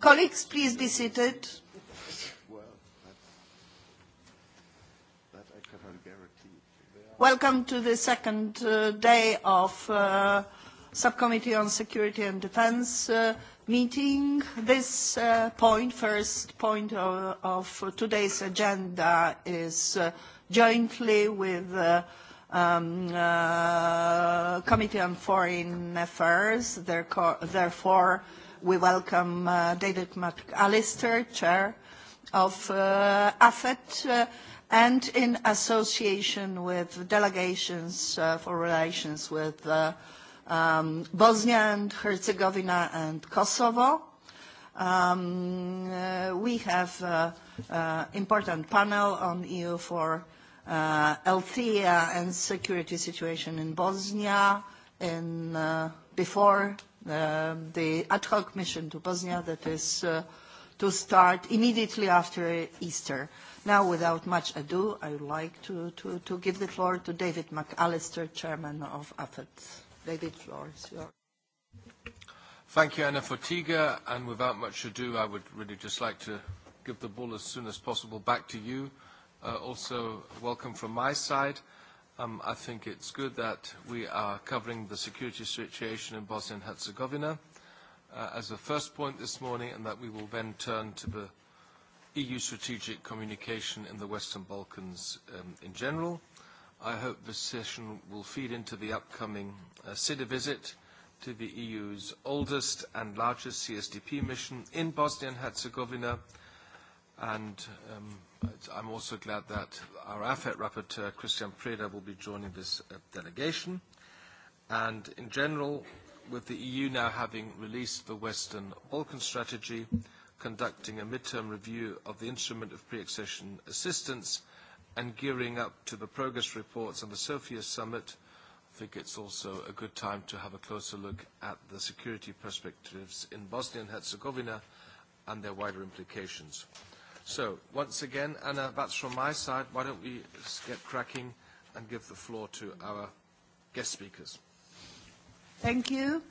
Colleagues, please be seated. Welcome to the second day of uh, Subcommittee on Security and Defence meeting. This uh point, first point of, today's agenda is jointly with the Committee on Foreign Affairs, therefore we welcome David McAllister, Chair of AFET, and in association with delegations for relations with Bosnia and Herzegovina and Kosovo. we have an important panel on EU for uh, Althea and security situation in Bosnia in, before the ad hoc mission to Bosnia that is to start immediately after Easter. Now, without much ado, I would like to, to, to give the floor to David McAllister, Chairman of AFET. David, floor is yours. Thank you, Anna Fortiga. And without much ado, I would really just like to give the ball as soon as possible back to you. Uh, also, welcome from my side. Um, I think it's good that we are covering the security situation in Bosnia and Herzegovina uh, as a first point this morning, and that we will then turn to the EU strategic communication in the Western Balkans um, in general. I hope this session will feed into the upcoming uh, CIDA visit to the EU's oldest and largest CSDP mission in Bosnia and Herzegovina, and um, I'm also glad that our AFET rapporteur, Christian Preda, will be joining this delegation. And in general, with the EU now having released the Western Balkan strategy, conducting a midterm review of the instrument of pre-accession assistance, and gearing up to the progress reports on the Sofia summit, I think it's also a good time to have a closer look at the security perspectives in Bosnia and Herzegovina and their wider implications. So, once again, Anna, that's from my side. Why don't we get cracking and give the floor to our guest speakers. Thank you.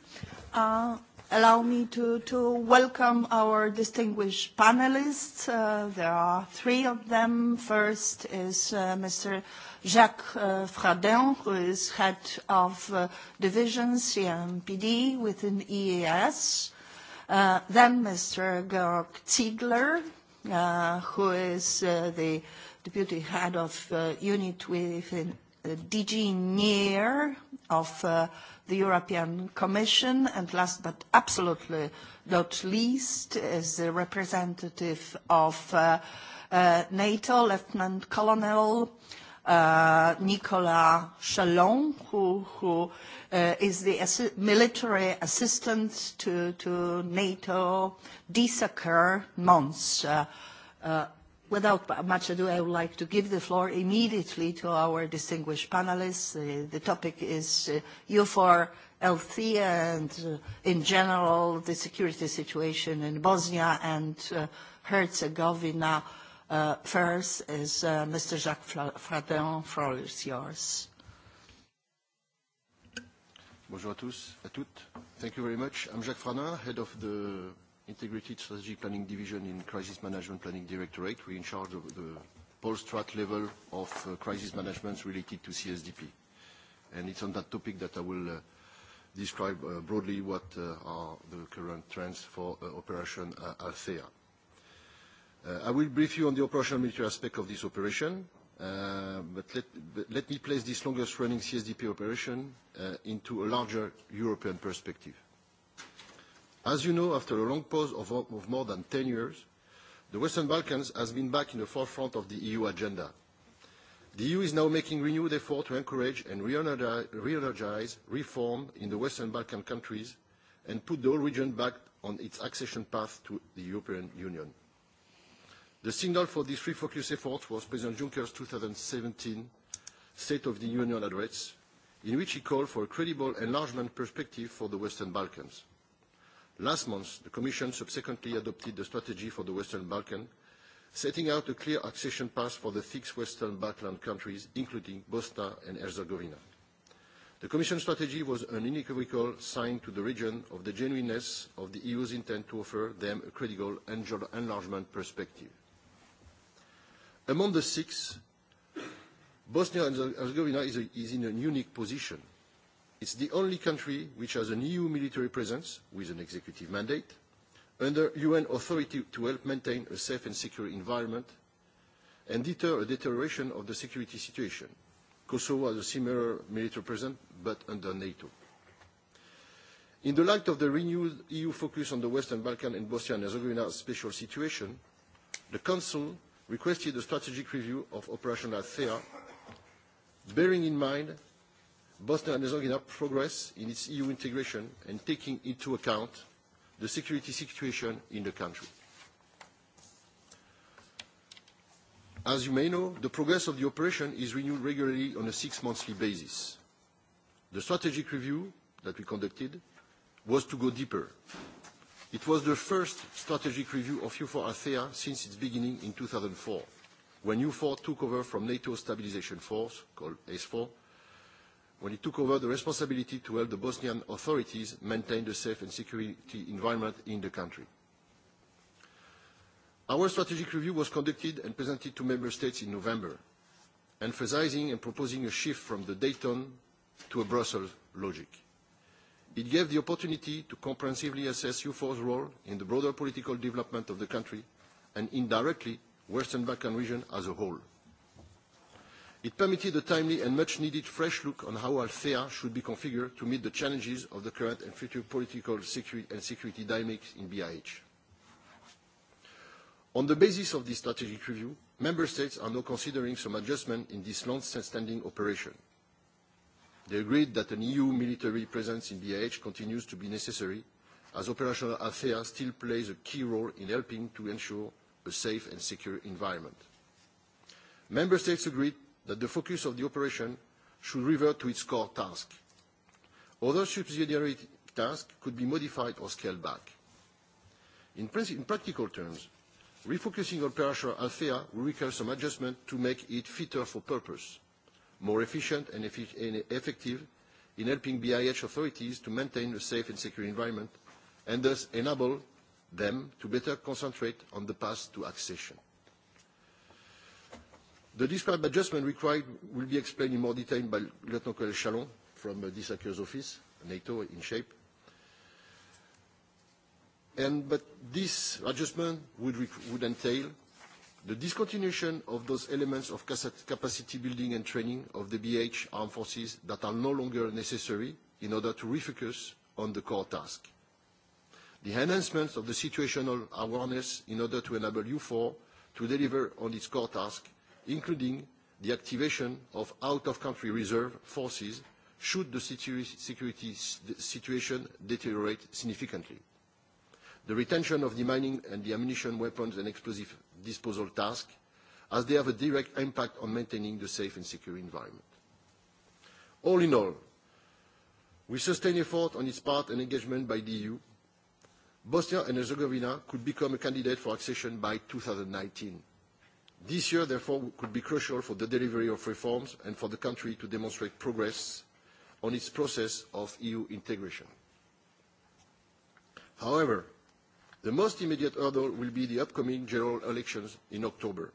allow me to, welcome our distinguished panelists. there are three of them. First is Mr. Jacques Fradin, who is head of division CMPD within EAS. then Mr. Georg Ziegler, uh, who is uh, the deputy head of uh, unit within uh, DG NIR of uh, the European Commission, and last but absolutely not least is the representative of uh, uh, NATO, Lieutenant Colonel uh, uh, Nicolas Chalon, who, who uh, is the assi- military assistant to, to NATO, Disaker Mons. Uh, uh, without much ado, I would like to give the floor immediately to our distinguished panelists. Uh, the topic is uh, EUFOR, Althea, and uh, in general, the security situation in Bosnia and uh, Herzegovina First is Mr. Jacques Fradin. Floor is yours. Bonjour à tous, à toutes. Thank you very much. I'm Jacques Fradin, head of the Integrated Strategy Planning Division in Crisis Management Planning Directorate. We're in charge of the post-strat level of uh, crisis management related to CSDP. And it's on that topic that I will uh, describe uh, broadly what uh, are the current trends for uh, Operation uh, Althea. I will brief you on the operational military aspect of this operation, but let me place this longest-running CSDP operation into a larger European perspective. As you know, after a long pause of more than 10 years, the Western Balkans has been back in the forefront of the EU agenda. The EU is now making renewed effort to encourage and re-energize reform in the Western Balkan countries and put the whole region back on its accession path to the European Union. The signal for this refocused effort was President Juncker's 2017 State of the Union address, in which he called for a credible enlargement perspective for the Western Balkans. Last month, the Commission subsequently adopted the strategy for the Western Balkans, setting out a clear accession path for the six Western Balkan countries, including Bosnia and Herzegovina. The Commission strategy was an unequivocal sign to the region of the genuineness of the EU's intent to offer them a credible enlargement perspective. Among the six, Bosnia and Herzegovina is, a, is in a unique position. It's the only country which has an EU military presence with an executive mandate, under UN authority to help maintain a safe and secure environment and deter a deterioration of the security situation. Kosovo has a similar military presence, but under NATO. In the light of the renewed EU focus on the Western Balkans and Bosnia and Herzegovina's special situation, the Council requested a strategic review of Operation Althea, bearing in mind Bosnia and Herzegovina progress in its EU integration and taking into account the security situation in the country. As you may know, the progress of the operation is renewed regularly on a six-monthly basis. The strategic review that we conducted was to go deeper It was the first strategic review of EUFOR ASEA since its beginning in 2004, when EUFOR took over from NATO Stabilization Force, called S4, when it took over the responsibility to help the Bosnian authorities maintain the safe and security environment in the country. Our strategic review was conducted and presented to member states in November, emphasizing and proposing a shift from the Dayton to a Brussels logic. It gave the opportunity to comprehensively assess EUFOR's role in the broader political development of the country and indirectly Western Balkan region as a whole. It permitted a timely and much-needed fresh look on how Althea should be configured to meet the challenges of the current and future political security and security dynamics in BIH. On the basis of this strategic review, Member States are now considering some adjustment in this long-standing operation. They agreed that an EU military presence in BIH continues to be necessary, as operational affairs still plays a key role in helping to ensure a safe and secure environment. Member States agreed that the focus of the operation should revert to its core task. Other subsidiary tasks could be modified or scaled back. In, practical terms, refocusing operational affairs will require some adjustment to make it fitter for purpose more efficient and effective in helping BIH authorities to maintain a safe and secure environment and thus enable them to better concentrate on the path to accession. The described adjustment required will be explained in more detail by Lieutenant Colonel Chalon from the Disacre's office, NATO in shape. And, but this adjustment would, would entail The discontinuation of those elements of capacity building and training of the BH armed forces that are no longer necessary in order to refocus on the core task. The enhancement of the situational awareness in order to enable EUFOR to deliver on its core task, including the activation of out-of-country reserve forces should the security situation deteriorate significantly. The retention of the mining and the ammunition weapons and explosive disposal task, as they have a direct impact on maintaining the safe and secure environment. All in all, with sustained effort on its part and engagement by the EU. Bosnia and Herzegovina could become a candidate for accession by 2019. This year, therefore, could be crucial for the delivery of reforms and for the country to demonstrate progress on its process of EU integration. However, The most immediate hurdle will be the upcoming general elections in October,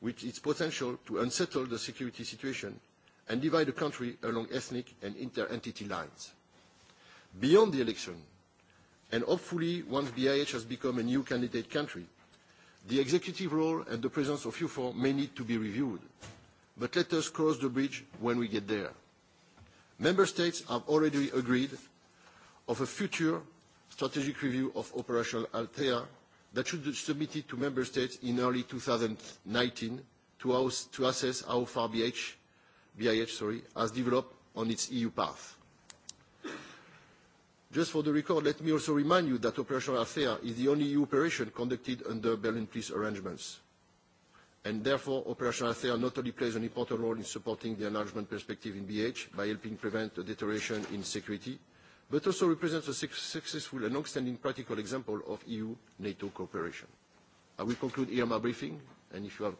with its potential to unsettle the security situation and divide the country along ethnic and inter-entity lines. Beyond the election, and hopefully once BIH has become a new candidate country, the executive role and the presence of EUFOR may need to be reviewed. But let us cross the bridge when we get there. Member States have already agreed of a future strategic review of operational Altea that should be submitted to Member States in early 2019 to, house, to assess how far BH, BIH sorry, has developed on its EU path. Just for the record, let me also remind you that Operational Altea is the only EU operation conducted under Berlin Peace arrangements. And therefore, Operational Altea not only plays an important role in supporting the enlargement perspective in BH by helping prevent a deterioration in security, but also represents a successful and long-standing practical example of EU-NATO cooperation. I will conclude here my briefing, and if you have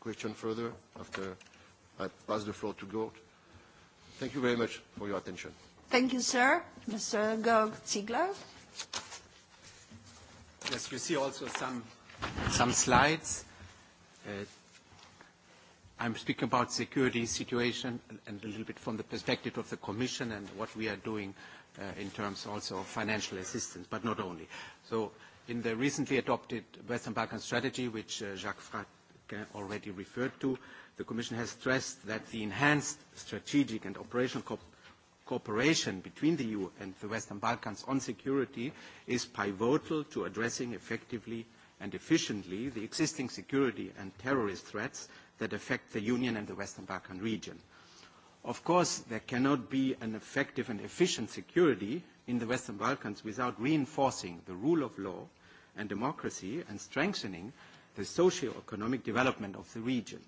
questions further after I pass the floor to Gord. Thank you very much for your attention. Thank you, sir. Mr. Georg Ziegler. Yes, you see also some, some slides. Uh, I'm speaking about security situation and a little bit from the perspective of the Commission and what we are doing in terms also of financial assistance, but not only. So in the recently adopted Western Balkan strategy, which Jacques Fratin already referred to, the Commission has stressed that the enhanced strategic and operational cooperation between the EU and the Western Balkans on security is pivotal to addressing effectively and efficiently the existing security and terrorist threats that affect the Union and the Western Balkan region. Of course, there cannot be an effective and efficient security in the Western Balkans without reinforcing the rule of law and democracy and strengthening the socio-economic development of the region.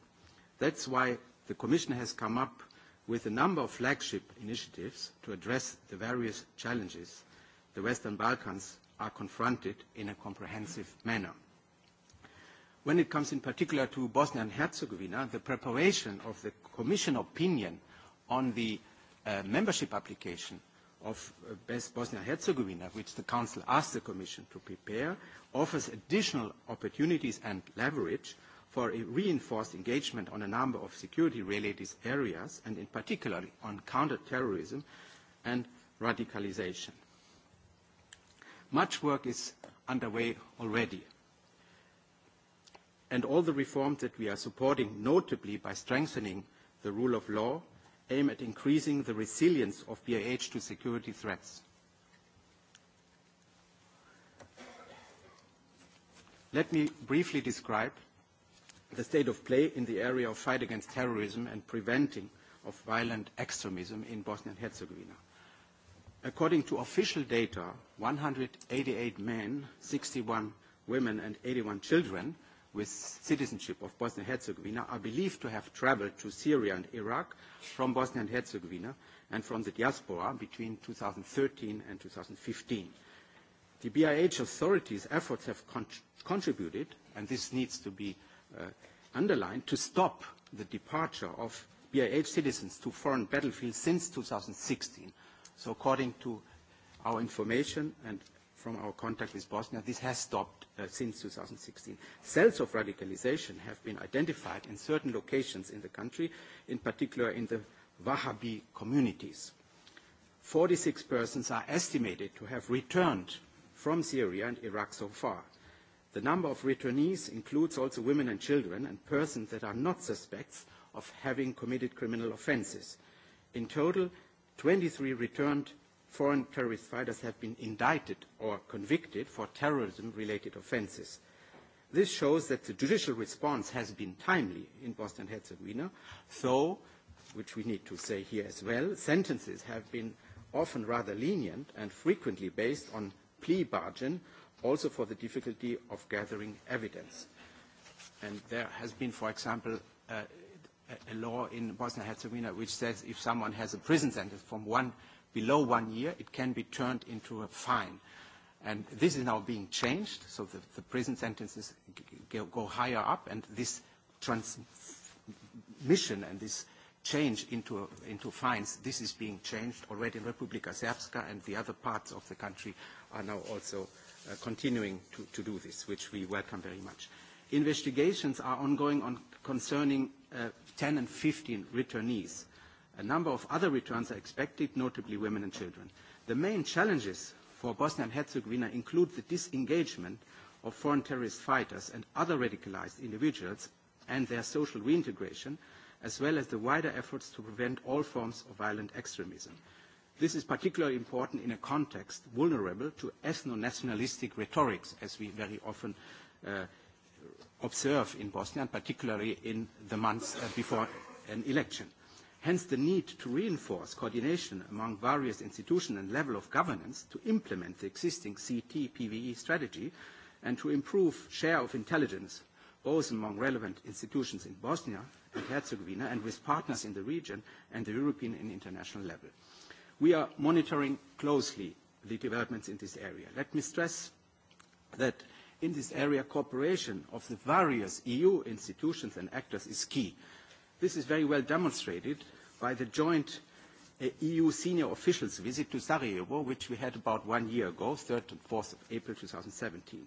That's why the Commission has come up with a number of flagship initiatives to address the various challenges the Western Balkans are confronted in a comprehensive manner. When it comes in particular to Bosnia and Herzegovina, the preparation of the Commission opinion on the uh, membership application of Bosnia-Herzegovina, which the Council asked the Commission to prepare, offers additional opportunities and leverage for a reinforced engagement on a number of security-related areas, and in particular on counterterrorism and radicalization. Much work is underway already, and all the reforms that we are supporting, notably by strengthening the rule of law, aim at increasing the resilience of BIH to security threats. Let me briefly describe the state of play in the area of fight against terrorism and preventing of violent extremism in Bosnia and Herzegovina. According to official data, 188 men, 61 women and 81 children with citizenship of Bosnia and Herzegovina are believed to have traveled to Syria and Iraq from Bosnia and Herzegovina and from the diaspora between 2013 and 2015. The BIH authorities' efforts have con- contributed, and this needs to be uh, underlined, to stop the departure of BIH citizens to foreign battlefields since 2016. So according to our information and from our contact with Bosnia, this has stopped uh, since 2016. Cells of radicalization have been identified in certain locations in the country, in particular in the Wahhabi communities. 46 persons are estimated to have returned from Syria and Iraq so far. The number of returnees includes also women and children and persons that are not suspects of having committed criminal offenses. In total, 23 returned foreign terrorist fighters have been indicted or convicted for terrorism-related offences. This shows that the judicial response has been timely in Bosnia and Herzegovina, though, which we need to say here as well, sentences have been often rather lenient and frequently based on plea bargain, also for the difficulty of gathering evidence. And there has been, for example, a, a law in Bosnia and Herzegovina which says if someone has a prison sentence from one below one year, it can be turned into a fine. And this is now being changed, so the, the prison sentences go, go higher up, and this transmission and this change into, into fines, this is being changed already in Republika Srpska, and the other parts of the country are now also uh, continuing to, to do this, which we welcome very much. Investigations are ongoing on concerning uh, 10 and 15 returnees A number of other returns are expected, notably women and children. The main challenges for Bosnia and Herzegovina include the disengagement of foreign terrorist fighters and other radicalized individuals and their social reintegration, as well as the wider efforts to prevent all forms of violent extremism. This is particularly important in a context vulnerable to ethno-nationalistic rhetorics, as we very often uh, observe in Bosnia, and particularly in the months uh, before an election. Hence the need to reinforce coordination among various institutions and level of governance to implement the existing CTPVE strategy and to improve share of intelligence, both among relevant institutions in Bosnia and Herzegovina and with partners in the region and the European and international level. We are monitoring closely the developments in this area. Let me stress that in this area, cooperation of the various EU institutions and actors is key – This is very well demonstrated by the joint EU senior officials visit to Sarajevo, which we had about one year ago, 3rd and 4th of April 2017,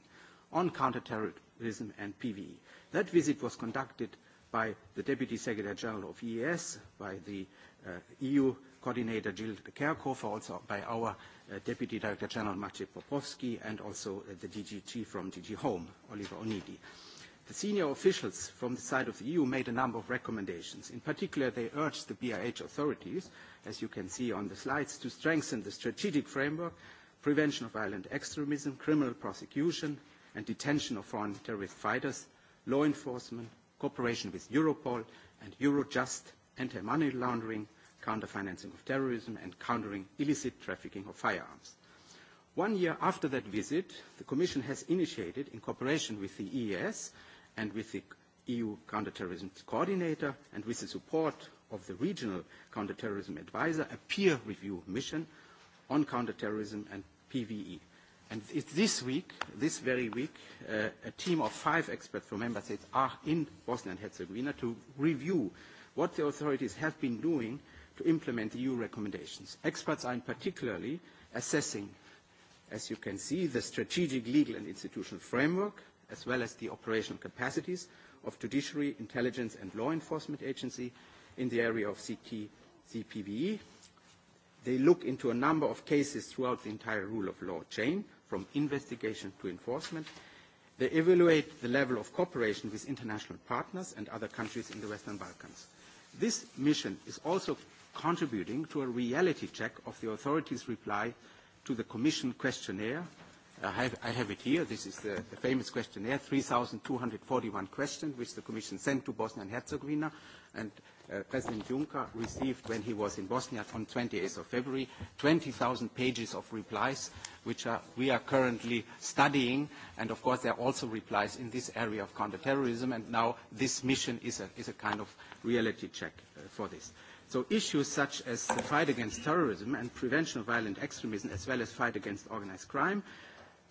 on counterterrorism and PVE. That visit was conducted by the Deputy Secretary General of EES, by the uh, EU coordinator Jill Kerkhofer, also by our uh, Deputy Director General Maciej Popowski, and also uh, the DG Chief from DG Home, Oliver Onidi. Uh, senior officials from the side of the EU made a number of recommendations. In particular, they urged the BIH authorities, as you can see on the slides, to strengthen the strategic framework, prevention of violent extremism, criminal prosecution and detention of foreign terrorist fighters, law enforcement, cooperation with Europol and Eurojust, anti-money laundering, counter-financing of terrorism and countering illicit trafficking of firearms. One year after that visit, the Commission has initiated, in cooperation with the EES, and with the EU counterterrorism coordinator and with the support of the regional counterterrorism advisor, a peer review mission on counterterrorism and PVE. And it's this week, this very week, uh, a team of five experts from member states are in Bosnia and Herzegovina to review what the authorities have been doing to implement the EU recommendations. Experts are in particularly assessing, as you can see, the strategic legal and institutional framework, as well as the operational capacities of judiciary, intelligence, and law enforcement agency in the area of CT, CPVE. They look into a number of cases throughout the entire rule of law chain, from investigation to enforcement. They evaluate the level of cooperation with international partners and other countries in the Western Balkans. This mission is also contributing to a reality check of the authorities' reply to the Commission questionnaire I have, I have it here. This is the, the famous questionnaire, 3,241 questions, which the Commission sent to Bosnia and Herzegovina, and uh, President Juncker received when he was in Bosnia on 28th of February 20,000 pages of replies, which are, we are currently studying. And of course, there are also replies in this area of counterterrorism. And now this mission is a, is a kind of reality check uh, for this. So issues such as the fight against terrorism and prevention of violent extremism, as well as fight against organized crime,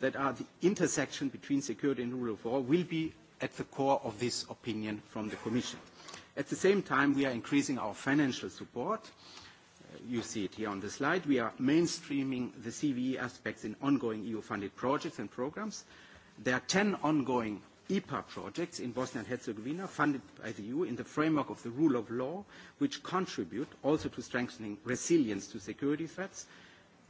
that are the intersection between security and rule of law will be at the core of this opinion from the Commission. At the same time, we are increasing our financial support. You see it here on the slide. We are mainstreaming the CVE aspects in ongoing EU-funded projects and programs. There are 10 ongoing EPA projects in Bosnia and Herzegovina funded by the EU in the framework of the rule of law, which contribute also to strengthening resilience to security threats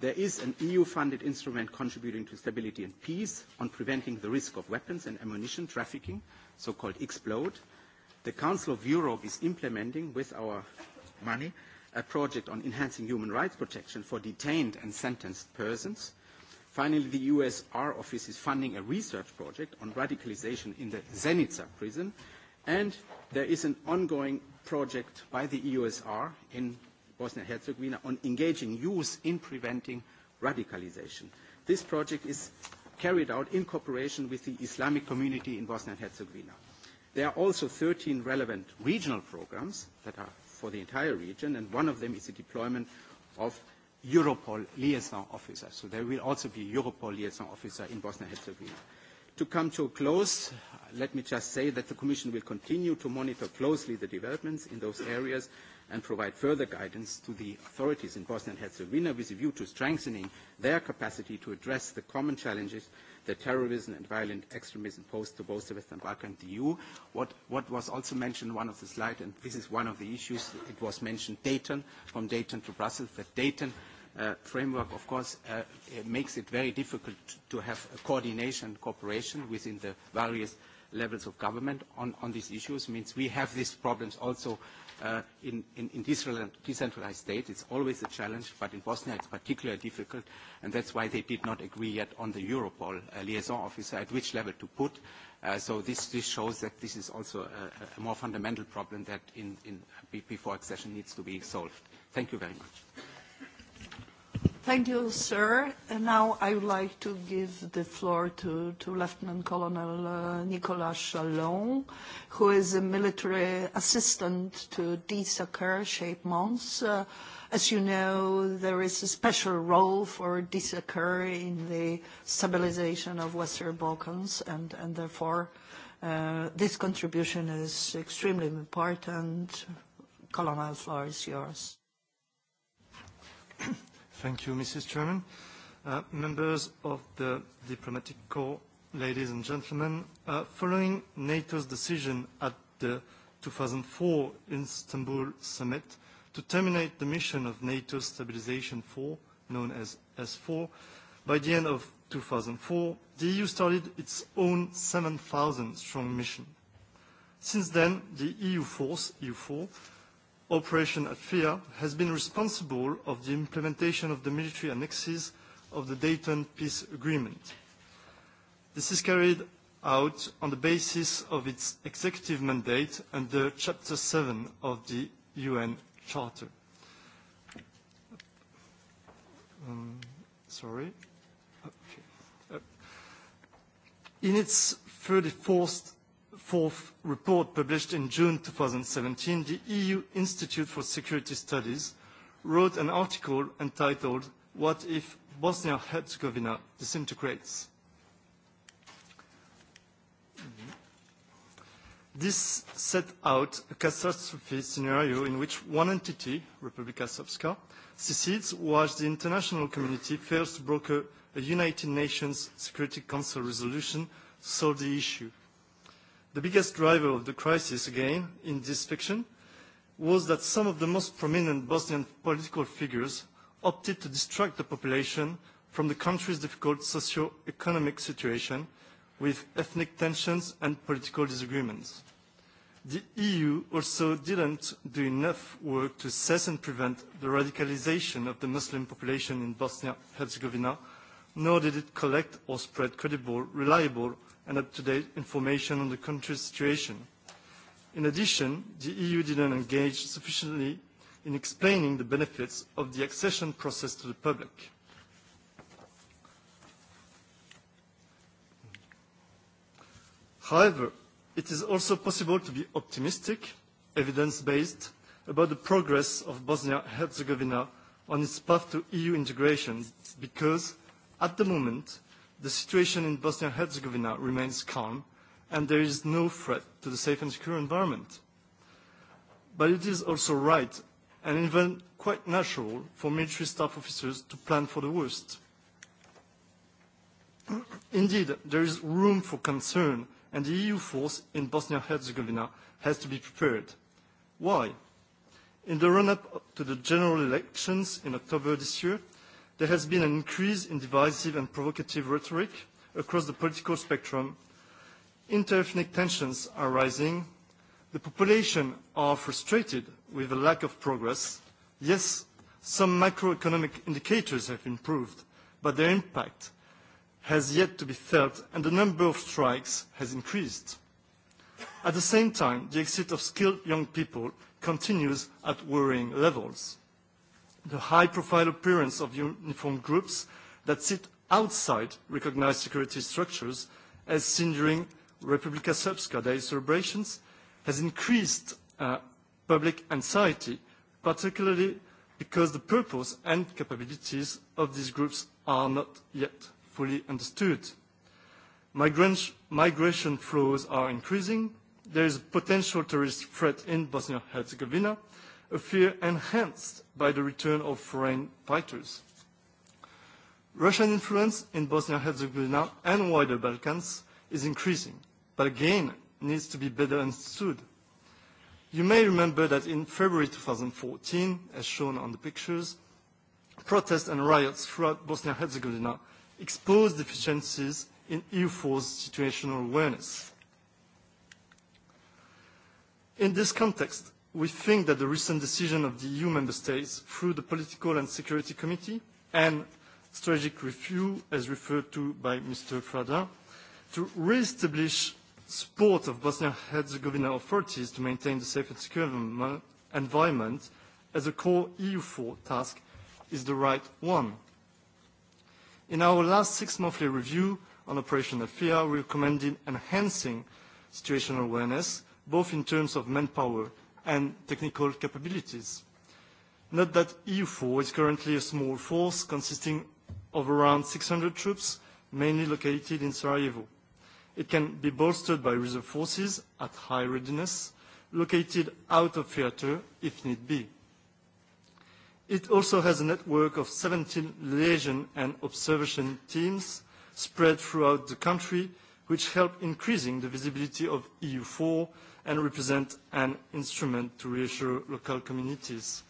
There is an EU-funded instrument contributing to stability and peace on preventing the risk of weapons and ammunition trafficking, so-called explode. The Council of Europe is implementing, with our money, a project on enhancing human rights protection for detained and sentenced persons. Finally, the USR office is funding a research project on radicalization in the Zenica prison, and there is an ongoing project by the EUSR in Bosnia and Herzegovina on engaging youth in preventing radicalization. This project is carried out in cooperation with the Islamic community in Bosnia and Herzegovina. There are also 13 relevant regional programs that are for the entire region, and one of them is the deployment of Europol liaison officers. So there will also be Europol liaison officer in Bosnia and Herzegovina. To come to a close, let me just say that the Commission will continue to monitor closely the developments in those areas and provide further guidance to the authorities in Bosnia and Herzegovina with a view to strengthening their capacity to address the common challenges that terrorism and violent extremism pose to both the Western Balkans and the EU. What, what was also mentioned in one of the slides, and this is one of the issues, it was mentioned Dayton, from Dayton to Brussels, that Dayton framework, of course, makes it very difficult to have coordination and cooperation within the various levels of government on these issues. Means we have these problems also in this decentralized state. It's always a challenge, but in Bosnia it's particularly difficult, and that's why they did not agree yet on the Europol liaison officer, at which level to put. So this shows that this is also a more fundamental problem that before accession needs to be solved. Thank you very much. Thank you, sir. And now I would like to give the floor to, to Lieutenant Colonel uh, Nicolas Chalon, who is a military assistant to Sakur Shape Mons. Uh, as you know, there is a special role for Sakur in the stabilization of Western Balkans, and, and therefore uh, this contribution is extremely important. Colonel, floor is yours. Thank you, Mrs. Chairman. Uh, members of the diplomatic corps, ladies and gentlemen, uh, following NATO's decision at the 2004 Istanbul summit to terminate the mission of NATO Stabilization 4, known as S4, by the end of 2004, the EU started its own 7,000-strong mission. Since then, the EU force, EU4, Operation Atria has been responsible for the implementation of the military annexes of the Dayton Peace Agreement. This is carried out on the basis of its executive mandate under Chapter 7 of the UN Charter. Um, sorry. Okay. Uh, in its 34th fourth report published in June seventeen, the EU Institute for Security Studies wrote an article entitled What if Bosnia-Herzegovina disintegrates? This set out a catastrophe scenario in which one entity, Republika Srpska, secedes whilst the international community fails to broker a United Nations Security Council resolution to solve the issue. The biggest driver of the crisis, again, in this fiction, was that some of the most prominent Bosnian political figures opted to distract the population from the country's difficult socio-economic situation with ethnic tensions and political disagreements. The EU also didn't do enough work to assess and prevent the radicalization of the Muslim population in Bosnia-Herzegovina, nor did it collect or spread credible, reliable and up-to-date information on the country's situation. In addition, the EU didn't engage sufficiently in explaining the benefits of the accession process to the public. However, it is also possible to be optimistic, evidence-based, about the progress of Bosnia-Herzegovina on its path to EU integration because, at the moment, the situation in Bosnia and Herzegovina remains calm, and there is no threat to the safe and secure environment. But it is also right and even quite natural for military staff officers to plan for the worst. Indeed, there is room for concern, and the EU force in Bosnia-Herzegovina and has to be prepared. Why? In the run-up to the general elections in October this year, there has been an increase in divisive and provocative rhetoric across the political spectrum. inter ethnic tensions are rising. The population are frustrated with a lack of progress. Yes, some macroeconomic indicators have improved, but their impact has yet to be felt and the number of strikes has increased. At the same time, the exit of skilled young people continues at worrying levels the high-profile appearance of uniformed groups that sit outside recognized security structures, as seen during Republika Srpska Day celebrations, has increased uh, public anxiety, particularly because the purpose and capabilities of these groups are not yet fully understood. Migration flows are increasing. There is a potential terrorist threat in Bosnia-Herzegovina, a fear enhanced by the return of foreign fighters. Russian influence in Bosnia-Herzegovina and wider Balkans is increasing, but again needs to be better understood. You may remember that in February 2014, as shown on the pictures, protests and riots throughout Bosnia-Herzegovina exposed deficiencies in EU force situational awareness. In this context, we think that the recent decision of the EU member states through the Political and Security Committee and strategic review, as referred to by Mr. Frada, to re-establish support of Bosnia-Herzegovina authorities to maintain the safe and secure environment as a core EU4 task is the right one. In our last six-monthly review on Operation Afia, we recommended enhancing situational awareness, both in terms of manpower and technical capabilities. Note that EU4 is currently a small force consisting of around 600 troops, mainly located in Sarajevo. It can be bolstered by reserve forces at high readiness, located out of theatre if need be. It also has a network of 17 liaison and observation teams spread throughout the country, which help increasing the visibility of EU4 and represent an instrument to reassure local communities.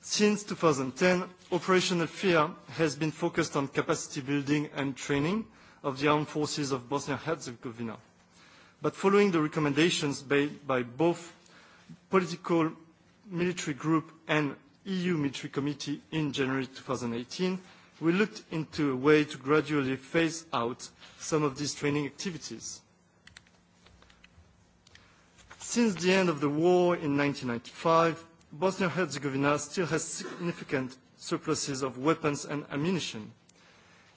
Since 2010, Operational FIA has been focused on capacity building and training of the armed forces of Bosnia-Herzegovina. But following the recommendations made by both political military group and EU military committee in January 2018, we looked into a way to gradually phase out some of these training activities. Since the end of the war in 1995, Bosnia-Herzegovina still has significant surpluses of weapons and ammunition.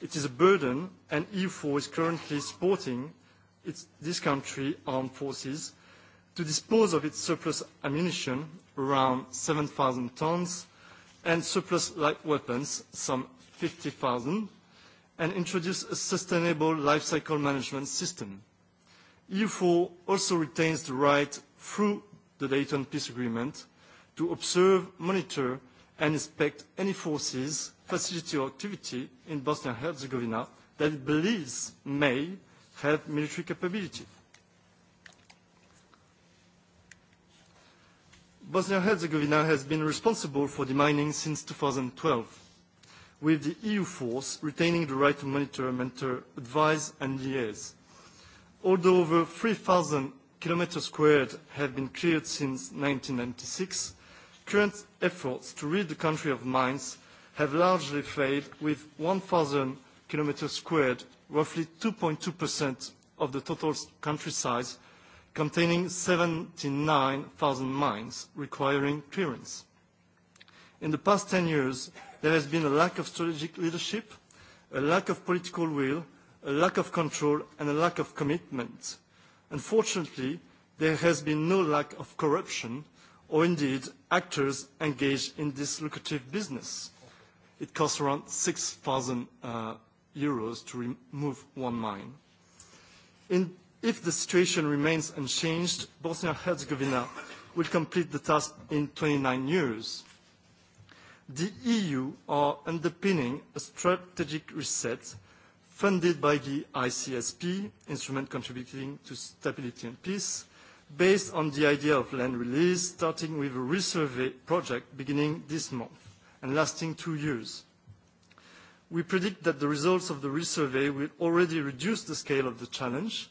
It is a burden, and EU4 is currently supporting its, this country armed forces to dispose of its surplus ammunition, around 7,000 tons, and surplus light weapons, some 50,000 and introduce a sustainable life cycle management system. EU4 also retains the right through the Dayton Peace Agreement to observe, monitor and inspect any forces, facility or activity in Bosnia and Herzegovina that it believes may have military capability. Bosnia and Herzegovina has been responsible for the mining since 2012 with the EU force retaining the right to monitor, mentor, advise and liaise. Although over 3,000 kilometers squared have been cleared since 1996, current efforts to rid the country of mines have largely failed with 1,000 kilometers squared, roughly 2.2% of the total country size, containing 79,000 mines requiring clearance. In the past 10 years, there has been a lack of strategic leadership, a lack of political will, a lack of control, and a lack of commitment. Unfortunately, there has been no lack of corruption, or indeed actors engaged in this lucrative business. It costs around 6,000 uh, euros to remove one mine. In, if the situation remains unchanged, Bosnia-Herzegovina will complete the task in 29 years the EU are underpinning a strategic reset funded by the ICSP, instrument contributing to stability and peace, based on the idea of land release, starting with a resurvey project beginning this month and lasting two years. We predict that the results of the resurvey will already reduce the scale of the challenge,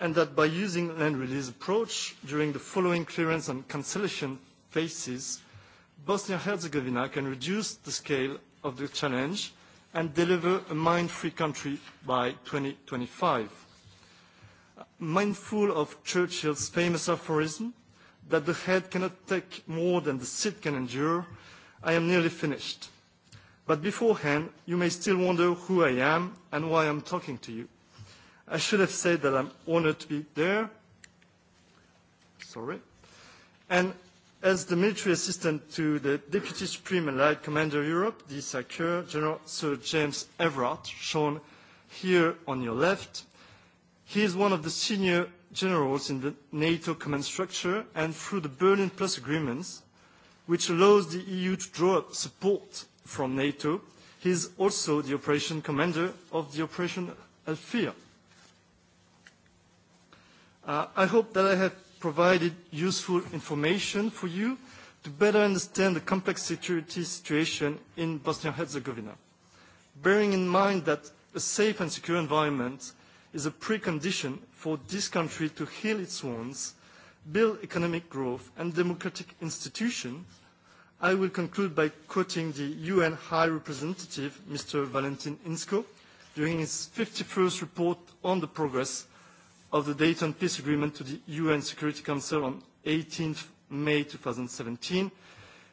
and that by using land release approach during the following clearance and cancellation phases, Bosnia-Herzegovina can reduce the scale of the challenge and deliver a mine-free country by 2025. Mindful of Churchill's famous aphorism that the head cannot take more than the seat can endure, I am nearly finished. But beforehand, you may still wonder who I am and why I'm talking to you. I should have said that I'm honored to be there. Sorry. And As the military assistant to the Deputy Supreme Allied Commander Europe, the SACEUR, General Sir James Everard, shown here on your left, he is one of the senior generals in the NATO command structure and through the Berlin Plus agreements, which allows the EU to draw up support from NATO, he is also the operation commander of the Operation Althea. I hope that I have provided useful information for you to better understand the complex security situation in Bosnia and Herzegovina. Bearing in mind that a safe and secure environment is a precondition for this country to heal its wounds, build economic growth and democratic institutions, I will conclude by quoting the UN High Representative, Mr. Valentin Insko, during his 51st report on the progress of the Dayton Peace Agreement to the UN Security Council on 18th May 2017,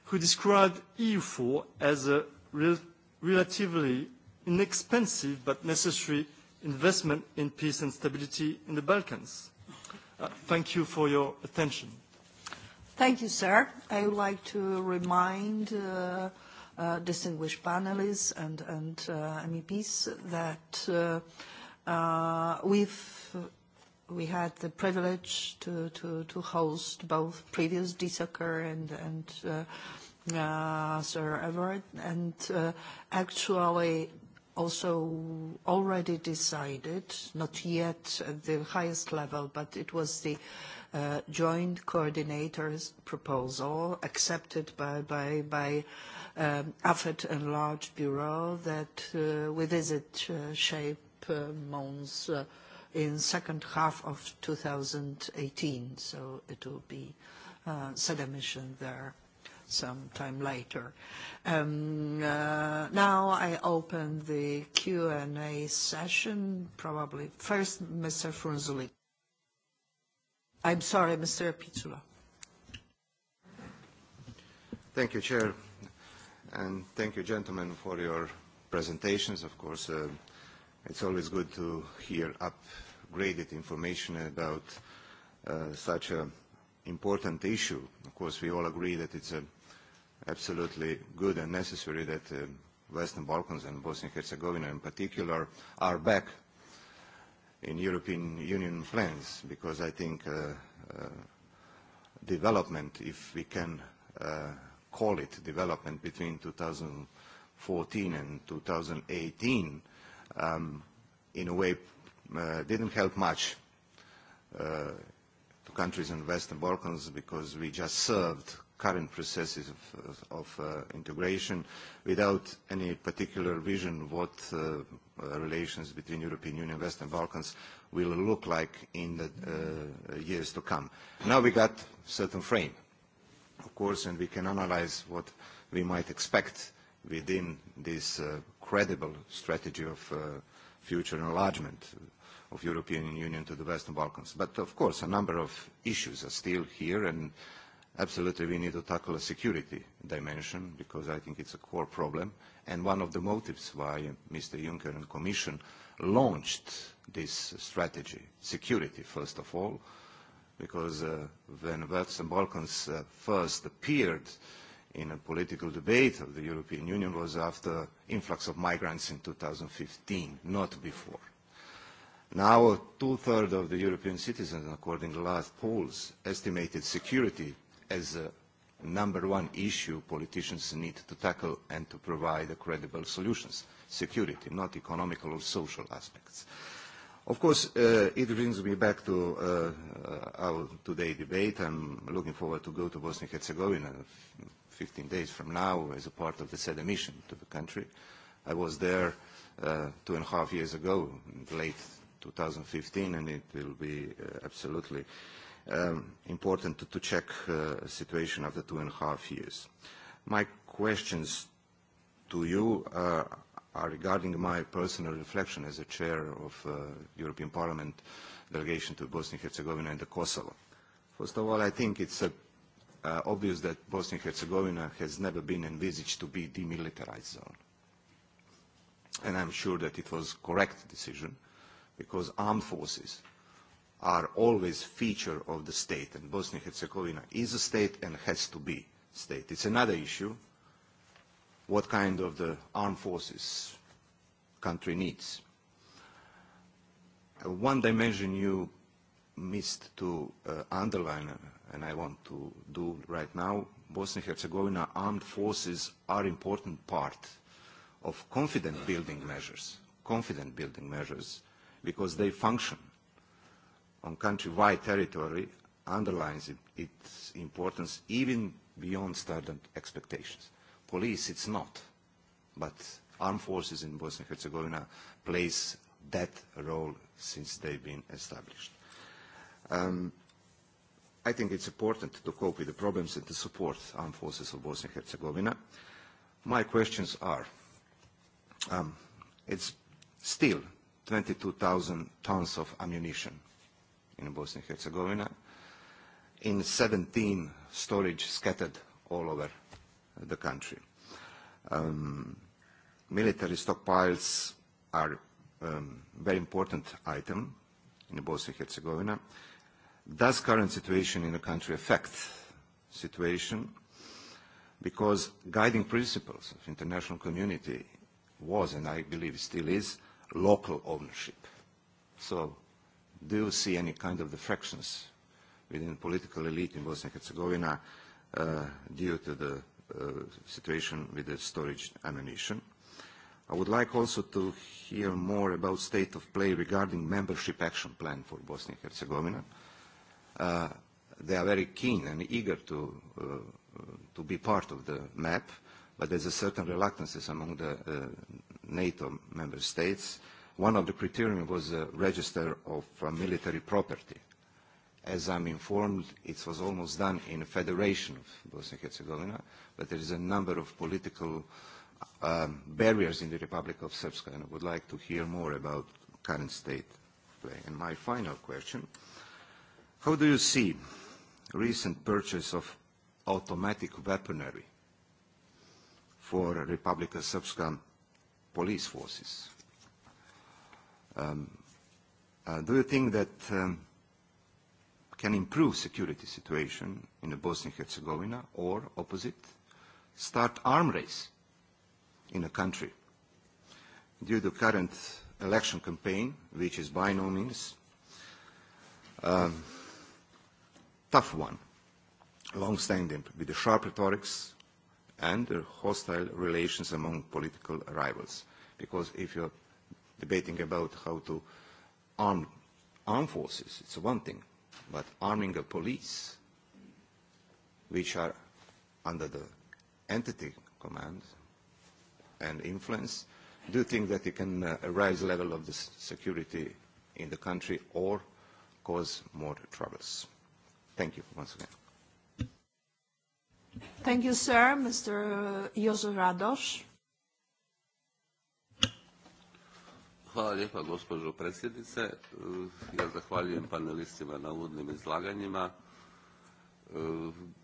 who described EU4 as a rel relatively inexpensive but necessary investment in peace and stability in the Balkans. Uh, thank you for your attention. Thank you, sir. I would like to remind uh, uh, distinguished panelists and, and uh, MEPs that uh, uh, we've we had the privilege to, to, to host both previous d and, and uh, Sir Everett, and uh, actually also already decided, not yet at the highest level, but it was the uh, joint coordinator's proposal accepted by, by, by um, AFET and Large Bureau that uh, we visit uh, SHAPE Mons uh, in second half of 2018, so it will be submission there sometime later. Now I open the Q&A session, probably first, Mr. Frunzulic. I'm sorry, Mr. Pizzula. Thank you, Chair, and thank you, gentlemen, for your presentations. Of course, It's always good to hear upgraded information about uh, such an important issue. Of course, we all agree that it's uh, absolutely good and necessary that uh, Western Balkans and Bosnia-Herzegovina in particular are back in European Union plans because I think uh, uh, development, if we can uh, call it development between 2014 and 2018, um, in a way, uh, didn't help much uh, to countries in the Western Balkans because we just served current processes of, of uh, integration without any particular vision what uh, uh, relations between European Union and Western Balkans will look like in the uh, years to come. Now we got certain frame, of course, and we can analyze what we might expect within this uh, credible strategy of uh, future enlargement of European Union to the Western Balkans. But of course, a number of issues are still here, and absolutely we need to tackle a security dimension because I think it's a core problem. And one of the motives why Mr. Juncker and Commission launched this strategy, security first of all, because uh, when Western Balkans uh, first appeared, uh, in a political debate of the European Union was after influx of migrants in 2015, not before. Now, two-thirds of the European citizens, according to the last polls, estimated security as a number one issue politicians need to tackle and to provide credible solutions. Security, not economical or social aspects. Uh, Of course, uh, it brings me back to uh, our today debate. I'm looking forward to go to Bosnia-Herzegovina 15 days from now as a part of the SEDA mission to the country. I was there uh, two and a half years ago, late 2015, and it will be uh, absolutely um, important to, to check the uh, situation after two and a half years. My questions to you are are regarding my personal reflection as a chair of uh, European Parliament delegation to Bosnia-Herzegovina and the Kosovo. First of all, I think it's uh, uh, obvious that Bosnia-Herzegovina has never been envisaged to be demilitarized zone. And I'm sure that it was correct decision because armed forces are always feature of the state and Bosnia-Herzegovina is a state and has to be state. It's another issue what kind of the armed forces country needs. One dimension you missed to uh, underline, and I want to do right now, Bosnia-Herzegovina armed forces are important part of confident building measures, confident building measures, because they function on country-wide territory, underlines it, its importance even beyond standard expectations police, it's not. But armed forces in Bosnia and Herzegovina plays that role since they've been established. Um, I think it's important to cope with the problems and to support armed forces of Bosnia and Herzegovina. My questions are, um, it's still 22,000 tons of ammunition in Bosnia and Herzegovina, in 17 storage scattered all over the country. Um, military stockpiles are um, very important item in Bosnia-Herzegovina. Does current situation in the country affect situation? Because guiding principles of international community was, and I believe still is, local ownership. So do you see any kind of defections within the political elite in Bosnia-Herzegovina uh, due to the situation with the storage ammunition. I would like also to hear more about state of play regarding membership action plan for Bosnia and Herzegovina. Uh, they are very keen and eager to, uh, to be part of the map, but there's a certain reluctance among the uh, NATO member states. One of the criteria was the register of uh, military property. As I'm informed, it was almost done in the Federation of Bosnia-Herzegovina, but there is a number of political um, barriers in the Republic of Srpska, and I would like to hear more about current state play. And my final question, how do you see recent purchase of automatic weaponry for Republika Srpska police forces? Um, uh, do you think that um, can improve security situation in Bosnia-Herzegovina or, opposite, start arm race in a country. Due to current election campaign, which is by no means a tough one, long-standing with the sharp rhetorics and the hostile relations among political rivals. Because if you're debating about how to arm armed forces, it's one thing But arming the police, which are under the entity command and influence, do you think that it can uh, raise the level of the security in the country or cause more troubles? Thank you once again. Thank you, sir. Mr. Josef Radosz. Hvala lijepa gospođo predsjednice. Ja zahvaljujem panelistima na uvodnim izlaganjima.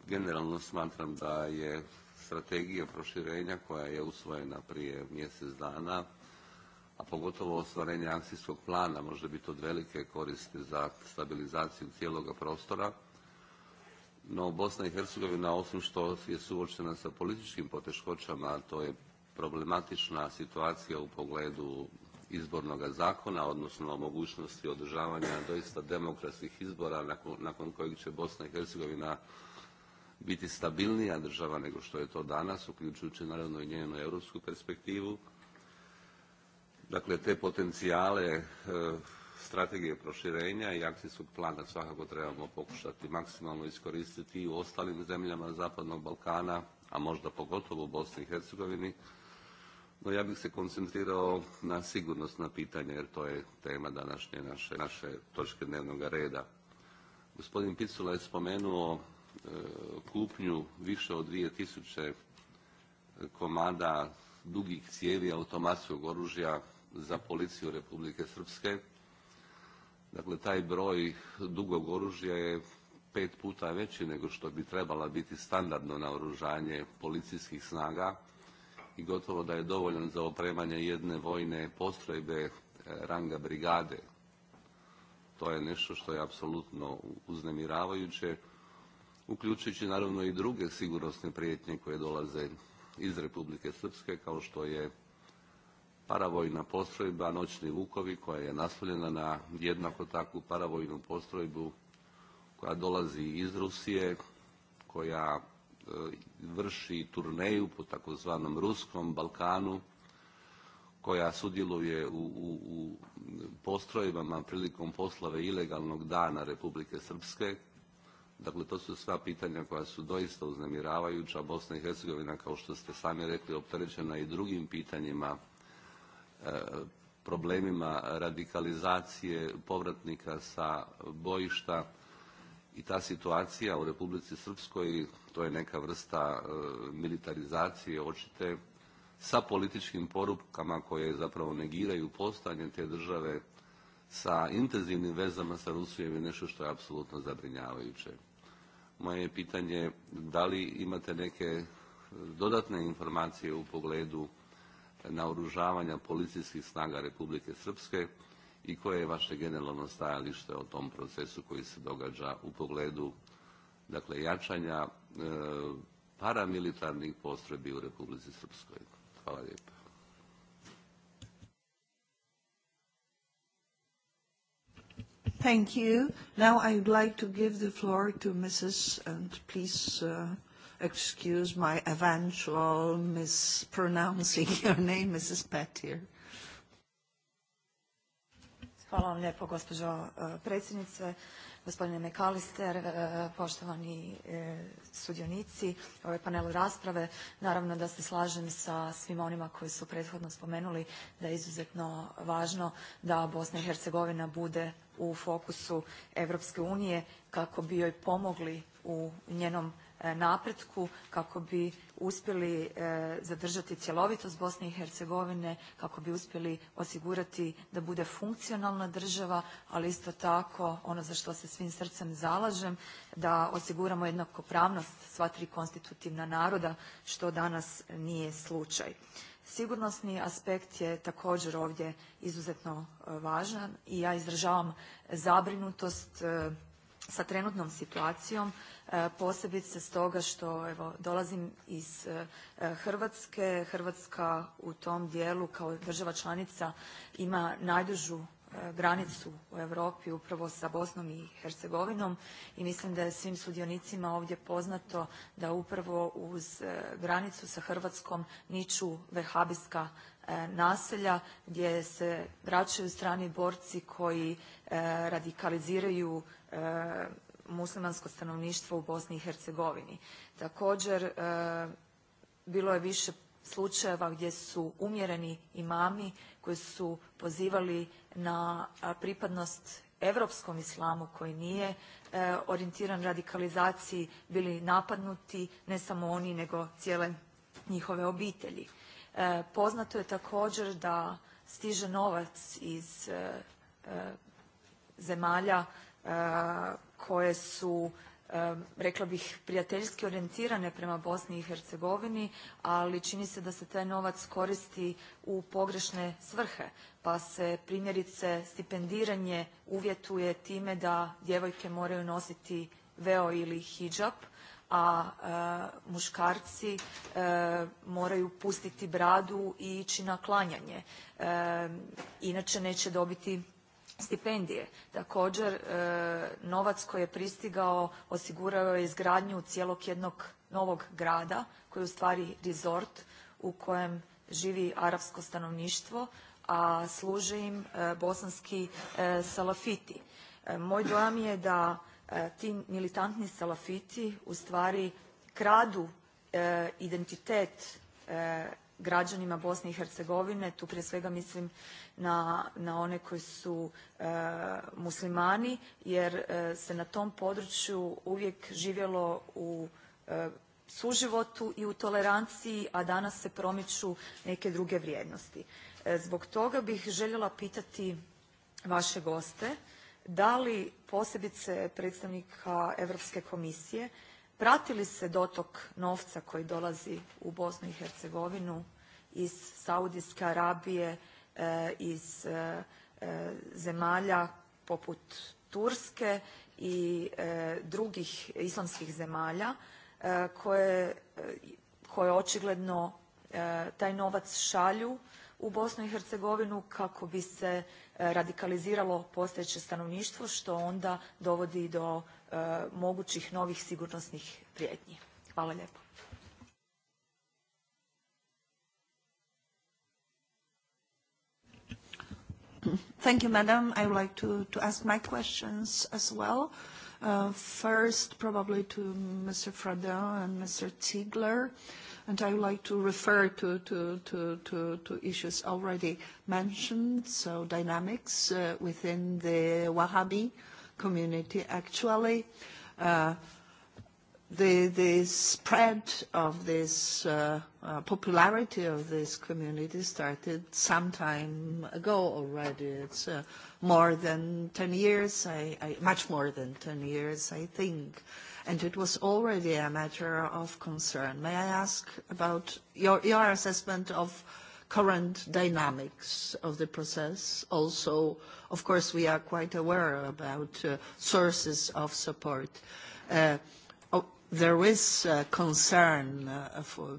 Generalno smatram da je strategija proširenja koja je usvojena prije mjesec dana, a pogotovo ostvarenje akcijskog plana može biti od velike koristi za stabilizaciju cijeloga prostora. No Bosna i Hercegovina, osim što je suočena sa političkim poteškoćama, a to je problematična situacija u pogledu izbornog zakona, odnosno mogućnosti održavanja doista demokratskih izbora nakon, nakon kojeg će Bosna i Hercegovina biti stabilnija država nego što je to danas, uključujući naravno i njenu europsku perspektivu. Dakle, te potencijale strategije proširenja i akcijskog plana svakako trebamo pokušati maksimalno iskoristiti i u ostalim zemljama Zapadnog Balkana, a možda pogotovo u Bosni i Hercegovini, No ja bih se koncentrirao na sigurnosna pitanja jer to je tema današnje naše, naše točke dnevnog reda. Gospodin Picula je spomenuo e, kupnju više od 2000 komada dugih cijevi automatskog oružja za policiju Republike Srpske. Dakle, taj broj dugog oružja je pet puta veći nego što bi trebala biti standardno naoružanje policijskih snaga i gotovo da je dovoljan za opremanje jedne vojne postrojbe ranga brigade. To je nešto što je apsolutno uznemiravajuće, uključujući naravno i druge sigurnosne prijetnje koje dolaze iz Republike Srpske, kao što je paravojna postrojba Noćni Vukovi, koja je naslovljena na jednako takvu paravojnu postrojbu koja dolazi iz Rusije, koja vrši turneju po takozvanom Ruskom Balkanu koja sudjeluje u, u, u postrojbama prilikom poslave ilegalnog dana Republike Srpske. Dakle, to su sva pitanja koja su doista uznemiravajuća. Bosna i Hercegovina, kao što ste sami rekli, opterećena i drugim pitanjima, e, problemima radikalizacije povratnika sa bojišta, i ta situacija u Republici Srpskoj, to je neka vrsta militarizacije očite, sa političkim porupkama koje zapravo negiraju postanje te države sa intenzivnim vezama sa Rusijom je nešto što je apsolutno zabrinjavajuće. Moje pitanje je da li imate neke dodatne informacije u pogledu naoružavanja policijskih snaga Republike Srpske, i koje je vaše generalno stajalište o tom procesu koji se događa u pogledu dakle, jačanja e, paramilitarnih postrebi u Republici Srpskoj. Hvala lijepo. Thank you. Now I would like to give the floor to Mrs. and please uh, excuse my eventual mispronouncing your name, Mrs. Pettier. Hvala vam lijepo, gospođo predsjednice, gospodine Mekalister, poštovani sudionici ove panelu rasprave. Naravno da se slažem sa svima onima koji su prethodno spomenuli da je izuzetno važno da Bosna i Hercegovina bude u fokusu Europske unije kako bi joj pomogli u njenom napretku kako bi uspjeli zadržati cjelovitost Bosne i Hercegovine, kako bi uspjeli osigurati da bude funkcionalna država, ali isto tako ono za što se svim srcem zalažem, da osiguramo jednakopravnost sva tri konstitutivna naroda, što danas nije slučaj. Sigurnosni aspekt je također ovdje izuzetno važan i ja izražavam zabrinutost sa trenutnom situacijom, posebice stoga što evo, dolazim iz Hrvatske. Hrvatska u tom dijelu kao država članica ima najdužu granicu u Europi upravo sa Bosnom i Hercegovinom i mislim da je svim sudionicima ovdje poznato da upravo uz granicu sa Hrvatskom niču vehabijska naselja gdje se vraćaju strani borci koji radikaliziraju muslimansko stanovništvo u Bosni i Hercegovini. Također bilo je više slučajeva gdje su umjereni imami koji su pozivali na pripadnost europskom islamu koji nije orijentiran radikalizaciji bili napadnuti ne samo oni nego cijele njihove obitelji. Poznato je također da stiže novac iz zemalja koje su rekla bih prijateljski orijentirane prema Bosni i Hercegovini, ali čini se da se taj novac koristi u pogrešne svrhe, pa se primjerice stipendiranje uvjetuje time da djevojke moraju nositi veo ili hidžab, a muškarci moraju pustiti bradu i ići na klanjanje. Inače neće dobiti stipendije. Također, novac koji je pristigao osigurao je izgradnju cijelog jednog novog grada, koji je ustvari rezort u kojem živi arapsko stanovništvo, a služe im bosanski salafiti. Moj dojam je da ti militantni salafiti ustvari kradu identitet građanima Bosne i Hercegovine, tu prije svega mislim na, na one koji su e, muslimani, jer e, se na tom području uvijek živjelo u e, suživotu i u toleranciji, a danas se promiču neke druge vrijednosti. E, zbog toga bih željela pitati vaše goste, da li posebice predstavnika Europske komisije prati li se dotok novca koji dolazi u Bosnu i Hercegovinu iz Saudijske Arabije, iz zemalja poput Turske i drugih islamskih zemalja koje očigledno taj novac šalju u Bosnu i Hercegovinu kako bi se radikaliziralo postojeće stanovništvo što onda dovodi do mogućih novih sigurnosnih prijetnji. Hvala lijepo. Thank you, madam. I would like to, to ask my questions as well. Uh, first, probably to Mr. Fradin and Mr. Ziegler. Uh, and I would like to refer to, to, issues already mentioned, so dynamics within the Wahhabi community actually, the, the spread of this uh, popularity of this community started some time ago already. It's uh, more than 10 years, I, I, much more than 10 years, I think and it was already a matter of concern. May I ask about your assessment of current dynamics of the process? Also, of course, we are quite aware about sources of support. There is concern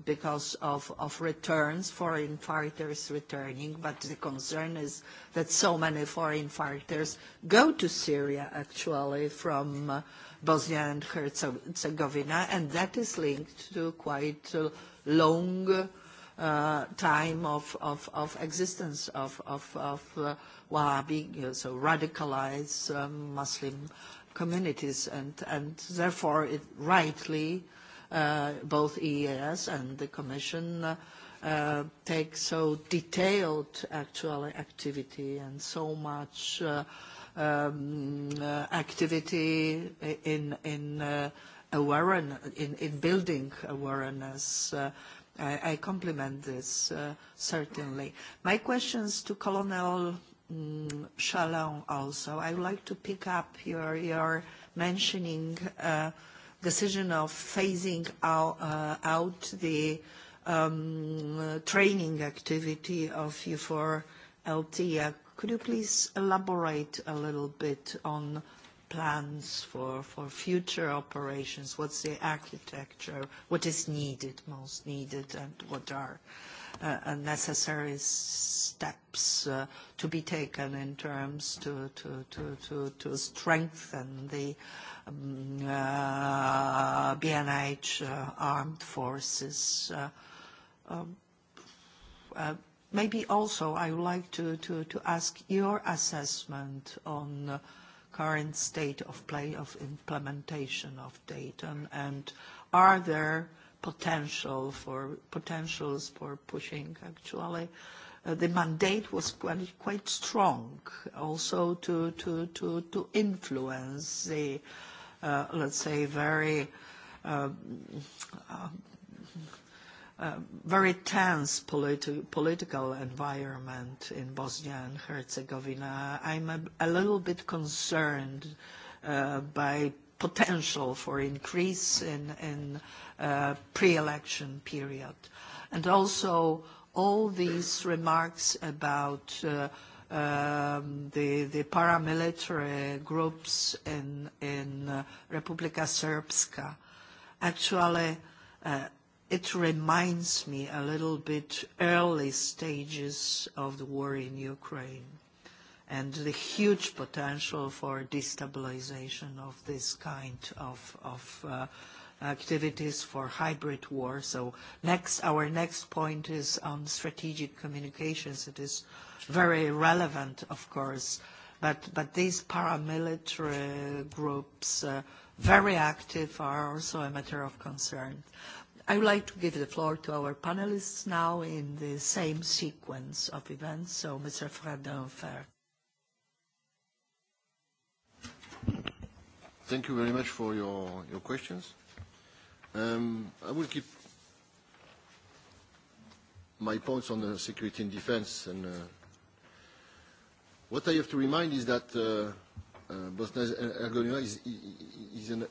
because of returns, foreign fighters returning, but the concern is that so many foreign fighters go to Syria, actually, from Bosnia and Herzegovina, and that is linked to quite a long time of, existence of, Wahhabi, so radicalized Muslim communities, therefore it rightly both EEAS and the Commission take so detailed actual activity and so much um, activity in, in uh, awareness, in, in building awareness. I, I compliment this, certainly. My questions to Colonel um, Chalon also. I would like to pick up your, your mentioning decision of phasing out, the training activity of U4LT Could you please elaborate a little bit on plans for future operations? What's the architecture? What is needed, most needed, and what are necessary steps to be taken in terms to strengthen the BNH armed forces? Maybe also I would like to ask your assessment on current state of play of implementation of Dayton, and are there potential for potentials for pushing actually? The mandate was quite strong also to influence the, let's say, very very tense political environment in Bosnia and Herzegovina. I'm a, a little bit concerned by potential for increase in, pre-election period. And also all these remarks about the, paramilitary groups in, Republika Srpska. Actually, it reminds me a little bit early stages of the war in Ukraine and the huge potential for destabilization of this kind of, of uh, activities for hybrid war. So next, our next point is on strategic communications. It is very relevant, of course, but, but these paramilitary groups, uh, very active, are also a matter of concern. I would like to give the floor to our panelists now in the same sequence of events. So, Mr. Fred first. Thank you very much for your, your questions. Um, I will keep my points on the security and defense. And uh, what I have to remind is that uh, uh, Bosnia Herzegovina is, is, in,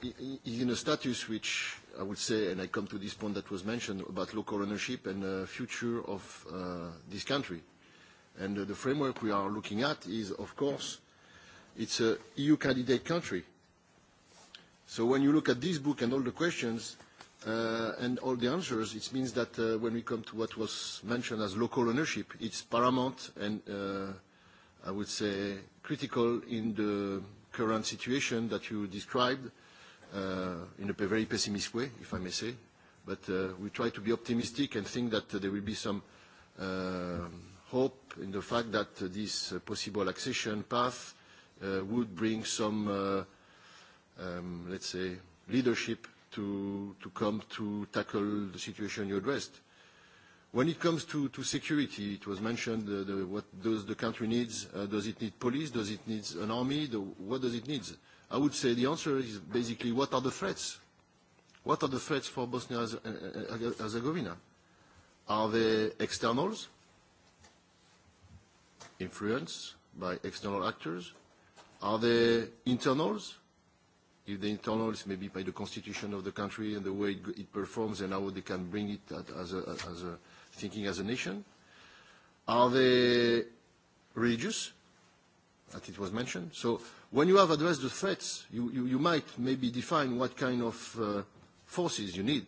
is in a status which I would say, and I come to this point that was mentioned about local ownership and the future of uh, this country. And uh, the framework we are looking at is, of course, it's an EU candidate country. So when you look at this book and all the questions uh, and all the answers, it means that uh, when we come to what was mentioned as local ownership, it's paramount and uh, I would say, critical in the current situation that you described in a very pessimistic way, if I may say. But we try to be optimistic and think that there will be some hope in the fact that this possible accession path would bring some, let's say, leadership to come to tackle the situation you addressed When it comes to security, it was mentioned what does the country needs? Does it need police? Does it need an army? What does it need? I would say the answer is basically what are the threats? What are the threats for Bosnia and Herzegovina? Are they externals, influenced by external actors? Are they internals? If the internals, maybe by the constitution of the country and the way it performs and how they can bring it as a thinking as a nation? Are they religious, That it was mentioned? So when you have addressed the threats, you, you, you might maybe define what kind of uh, forces you need.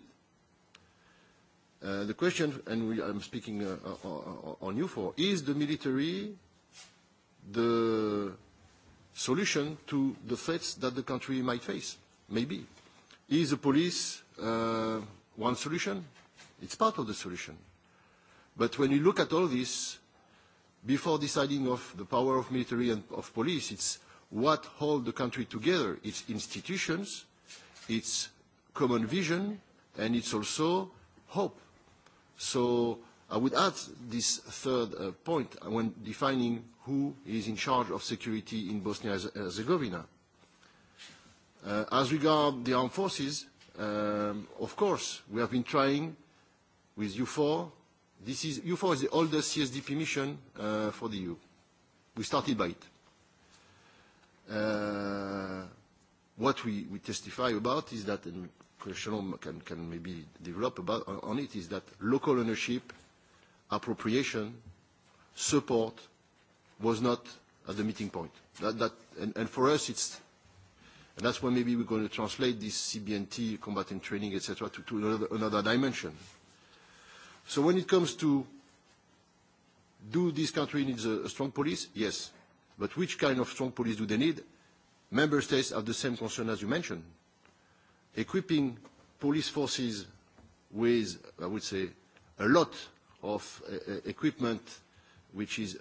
Uh, the question, and we, I'm speaking uh, on you for, is the military the solution to the threats that the country might face? Maybe. Is the police uh, one solution? It's part of the solution. But when you look at all this, before deciding of the power of military and of police, it's what holds the country together. It's institutions, it's common vision, and it's also hope. So I would add this third uh, point when defining who is in charge of security in Bosnia and Herzegovina. Uh, as regards the armed forces, um, of course, we have been trying with you four This is, EUFOR is the oldest CSDP mission uh, for the EU. We started by it. Uh, what we, we testify about is that, and Commissioner can, can maybe develop about, on it, is that local ownership, appropriation, support was not at the meeting point. That, that, and, and for us, it's, and that's why maybe we're going to translate this CBNT, combatant training, etc., to, to another, another dimension So when it comes to do this country needs a, a strong police? Yes. But which kind of strong police do they need? Member states have the same concern as you mentioned. Equipping police forces with, I would say, a lot of uh, equipment which is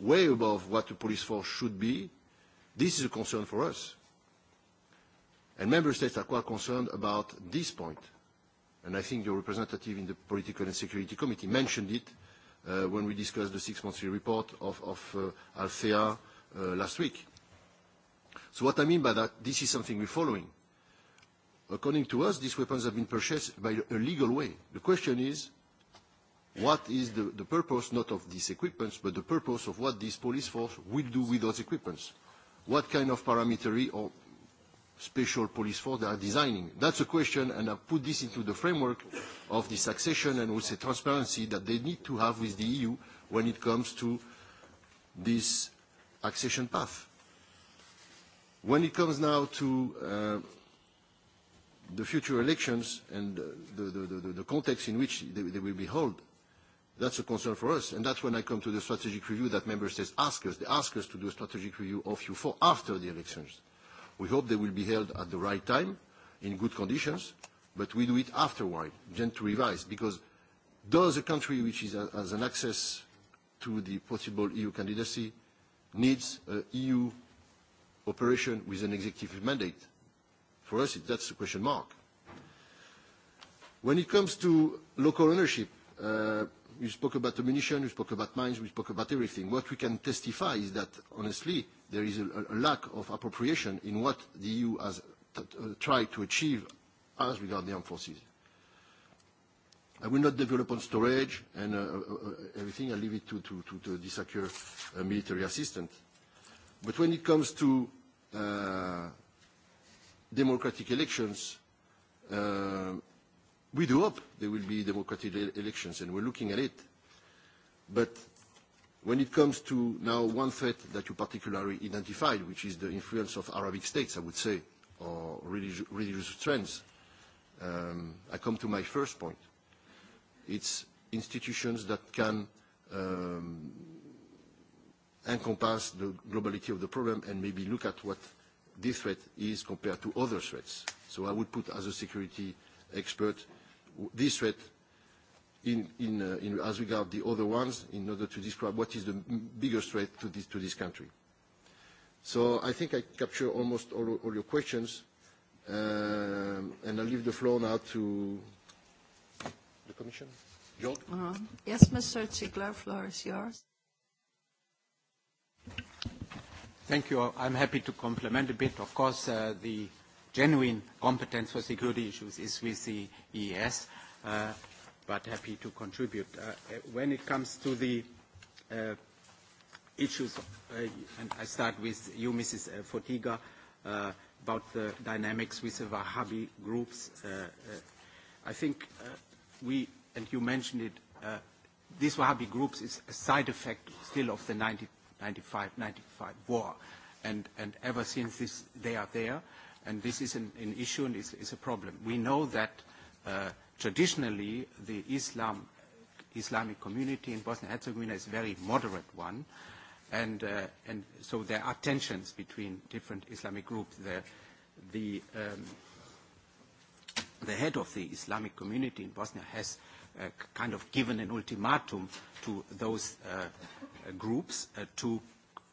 way above what a police force should be, this is a concern for us. And member states are quite concerned about this point and I think your representative in the Political and Security Committee mentioned it uh, when we discussed the six-monthly report of, of uh, Althea uh, last week. So what I mean by that, this is something we're following. According to us, these weapons have been purchased by a legal way. The question is, what is the, the purpose, not of these equipments, but the purpose of what this police force will do with those equipments? What kind of parametry or special police force they are designing. That's a question, and I put this into the framework of the succession and also transparency that they need to have with the EU when it comes to this accession path. When it comes now to uh, the future elections and the, the, the, the context in which they, they will be held, that's a concern for us. And that's when I come to the strategic review that member states ask us. They ask us to do a strategic review of you for after the elections We hope they will be held at the right time, in good conditions, but we do it after wine, then to revise, because does a country which is, has an access to the possible EU candidacy needs an EU operation with an executive mandate? For us, that's a question mark. When it comes to local ownership, uh, you spoke about ammunition, you spoke about mines, we spoke about everything. What we can testify is that, honestly, there is a, a lack of appropriation in what the EU has t- uh, tried to achieve as regards the armed forces. I will not develop on storage and uh, uh, everything. I leave it to, to, to, to the secure uh, military assistant. But when it comes to uh, democratic elections, uh, we do hope there will be democratic elections, and we're looking at it. But When it comes to now one threat that you particularly identified, which is the influence of Arabic states, I would say, or religious trends, um, I come to my first point. It's institutions that can um, encompass the globality of the problem and maybe look at what this threat is compared to other threats. So I would put as a security expert this threat in as regard the other ones in order to describe what is the biggest threat to this to this country. So I think I capture almost all all your questions. And I leave the floor now to the commission. Georg? Yes, Mr. Ziegler, floor is yours. Thank you. I'm happy to complement a bit. Of course, the genuine competence for security issues is with the EES but happy to contribute. When it comes to the issues, and I start with you, Mrs. Fotiga, about the dynamics with the Wahhabi groups. I think we, and you mentioned it, these Wahhabi groups is a side effect still of the 1995 war. And and ever since this, they are there, and this is an an issue and it's a problem. We know that traditionally the Islam, Islamic community in Bosnia and Herzegovina is a very moderate one. And, uh, and so there are tensions between different Islamic groups. The, the, um, the head of the Islamic community in Bosnia has uh, kind of given an ultimatum to those uh, groups uh, to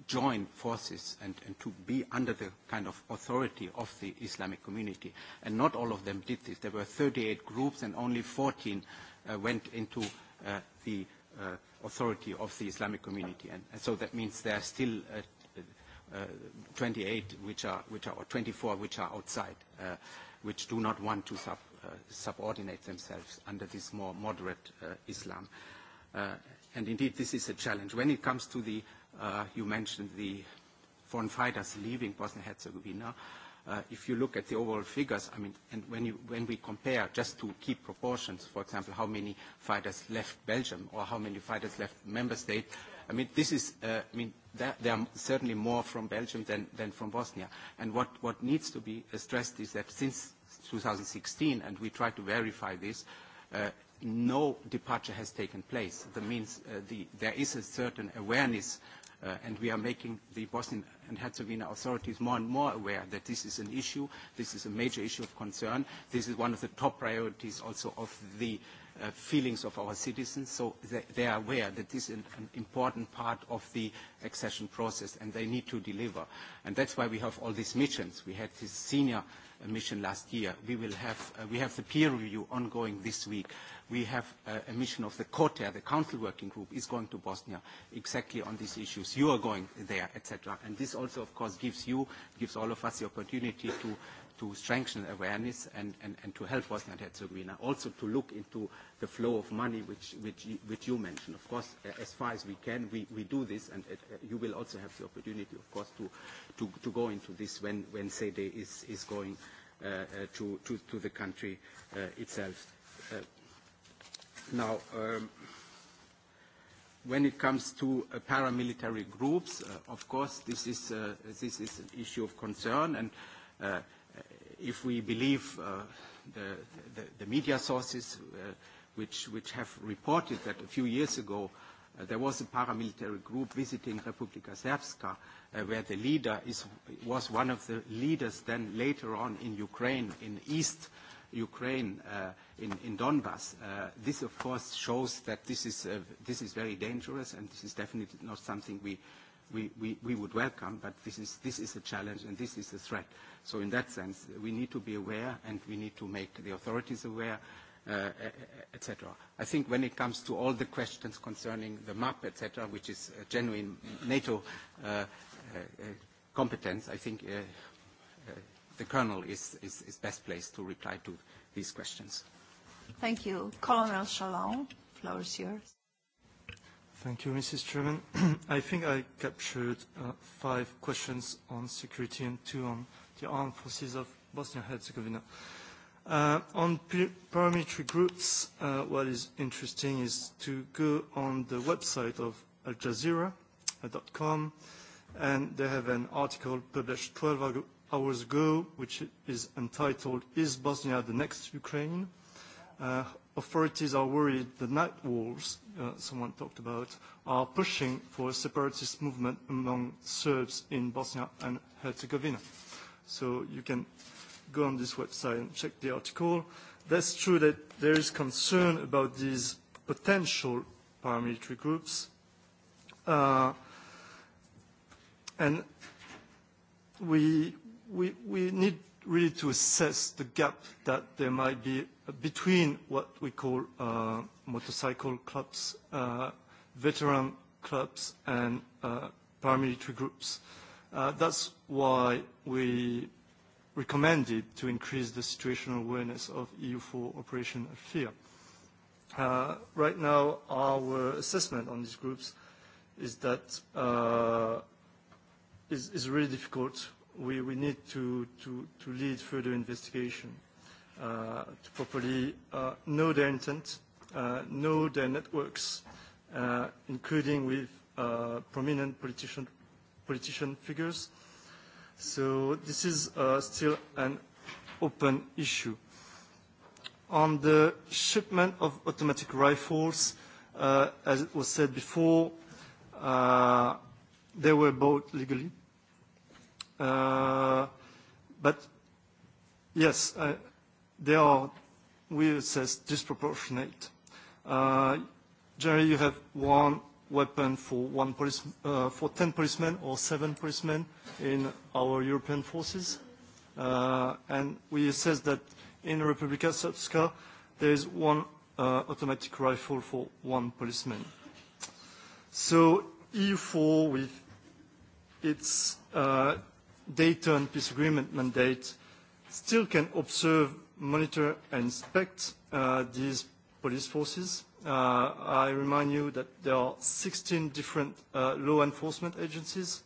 join forces and, and to be under the kind of authority of the Islamic community. And not all of them did this. There were 38 groups and only 14 uh, went into uh, the uh, authority of the Islamic community. And, and so that means there are still uh, uh, 28 which are, which are, or 24 which are outside, uh, which do not want to sub, uh, subordinate themselves under this more moderate uh, Islam. Uh, and indeed, this is a challenge. When it comes to the uh, Uh, you mentioned the foreign fighters leaving Bosnia-Herzegovina. Uh, if you look at the overall figures, I mean, and when, you, when we compare, just to keep proportions, for example, how many fighters left Belgium or how many fighters left member state, I mean, this is, uh, I mean, that, there are certainly more from Belgium than, than from Bosnia. And what, what needs to be stressed is that since 2016, and we try to verify this, uh, no departure has taken place. That means uh, the, there is a certain awareness and we are making the Bosnian and Herzegovina authorities more and more aware that this is an issue, this is a major issue of concern, this is one of the top priorities also of the uh, uh, feelings of our citizens, so they, they are aware that this is an, an important part of the accession process and they need to deliver. And that's why we have all these missions. We had this senior mission last year. We will have, uh, we have the peer review ongoing this week. We have uh, a mission of the COTER, the Council Working Group, is going to Bosnia exactly on these issues. You are going there, etc. And this also, of course, gives you, gives all of us the opportunity to to strengthen awareness and, and, and to help Bosnia and Herzegovina also to look into the flow of money which, which, which you mentioned. Of course, as far as we can, we, we do this and it, you will also have the opportunity, of course, to, to, to go into this when, when SEDE is, is going uh, uh, to, to, to the country uh, itself. Uh, now, um, When it comes to paramilitary groups, of course, this is an issue of concern, and if we believe uh, the, the, the media sources uh, which, which have reported that a few years ago uh, there was a paramilitary group visiting Republika Srpska uh, where the leader is, was one of the leaders then later on in Ukraine, in East Ukraine, uh, in, in Donbass. Uh, this of course shows that this is, uh, this is very dangerous and this is definitely not something we, we, we, we would welcome, but this is, this is a challenge and this is a threat. So in that sense, we need to be aware and we need to make the authorities aware, uh, etc. I think when it comes to all the questions concerning the MAP, etc., which is a genuine NATO uh, uh, competence, I think uh, uh, the Colonel is, is, is best placed to reply to these questions. Thank you. Colonel Shalom, floor is yours. Thank you, Mrs. Chairman. I think I captured uh, five questions on security and two on the armed forces of Bosnia-Herzegovina. Uh, on paramilitary groups, uh, what is interesting is to go on the website of Al Jazeera.com, and they have an article published 12 hours ago, which is entitled, Is Bosnia the Next Ukraine? Uh, authorities are worried the night wolves, uh, someone talked about, are pushing for a separatist movement among Serbs in Bosnia and Herzegovina. So you can go on this website and check the article. That's true that there is concern about these potential paramilitary groups. Uh, and we, we, we need really to assess the gap that there might be between what we call uh, motorcycle clubs, uh, veteran clubs, and uh, paramilitary groups. Uh, that's why we recommended to increase the situational awareness of EU4 Operation Fear. Uh, right now, our assessment on these groups is that uh, is, is really difficult we, we need to, to, to lead further investigation uh, to properly uh, know their intent, uh, know their networks, uh, including with uh, prominent politician, politician figures. So this is uh, still an open issue. On the shipment of automatic rifles, uh, as it was said before, uh, they were bought legally. But yes, they are, we assess, disproportionate. Generally, you have one weapon for one police, for 10 policemen or seven policemen in our European forces. And we assess that in Republika Srpska, there is one automatic rifle for one policeman. So EU4 with its Dayton Peace Agreement mandate still can observe, monitor, and inspect uh, these police forces. Uh, I remind you that there are 16 different uh, law enforcement agencies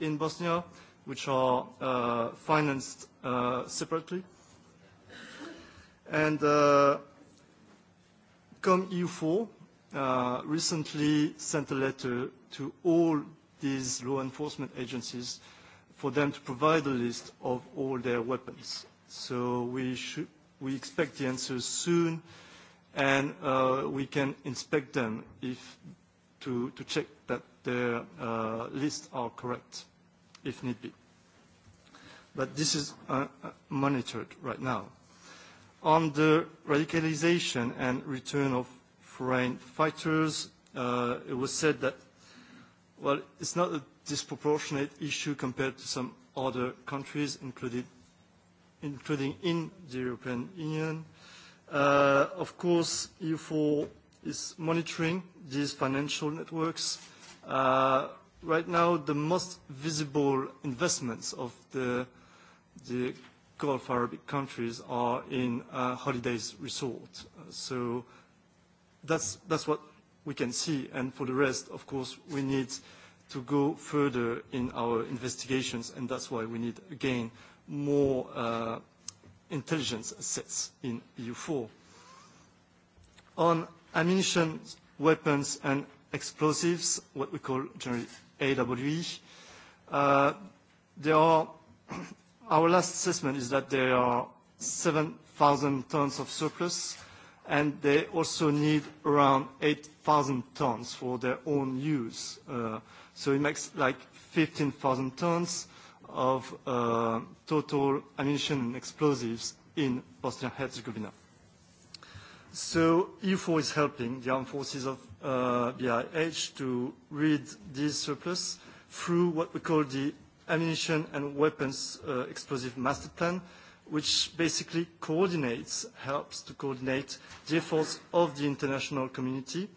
in Bosnia, which are uh, financed uh, separately. And uh, com EU4, uh, recently sent a letter to all these law enforcement agencies uh, for them to provide a list of all their weapons. So we, should, we expect the answers soon, and uh, we can inspect them if to, to check that their uh, lists are correct, if need be. But this is uh, monitored right now. On the radicalization and return of foreign fighters, uh, it was said that, well, it's not a disproportionate issue compared to some other countries, including, including in the European Union. Uh, of course, EU4 is monitoring these financial networks. Uh, right now, the most visible investments of the, the Gulf Arabic countries are in uh, holidays resort. So that's, that's what we can see. And for the rest, of course, we need uh, to go further in our investigations, and that's why we need, again, more intelligence sets in EU4. On ammunition, weapons, and explosives, what we call generally AWE, there are, our last assessment is that there are 7,000 tons of surplus and they also need around 8,000 tons for their own use. So it makes like 15,000 tons of total ammunition and explosives in Bosnia and Herzegovina. So EU4 is helping the armed forces of BIH to rid this surplus through what we call the Ammunition and Weapons Explosive Master Plan, which basically coordinates, helps to coordinate the efforts of the international community,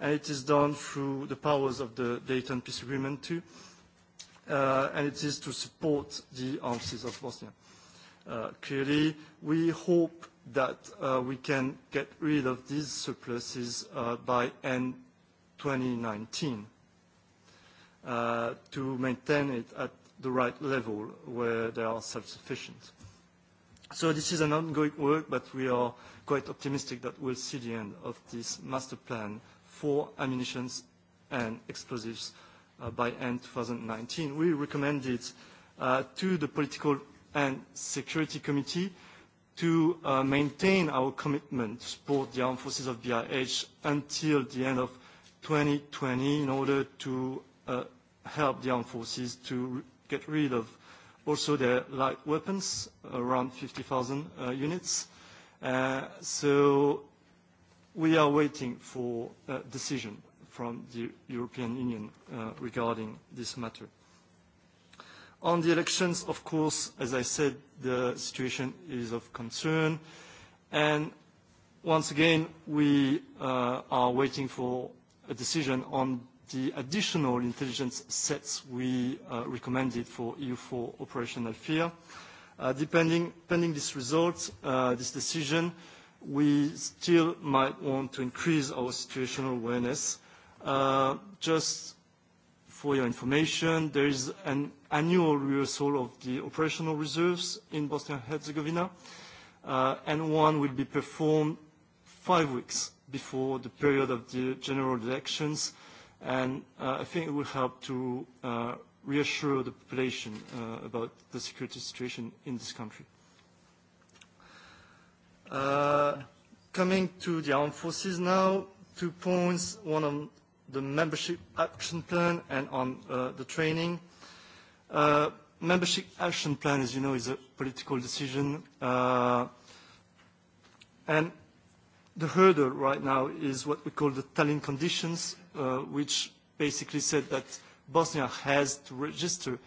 and it is done through the powers of the Dayton Peace Agreement too, uh, and it is to support the armed of Bosnia. Uh, clearly, we hope that uh, we can get rid of these surpluses uh, by end 2019 uh, to maintain it at the right level where they are self-sufficient. So this is an ongoing work, but we are quite optimistic that we'll see the end of this master plan for ammunition and explosives by end 2019. We recommend it to the Political and Security Committee to maintain our commitment to support the armed forces of BIH until the end of 2020 in order to help the armed forces to get rid of Also, the light weapons, around 50,000 units. So we are waiting for a decision from the European Union regarding this matter. On the elections, of course, as I said, the situation is of concern, and once again, we are waiting for a decision on the additional intelligence sets we uh, recommended for EU4 operational fear. Uh, depending, pending this result, uh, this decision, we still might want to increase our situational awareness. Uh, just for your information, there is an annual rehearsal of the operational reserves in Bosnia and Herzegovina, uh, and one will be performed five weeks before the period of the general elections uh, And uh, I think it will help to uh, reassure the population uh, about the security situation in this country. Uh, coming to the armed forces now, two points, one on the membership action plan and on uh, the training. Uh, membership action plan, as you know, is a political decision. Uh, and the hurdle right now is what we call the Tallinn conditions, which basically said that Bosnia has to register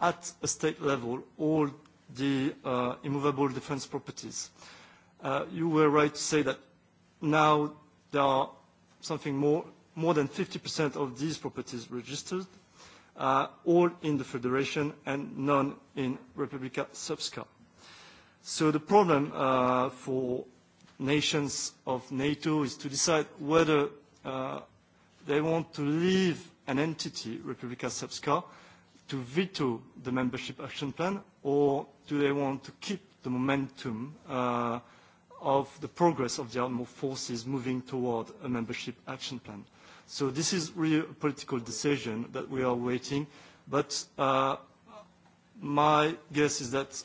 at a state level all the uh, immovable defense properties. Uh, you were right to say that now there are something more, more than 50% of these properties registered, uh, all in the Federation and none in Republika Srpska. So the problem uh, for nations of NATO is to decide whether uh, they want to leave an entity, Republika Srpska, to veto the membership action plan, or do they want to keep the momentum uh, of the progress of the armed forces moving toward a membership action plan? So this is really a political decision that we are waiting, but uh, my guess is that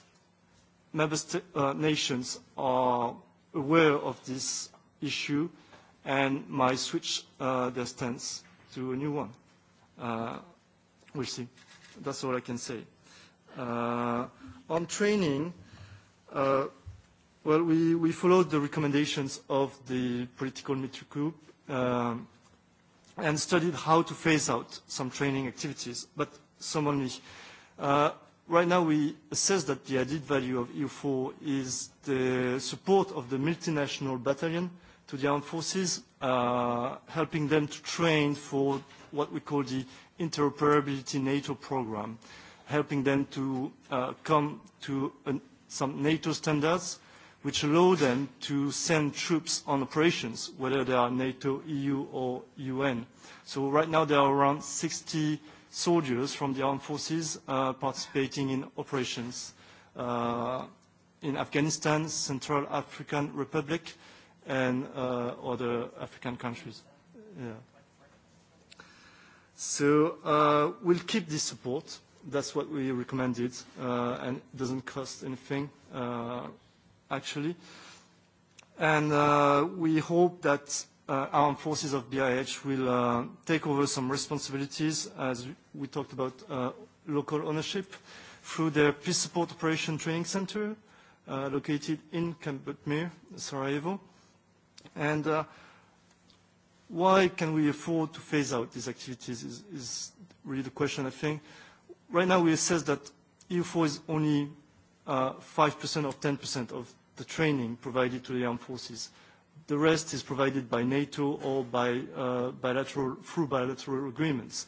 member uh, nations are aware of this issue and might switch uh, their stance to a new one. Uh, we'll see. That's all I can say. Uh, on training, uh, well, we, we followed the recommendations of the political metric group um, and studied how to phase out some training activities, but some only. Uh, right now we assess that the added value of EU4 is the support of the multinational battalion – to the armed forces, uh, helping them to train for what we call the interoperability NATO program, helping them to uh, come to an, some NATO standards which allow them to send troops on operations, whether they are NATO, EU or UN. So right now there are around 60 soldiers from the armed forces uh, participating in operations uh, in Afghanistan, Central African Republic, and uh, other African countries. Yeah. So uh, we'll keep this support. That's what we recommended, uh, and it doesn't cost anything, uh, actually. And uh, we hope that uh, armed forces of BIH will uh, take over some responsibilities, as we talked about uh, local ownership, through their Peace Support Operation Training Center, uh, located in Kambutmir, Sarajevo And uh, why can we afford to phase out these activities is, is really the question, I think. Right now we assess that EU4 is only uh, 5% or 10% of the training provided to the armed forces. The rest is provided by NATO or by uh, bilateral, through bilateral agreements.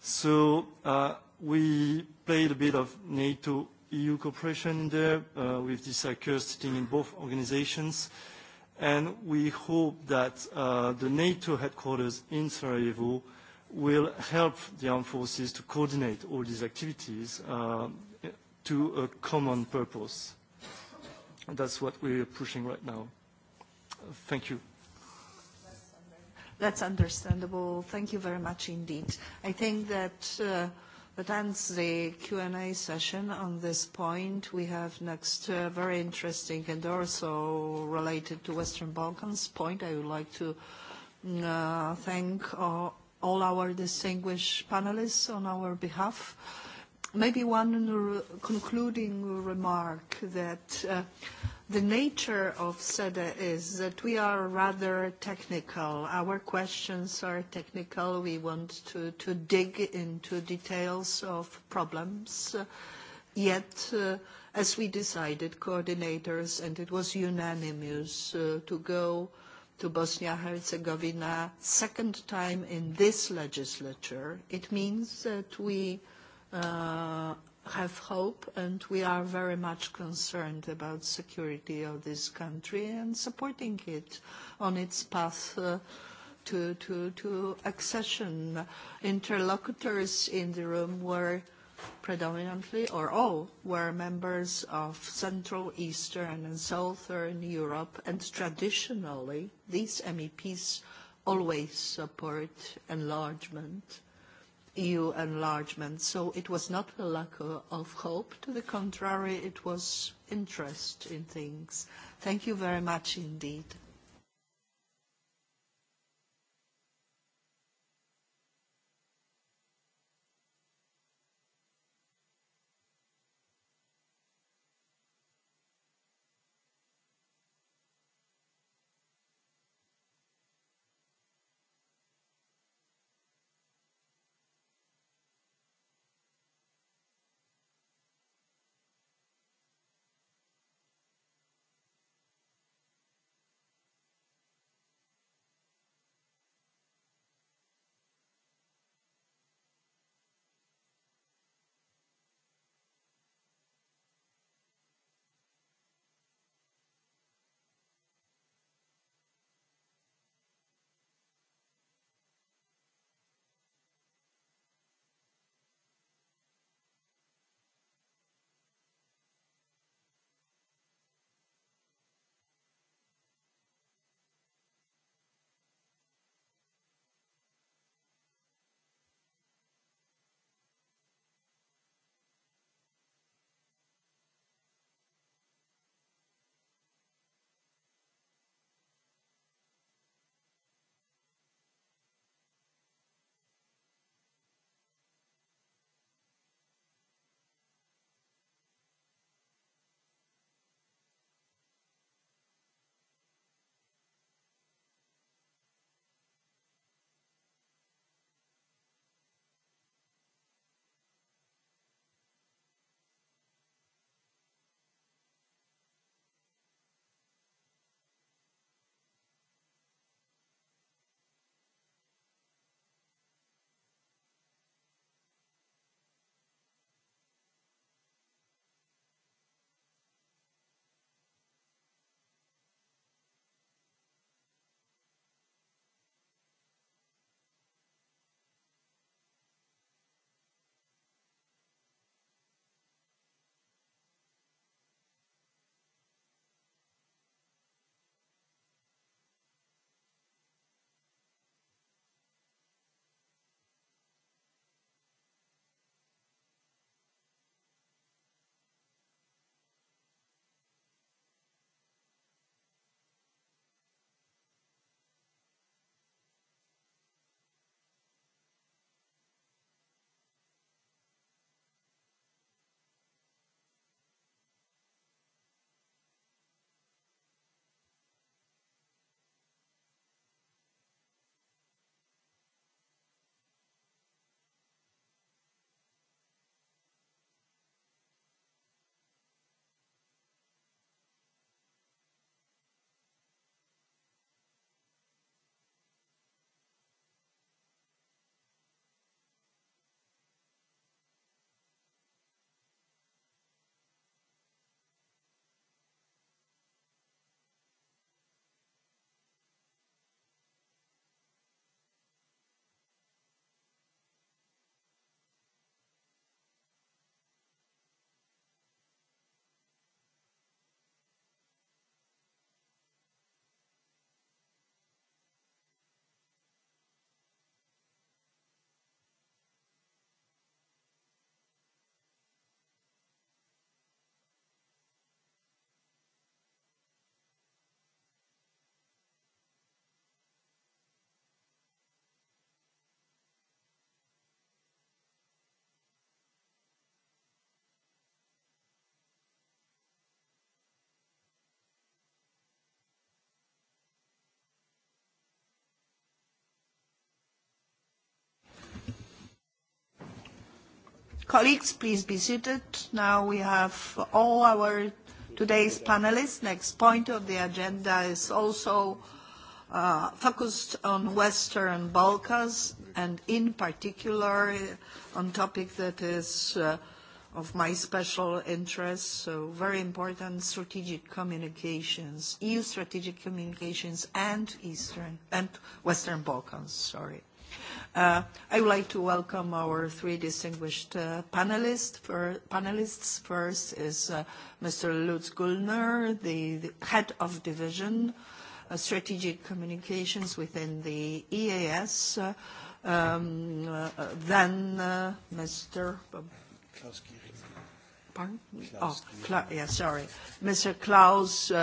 So uh, we played a bit of NATO-EU cooperation in there uh, with this ICUR sitting in both organizations and we hope that the NATO headquarters in Sarajevo will help the armed forces to coordinate all these activities to a common purpose. That's what we're pushing right now. Thank you. That's understandable. Thank you very much indeed. I think that That ends the Q&A session on this point. We have next very interesting and also related to Western Balkans point. I would like to thank all our distinguished panelists on our behalf. Maybe one concluding remark that The nature of SEDE is that we are rather technical. Our questions are technical. We want to, to dig into details of problems. Yet, uh, as we decided, coordinators, and it was unanimous uh, to go to Bosnia-Herzegovina second time in this legislature. It means that we uh, have hope, and we are very much concerned about security of this country and supporting it on its path to, to, to accession. Interlocutors in the room were predominantly, or all, were members of Central, Eastern, and Southern Europe, and traditionally, these MEPs always support enlargement EU enlargement. So it was not a lack of hope. To the contrary, it was interest in things. Thank you very much indeed. Colleagues, please be seated. Now we have all our today's panelists. Next point of the agenda is also uh, focused on Western Balkans and in particular on topic that is uh, of my special interest, so very important strategic communications, EU strategic communications and Eastern and Western Balkans, sorry. I would like to welcome our three distinguished panelists. First is Mr. Lutz Güllner, the head of division, strategic communications within the EAS. Then Mr. Klaus Pardon? Oh, Cla- yeah, sorry. Mr. Klaus uh,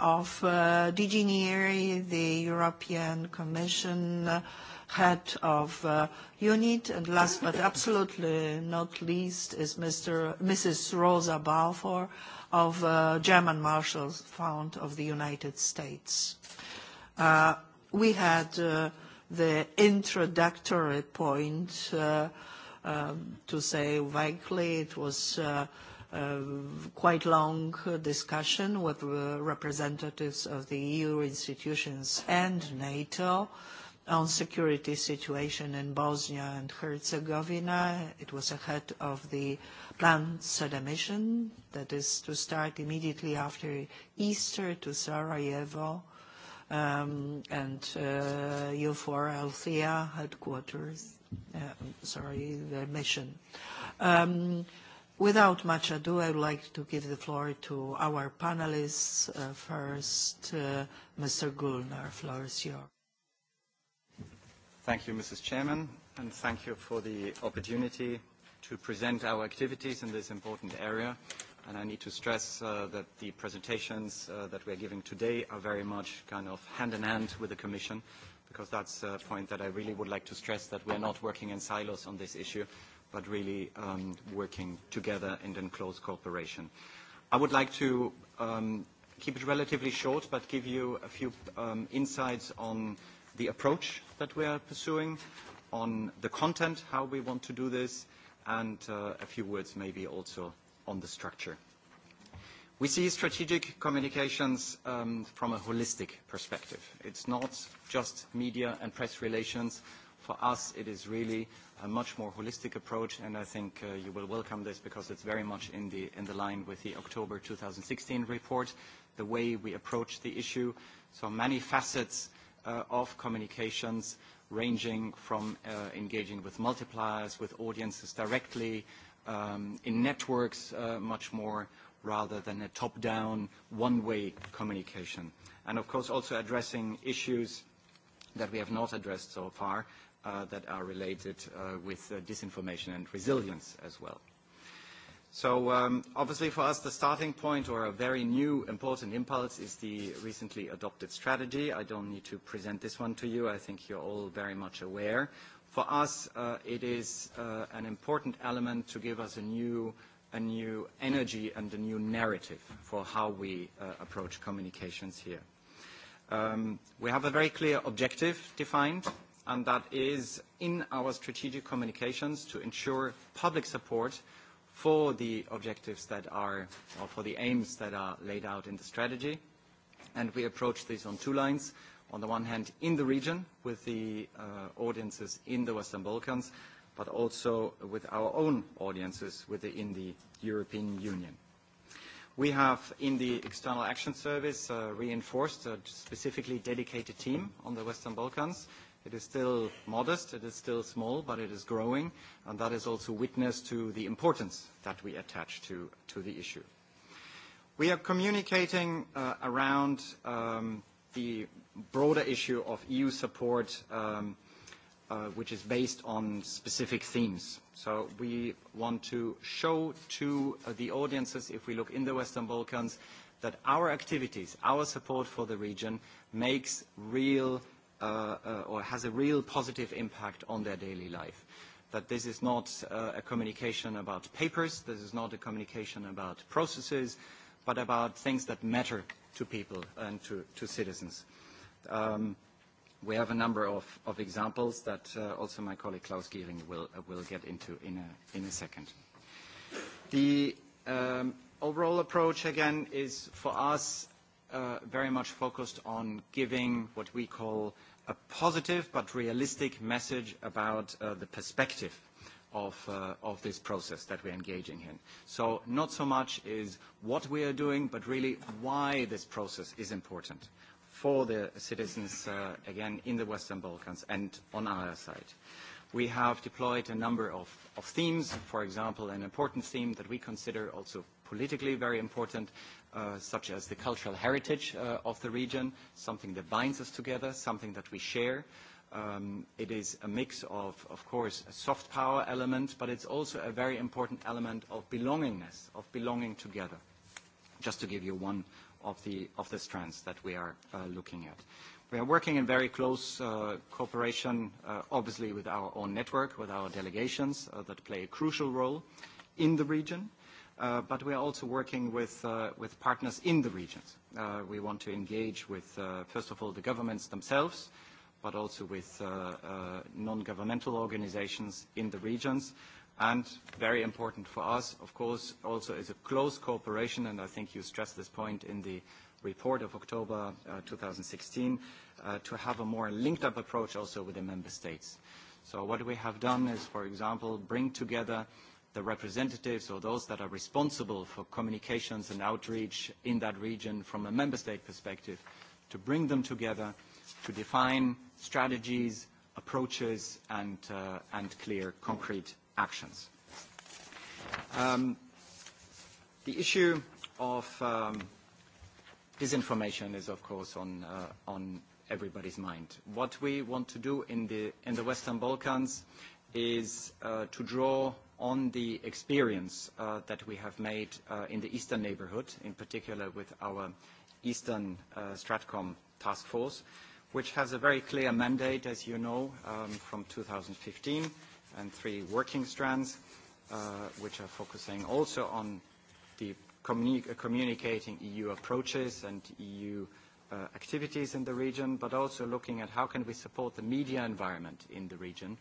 of uh, DG NIERI, the European Commission uh, head of uh, unit. And last but absolutely not least is Mr. Mrs. Rosa Balfour of uh, German Marshall Fund of the United States. Uh, we had uh, the introductory point uh, to say vaguely. It was quite long discussion with representatives of the EU institutions and NATO on security situation in Bosnia and Herzegovina. It was ahead of the planned SEDA mission that is to start immediately after Easter to Sarajevo and EUFOR Althea headquarters sorry, mission. Um, without much ado, I would like to give the floor to our panelists. Uh, first, uh, Mr. Gulnar, floor is yours. Thank you, Mrs. Chairman, and thank you for the opportunity to present our activities in this important area. And I need to stress uh, that the presentations uh, that we're giving today are very much kind of hand in hand with the Commission because that's a point that I really would like to stress, that we are not working in silos on this issue, but really um, working together and in close cooperation. I would like to um, keep it relatively short, but give you a few um, insights on the approach that we are pursuing, on the content, how we want to do this, and uh, a few words maybe also on the structure. We see strategic communications um, from a holistic perspective. It's not just media and press relations. For us, it is really a much more holistic approach, and I think uh, you will welcome this because it's very much in the, in the line with the October 2016 report, the way we approach the issue. So many facets uh, of communications ranging from uh, engaging with multipliers, with audiences directly, um, in networks uh, much more rather than a top-down, one-way communication. And of course, also addressing issues that we have not addressed so far uh, that are related uh, with uh, disinformation and resilience as well. So um, obviously for us the starting point or a very new important impulse is the recently adopted strategy. I don't need to present this one to you. I think you're all very much aware. For us, uh, it is uh, an important element to give us a new a new energy and a new narrative for how we uh, approach communications here. Um, we have a very clear objective defined, and that is in our strategic communications to ensure public support for the objectives that are, or for the aims that are laid out in the strategy. And we approach this on two lines. On the one hand, in the region with the uh, audiences in the Western Balkans, but also with our own audiences within the European Union. We have, in the External Action Service, uh, reinforced a specifically dedicated team on the Western Balkans. It is still modest, it is still small, but it is growing, and that is also witness to the importance that we attach to, to the issue. We are communicating uh, around um, the broader issue of EU support um, – which is based on specific themes. So we want to show to the audiences, if we look in the Western Balkans, that our activities, our support for the region makes real or has a real positive impact on their daily life. That this is not a communication about papers, this is not a communication about processes, but about things that matter to people and to, to citizens. Um, We have a number of examples that also my colleague, Klaus Gierig, will get into in a second. The overall approach, again, is for us very much focused on giving what we call a positive but realistic message about the perspective of this process that we're engaging in. So not so much is what we are doing, but really why this process is important for the citizens, uh, again, in the Western Balkans and on our side. We have deployed a number of, of themes, for example, an important theme that we consider also politically very important, uh, such as the cultural heritage uh, of the region, something that binds us together, something that we share. Um, it is a mix of, of course, a soft power element, but it's also a very important element of belongingness, of belonging together. Just to give you one, of the, of the strands that we are uh, looking at. We are working in very close uh, cooperation, uh, obviously, with our own network, with our delegations that play a crucial role in the region, but we are also working with, uh, with partners in the regions. we want to engage with, uh, first of all, the governments themselves, but also with uh, uh, non-governmental organizations in the regions, And very important for us, of course, also is a close cooperation, and I think you stressed this point in the report of October uh, 2016, uh, to have a more linked-up approach also with the member states. So what we have done is, for example, bring together the representatives or those that are responsible for communications and outreach in that region from a member state perspective, to bring them together to define strategies, approaches, and, uh, and clear concrete actions. Um, the issue of um, disinformation is, of course, on, uh, on everybody's mind. What we want to do in the, in the Western Balkans is uh, to draw on the experience uh, that we have made uh, in the eastern neighborhood, in particular with our eastern uh, Stratcom task force, which has a very clear mandate, as you know, um, from 2015, and three working strands, which are focusing also on the communicating EU approaches and EU activities in the region, but also looking at how can we support the media environment in the region.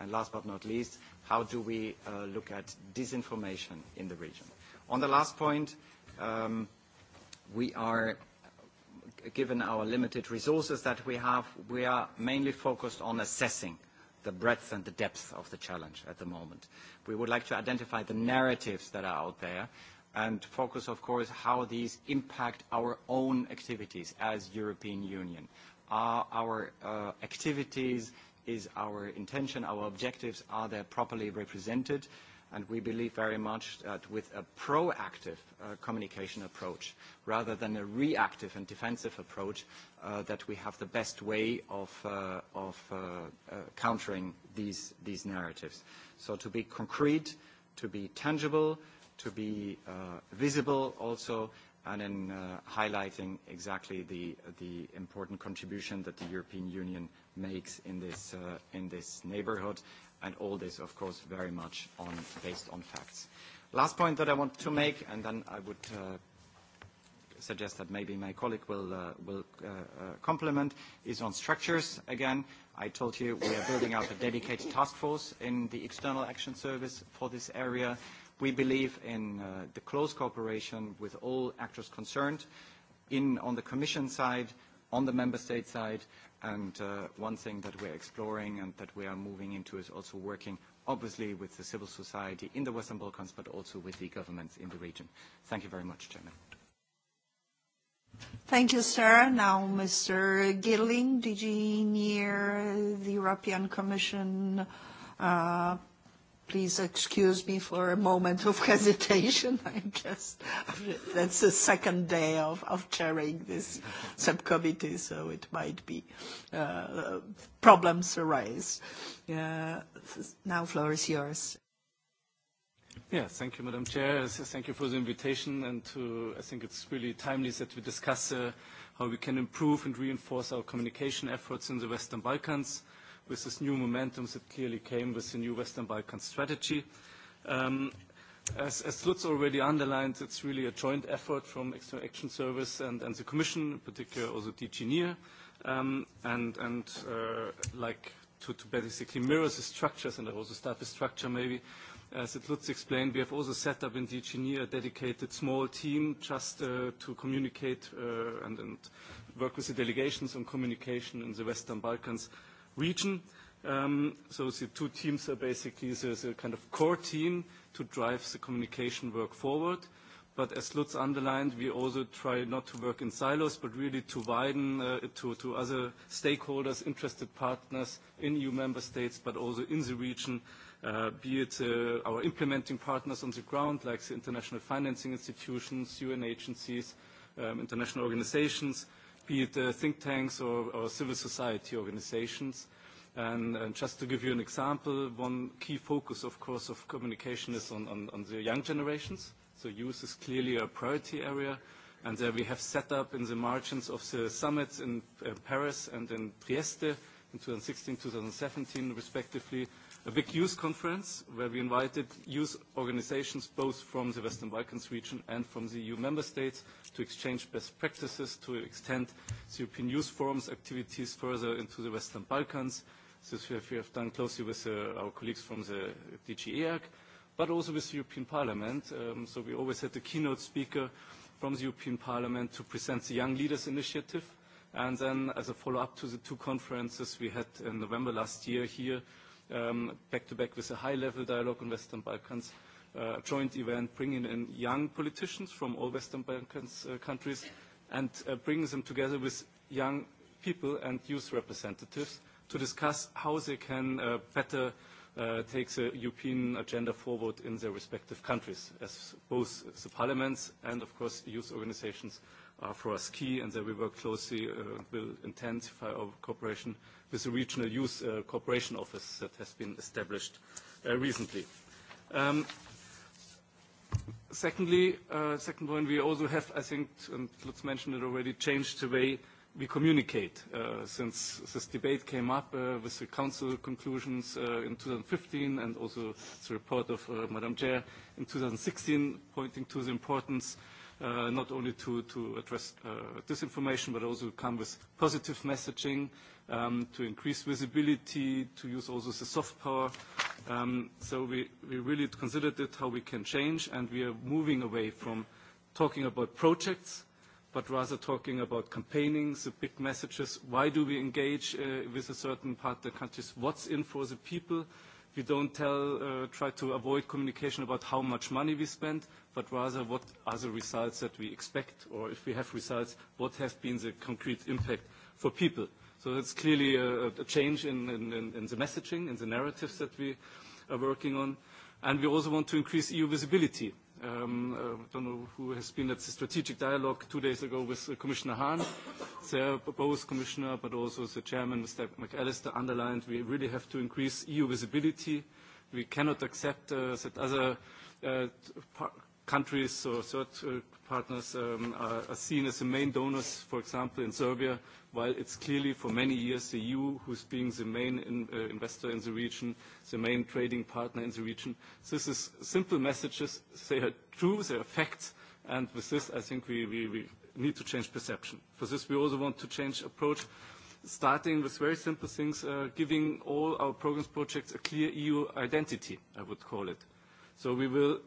And last but not least, how do we look at disinformation in the region? On the last point, we are, given our limited resources that we have, we are mainly focused on assessing – the breadth and the depth of the challenge at the moment. We would like to identify the narratives that are out there and focus, of course, how these impact our own activities as European Union. Are our uh, activities, is our intention, our objectives, are they properly represented? Uh, And we believe very much that with a proactive uh, communication approach, rather than a reactive and defensive approach, uh, that we have the best way of, uh, of uh, uh, countering these, these narratives. So to be concrete, to be tangible, to be uh, visible also, and in uh, highlighting exactly the, the important contribution that the European Union makes in this, uh, in this neighborhood and all this, of course, very much on, based on facts. Last point that I want to make, and then I would uh, suggest that maybe my colleague will, uh, will uh, uh, complement, is on structures. Again, I told you we are building out a dedicated task force in the External Action Service for this area. We believe in uh, the close cooperation with all actors concerned. In, on the Commission side, on the member state side. And uh, one thing that we're exploring and that we are moving into is also working, obviously, with the civil society in the Western Balkans, but also with the governments in the region. Thank you very much, Chairman. Thank you, sir. Now, Mr. Gilling, DG NEAR, the European Commission Please excuse me for a moment of hesitation. I guess that's the second day of, of chairing this subcommittee, so it might be uh, problems arise. Uh, now, floor is yours. Yeah, thank you, Madam Chair. Thank you for the invitation, and to, I think it's really timely that we discuss uh, how we can improve and reinforce our communication efforts in the Western Balkans with this new momentum that clearly came with the new Western Balkan strategy. As Lutz already underlined, it's really a joint effort from External Action Service and the Commission, in particular also DG NEAR, and like to basically mirror the structures, and also start with structure maybe. As Lutz explained, we have also set up in DG NEAR a dedicated small team just to communicate and work with the delegations on communication in the Western Balkans region. so the two teams are basically the, kind of core team to drive the communication work forward. But as Lutz underlined, we also try not to work in silos, but really to widen it to, other stakeholders, interested partners in EU member states, but also in the region, be it our implementing partners on the ground, like the international financing institutions, UN agencies, international organizations, be it uh, think tanks or, or civil society organizations. And, and just to give you an example, one key focus, of course, of communication is on, on, on the young generations. So youth is clearly a priority area. And there we have set up in the margins of the summits in uh, Paris and in Trieste in 2016, 2017, respectively, a big youth conference where we invited youth organizations both from the Western Balkans region and from the EU member states to exchange best practices to extend the European Youth Forum's activities further into the Western Balkans. This we have done closely with uh, our colleagues from the DG EAC, but also with the European Parliament. Um, so we always had the keynote speaker from the European Parliament to present the Young Leaders Initiative. And then as a follow-up to the two conferences we had in November last year here, back to back with a high level dialogue on Western Balkans, a joint event bringing in young politicians from all Western Balkans countries and bringing them together with young people and youth representatives to discuss how they can better take the European agenda forward in their respective countries, as both the parliaments and, of course, youth organizations are for us key, and that we work closely, will intensify our cooperation with the Regional Youth uh, Cooperation Office that has been established uh, recently. Um, secondly, uh, second point, we also have, I think, and Lutz mentioned it already, changed the way we communicate. Uh, since this debate came up uh, with the Council conclusions uh, in 2015 and also the report of uh, Madam Chair in 2016 pointing to the importance uh, not only to, to address uh, disinformation, but also come with positive messaging, um, to increase visibility, to use also the soft power. Um, so we, we really considered it how we can change, and we are moving away from talking about projects, but rather talking about campaigning, the big messages, why do we engage uh, with a certain part of the countries, what's in for the people, We don't tell, uh, try to avoid communication about how much money we spend, but rather what are the results that we expect, or if we have results, what have been the concrete impact for people. So that's clearly a, a change in, in, in the messaging, in the narratives that we are working on. And we also want to increase EU visibility um, I don't know who has been at the strategic dialogue two days ago with Commissioner Hahn. There, both Commissioner, but also the Chairman, Mr. McAllister, underlined we really have to increase EU visibility. We cannot accept uh, that other uh, countries or third partners are seen as the main donors, for example, in Serbia, while it's clearly for many years the EU who's being the main investor in the region, the main trading partner in the region. This is simple messages. They are true, they are facts, and with this, I think we we we need to change perception. For this, we also want to change approach, starting with very simple things, giving all our programs projects a clear EU identity, I would call it. So we will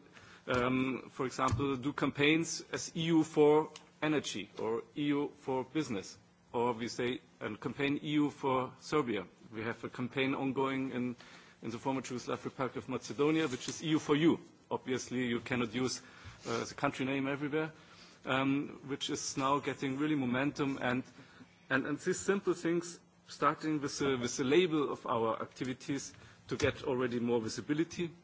for example, do campaigns as EU for energy or EU for business, or we say a campaign EU for Serbia. We have a campaign ongoing in, in the former Yugoslav Republic of Macedonia, which is EU for you. Obviously, you cannot use uh, the country name everywhere, um, which is now getting really momentum. And, and, and these simple things, starting with the, with the label of our activities to get already more visibility –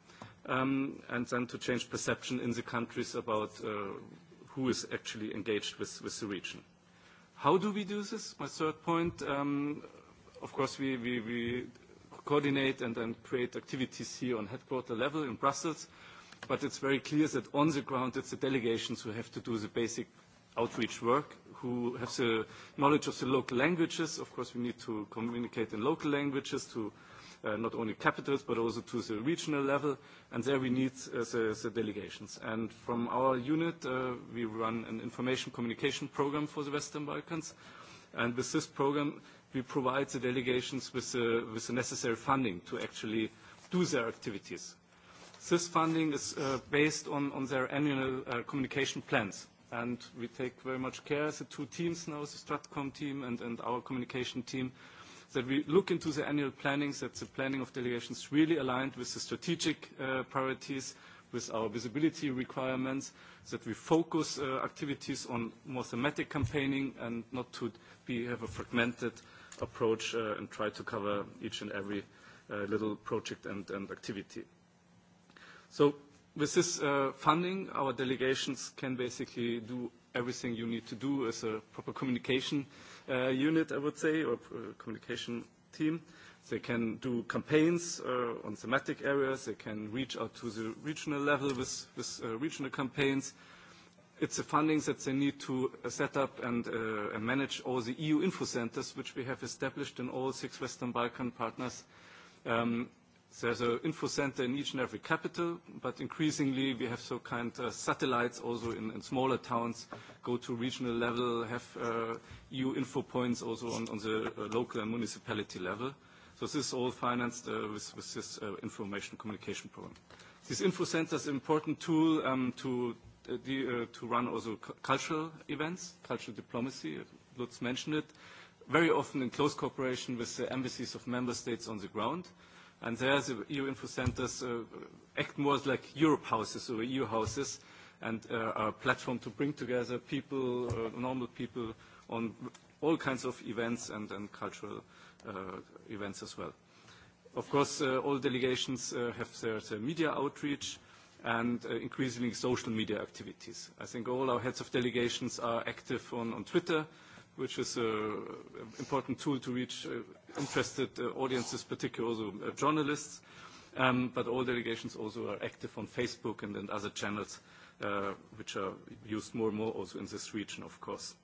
um, and then to change perception in the countries about uh, who is actually engaged with, with the region. How do we do this? My third point, um, of course, we, we, we coordinate and then create activities here on headquarter level in Brussels, but it's very clear that on the ground it's the delegations who have to do the basic outreach work who have the knowledge of the local languages. Of course, we need to communicate in local languages to uh, not only capitals but also to the regional level. And there we need uh, the, the delegations. And from our unit, uh, we run an information communication program for the Western Balkans. And with this program, we provide the delegations with the, with the necessary funding to actually do their activities. This funding is uh, based on, on their annual uh, communication plans and we take very much care, as the two teams now, the Stratcom team and, and our communication team, that we look into the annual planning, that the planning of delegations really aligned with the strategic uh, priorities, with our visibility requirements, that we focus uh, activities on more thematic campaigning and not to be, have a fragmented approach uh, and try to cover each and every uh, little project and, and activity. So With this uh, funding, our delegations can basically do everything you need to do as a proper communication uh, unit, I would say, or uh, communication team. They can do campaigns uh, on thematic areas. They can reach out to the regional level with, with uh, regional campaigns. It's the funding that they need to uh, set up and, uh, and manage all the EU info centers, which we have established in all six Western Balkan partners. Um, There's an info center in each and every capital, but increasingly we have so kind of satellites also in, in smaller towns, go to regional level, have uh, EU info points also on, on the uh, local and municipality level. So this is all financed uh, with, with this uh, information communication program. This info center is an important tool um, to, uh, the, uh, to run also cultural events, cultural diplomacy. Lutz mentioned it. Very often in close cooperation with the embassies of member states on the ground. And there, the EU info centers uh, act more like Europe houses or EU houses and uh, are a platform to bring together people, uh, normal people, on all kinds of events and, and cultural uh, events as well. Of course, uh, all delegations uh, have their, their media outreach and uh, increasingly social media activities. I think all our heads of delegations are active on, on Twitter, which is an important tool to reach interested audiences, particularly also journalists. But all delegations also are active on Facebook and and other channels, which are used more and more also in this region, of course.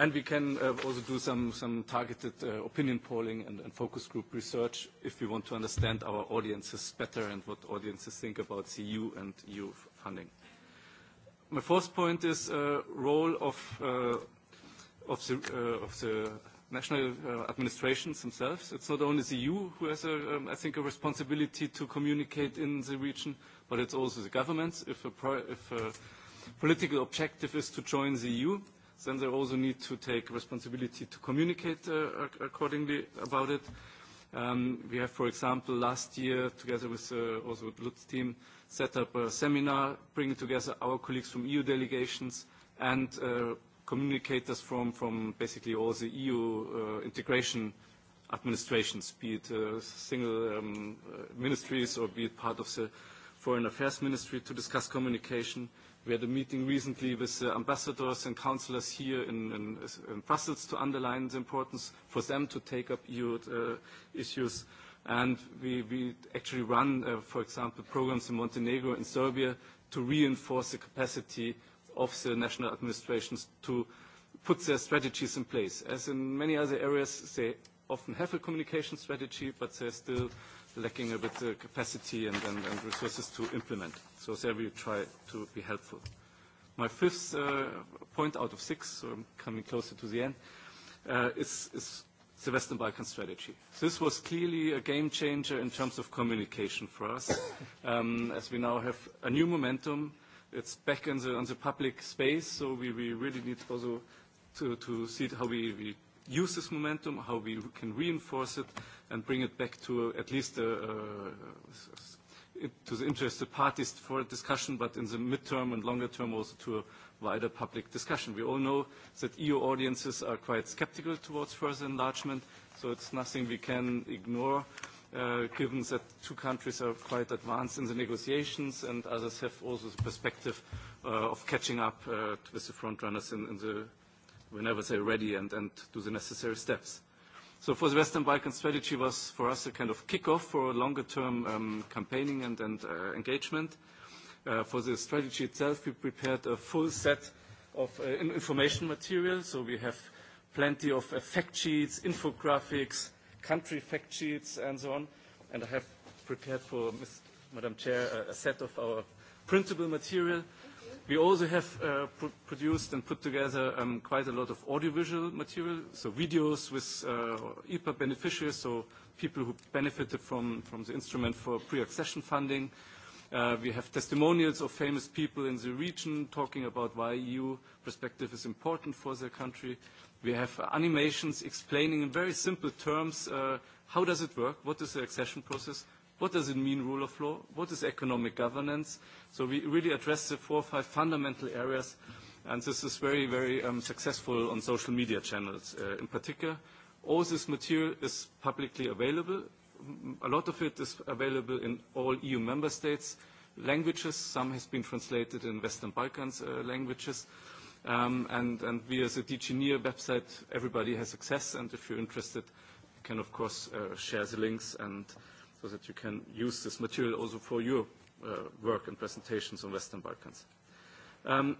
And we can also do some some targeted opinion polling and and focus group research if we want to understand our audiences better and what audiences think about EU and EU funding. My fourth point is uh, role of, uh, of, the, uh, of the national uh, administrations themselves. It's not only the EU who has, a, um, I think, a responsibility to communicate in the region, but it's also the governments. If a, pro if a political objective is to join the EU, then they also need to take responsibility to communicate uh, accordingly about it. Um, we have, for example, last year, together with uh, also with Lutz team, uh, set up a seminar, bringing together our colleagues from EU delegations and uh, communicators from, from basically all the EU uh, integration administrations, be it uh, single um, uh, ministries or be it part of the Foreign Affairs Ministry to discuss communication. We had a meeting recently with uh, ambassadors and councillors here in, in, in Brussels to underline the importance for them to take up EU uh, issues. And we, we actually run, uh, for example, programs in Montenegro and Serbia to reinforce the capacity of the national administrations to put their strategies in place. As in many other areas, they often have a communication strategy, but they're still lacking a bit of capacity and, and, and resources to implement. So there we try to be helpful. My fifth uh, point out of six, so I'm coming closer to the end, uh, is, is the Western Balkan strategy. This was clearly a game changer in terms of communication for us, um, as we now have a new momentum. It's back in the, on the public space, so we, we really need also to, to see how we, we use this momentum, how we can reinforce it, and bring it back to at least to the interested parties for a discussion, but in the midterm and longer term also to wider public discussion. We all know that EU audiences are quite skeptical towards further enlargement, so it's nothing we can ignore, uh, given that two countries are quite advanced in the negotiations and others have also the perspective uh, of catching up uh, with the frontrunners in, in the, whenever they're ready and, and do the necessary steps. So for the Western Balkan strategy was for us a kind of kickoff for a longer-term um, campaigning and, and uh, engagement for the strategy itself, we prepared a full set of information material. So we have plenty of fact sheets, infographics, country fact sheets, and so on. And I have prepared for Ms. Madam Chair a set of our printable material. We also have uh, pr produced and put together um, quite a lot of audiovisual material, so videos with uh, EPA beneficiaries, so people who benefited from, from the instrument for pre-accession funding, we have testimonials of famous people in the region talking about why EU perspective is important for their country. We have animations explaining in very simple terms uh, how does it work, what is the accession process, what does it mean rule of law, what is economic governance. So we really address the four or five fundamental areas, and this is very, very um, successful on social media channels uh, in particular. All this material is publicly available a lot of it is available in all EU member states languages. Some has been translated in Western Balkans uh, languages. Um, and, and we as a DGNIR website, everybody has access. And if you're interested, you can, of course, uh, share the links and so that you can use this material also for your uh, work and presentations on Western Balkans. Um,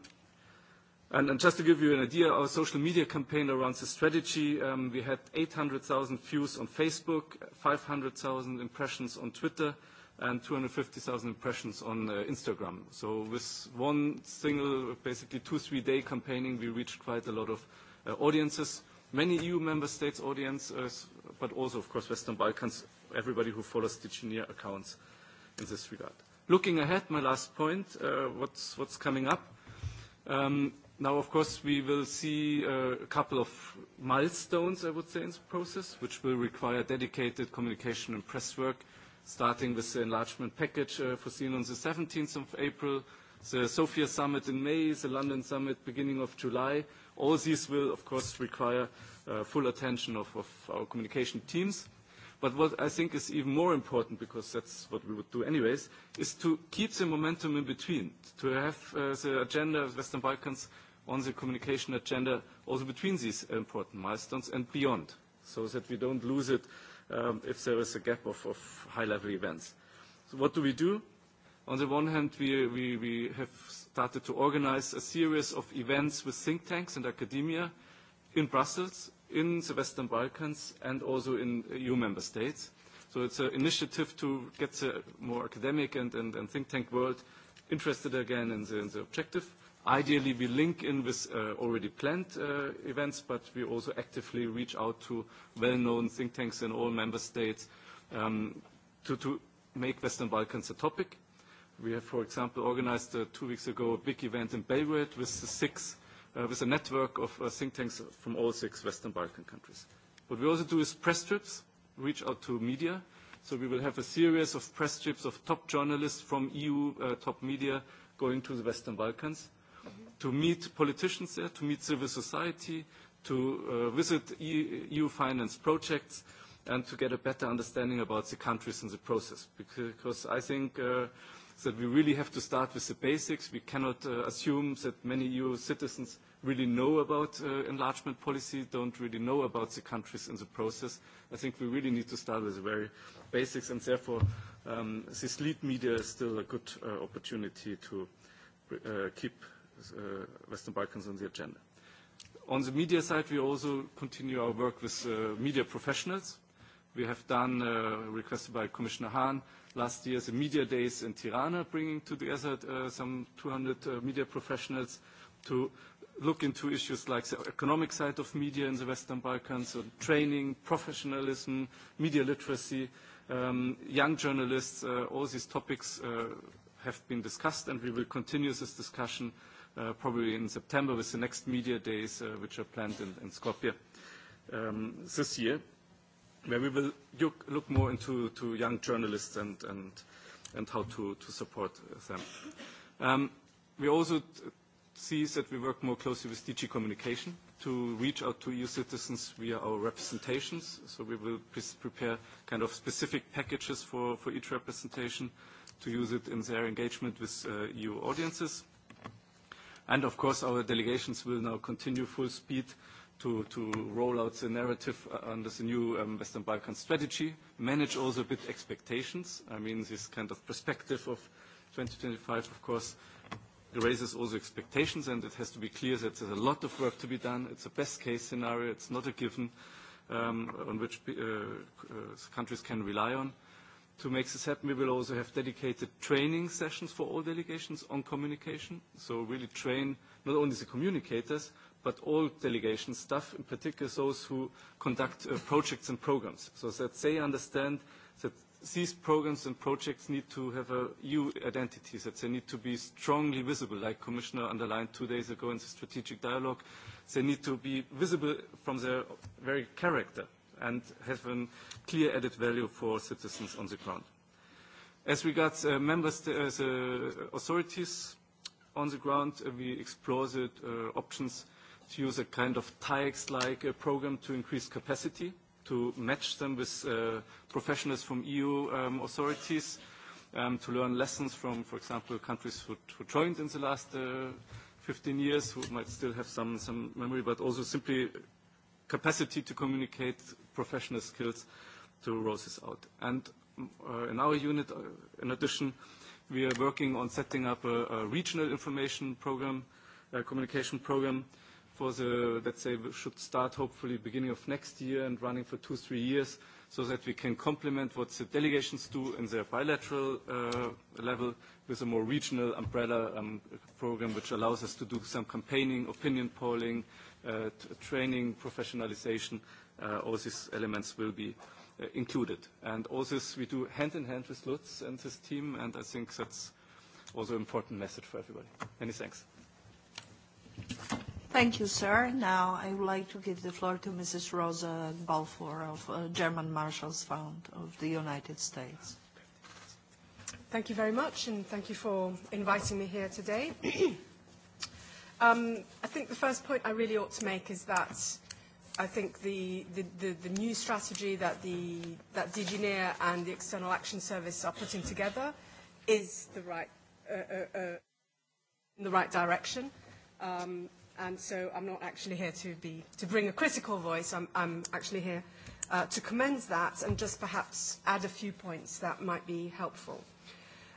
And just to give you an idea, our social media campaign around the strategy, we had 800,000 views on Facebook, 500,000 impressions on Twitter, and 250,000 impressions on Instagram. So with one single, basically two, three-day campaigning, we reached quite a lot of audiences. Many EU member states audiences, but also, of course, Western Balkans, everybody who follows Digineer accounts in this regard. Looking ahead, my last point, what's coming up? Now, of course, we will see a couple of milestones, I would say, in the process, which will require dedicated communication and press work, starting with the enlargement package foreseen on the 17th of April, the Sofia summit in May, the London summit beginning of July. All these will, of course, require full attention of our communication teams. But what I think is even more important, because that's what we would do anyways, is to keep the momentum in between, to have the agenda of Western Balkans on the communication agenda also between these important milestones and beyond, so that we don't lose it um, if there is a gap of, of high-level events. So what do we do? On the one hand, we, we, we have started to organize a series of events with think tanks and academia in Brussels, in the Western Balkans, and also in EU member states. So it's an initiative to get the more academic and, and, and think tank world interested again in the, in the objective Ideally, we link in with already planned events, but we also actively reach out to well-known think tanks in all member states to make Western Balkans a topic. We have, for example, organized two weeks ago a big event in Belgrade with the six with a network of think tanks from all six Western Balkan countries. What we also do is press trips, reach out to media. So we will have a series of press trips of top journalists from EU top media going to the Western Balkans to meet politicians there, to meet civil society, to uh, visit EU finance projects, and to get a better understanding about the countries in the process. Because I think uh, that we really have to start with the basics. We cannot uh, assume that many EU citizens really know about uh, enlargement policy, don't really know about the countries in the process. I think we really need to start with the very basics, and therefore um, this lead media is still a good uh, opportunity to uh, keep Western Balkans on the agenda. On the media side, we also continue our work with media professionals. We have done, requested by Commissioner Hahn, last year the media days in Tirana, bringing together some 200 media professionals to look into issues like the economic side of media in the Western Balkans, so training, professionalism, media literacy, young journalists, all these topics have been discussed, and we will continue this discussion probably in September with the next media days, which are planned in Skopje this year, where we will look more into to young journalists and and and how to to support them. We also see that we work more closely with DG Communication to reach out to EU citizens via our representations. So we will prepare kind of specific packages for for each representation to use it in their engagement with EU audiences. And of course, our delegations will now continue full speed to, to roll out the narrative under the new um, Western Balkan strategy, manage also a bit expectations. I mean, this kind of perspective of 2025, of course, raises also expectations, and it has to be clear that there's a lot of work to be done. It's a best-case scenario. It's not a given um, on which uh, countries can rely on. To make this happen, we will also have dedicated training sessions for all delegations on communication. So really train not only the communicators, but all delegation staff, in particular those who conduct uh, projects and programs, so that they understand that these programs and projects need to have a EU identity, that they need to be strongly visible, like Commissioner underlined two days ago in the strategic dialogue. They need to be visible from their very character and have a clear added value for citizens on the ground. As regards uh, member st- uh, authorities on the ground, uh, we explore the uh, options to use a kind of TIEX-like uh, program to increase capacity, to match them with uh, professionals from EU um, authorities, um, to learn lessons from, for example, countries who, who joined in the last uh, 15 years, who might still have some, some memory, but also simply capacity to communicate professional skills to roses out. And uh, in our unit, uh, in addition, we are working on setting up a, a regional information program, a communication program for the, let's say, should start hopefully beginning of next year and running for two, three years so that we can complement what the delegations do in their bilateral uh, level with a more regional umbrella um, program which allows us to do some campaigning, opinion polling, uh, uh, training, professionalization, uh, all these elements will be uh, included. And all this we do hand in hand with Lutz and his team, and I think that's also an important message for everybody. Many thanks. Thank you, sir. Now I would like to give the floor to Mrs. Rosa Balfour of uh, German Marshall's Fund of the United States. Thank you very much, and thank you for inviting me here today. Um, I think the first point I really ought to make is that I think the, the, the, the new strategy that, the, that DGNIR and the External Action Service are putting together is the right, uh, uh, uh, in the right direction. Um, and so I'm not actually here to, be, to bring a critical voice. I'm, I'm actually here uh, to commend that and just perhaps add a few points that might be helpful.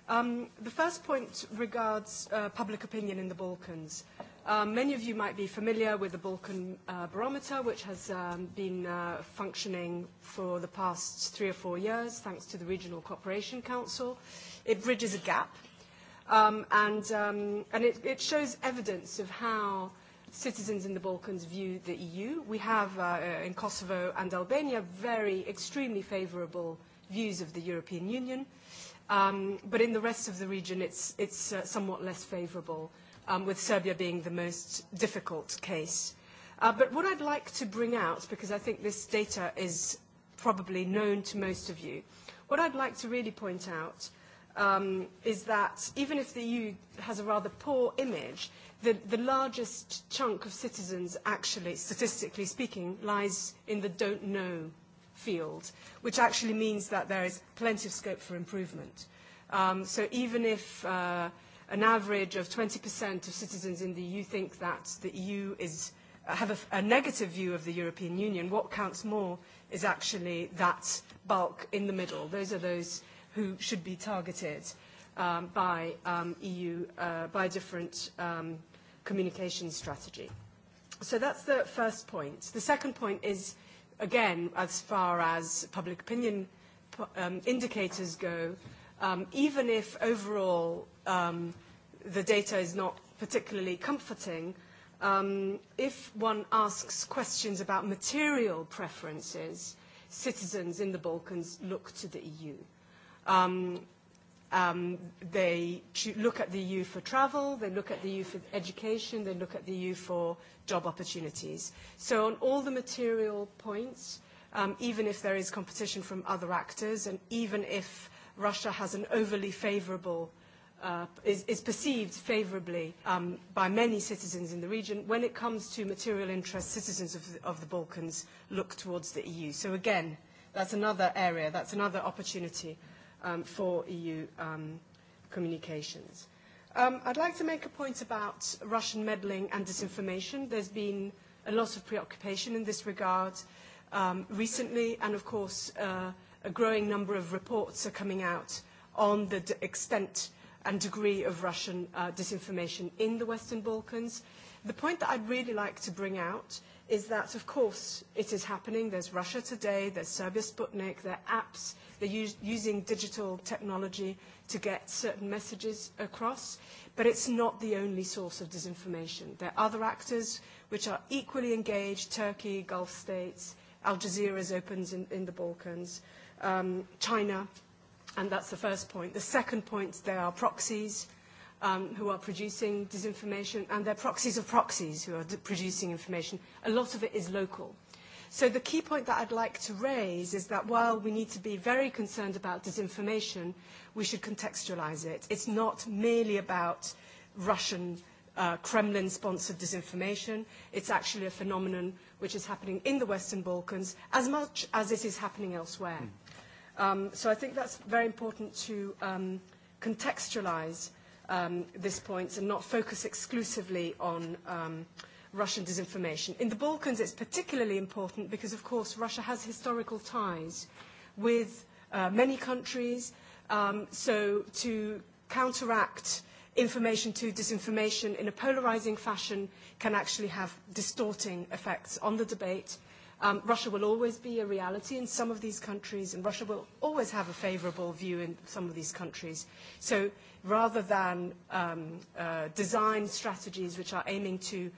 Um, the first point regards uh, public opinion in the Balkans. Uh, Um, many of you might be familiar with the Balkan uh, Barometer, which has um, been uh, functioning for the past three or four years, thanks to the Regional Cooperation Council. It bridges a gap, um, and, um, and it, it shows evidence of how citizens in the Balkans view the EU. We have uh, in Kosovo and Albania very extremely favorable views of the European Union, um, but in the rest of the region it's, it's uh, somewhat less favorable with Serbia being the most difficult case. but what I'd like to bring out, because I think this data is probably known to most of you, what I'd like to really point out um, is that even if the EU has a rather poor image, the, the largest chunk of citizens actually, statistically speaking, lies in the don't know field, which actually means that there is plenty of scope for improvement. Um, so even if uh, an average of 20% of citizens in the EU think that the EU is have a, a negative view of the European Union. What counts more is actually that bulk in the middle. Those are those who should be targeted um, by um, EU, uh, by different um, communication strategy. So that's the first point. The second point is, again, as far as public opinion um, indicators go, even if overall um, the data is not particularly comforting, um, if one asks questions about material preferences, citizens in the Balkans look to the EU. Um, um, they look at the EU for travel, they look at the EU for education, they look at the EU for job opportunities. So on all the material points, um, even if there is competition from other actors and even if Russia has an overly favorable uh, is, is perceived favorably um, by many citizens in the region. When it comes to material interests, citizens of the, of the Balkans look towards the EU. So again, that's another area, that's another opportunity um, for EU um, communications. Um, I'd like to make a point about Russian meddling and disinformation. There's been a lot of preoccupation in this regard um, recently, and of course, uh, a growing number of reports are coming out on the d- extent and degree of Russian uh, disinformation in the Western Balkans. The point that I'd really like to bring out is that, of course, it is happening. There's Russia Today, there's Serbia Sputnik, there are apps. They're use, using digital technology to get certain messages across. But it's not the only source of disinformation. There are other actors which are equally engaged, Turkey, Gulf states, Al Jazeera's opens in, in the Balkans um, China, and that's the first point. The second point, there are proxies um, who are producing disinformation, and they're proxies of proxies who are producing information. A lot of it is local. So the key point that I'd like to raise is that while we need to be very concerned about disinformation, we should contextualize it. It's not merely about Russian uh, Kremlin-sponsored disinformation. It's actually a phenomenon which is happening in the Western Balkans as much as it is happening elsewhere. Mm Um, so I think that's very important to um, contextualize um, this point and not focus exclusively on um, Russian disinformation. In the Balkans, it's particularly important because, of course, Russia has historical ties with uh, many countries. Um, so to counteract information to disinformation in a polarizing fashion can actually have distorting effects on the debate Um, Russia will always be a reality in some of these countries, and Russia will always have a favorable view in some of these countries. So rather than um, uh, design strategies which are aiming to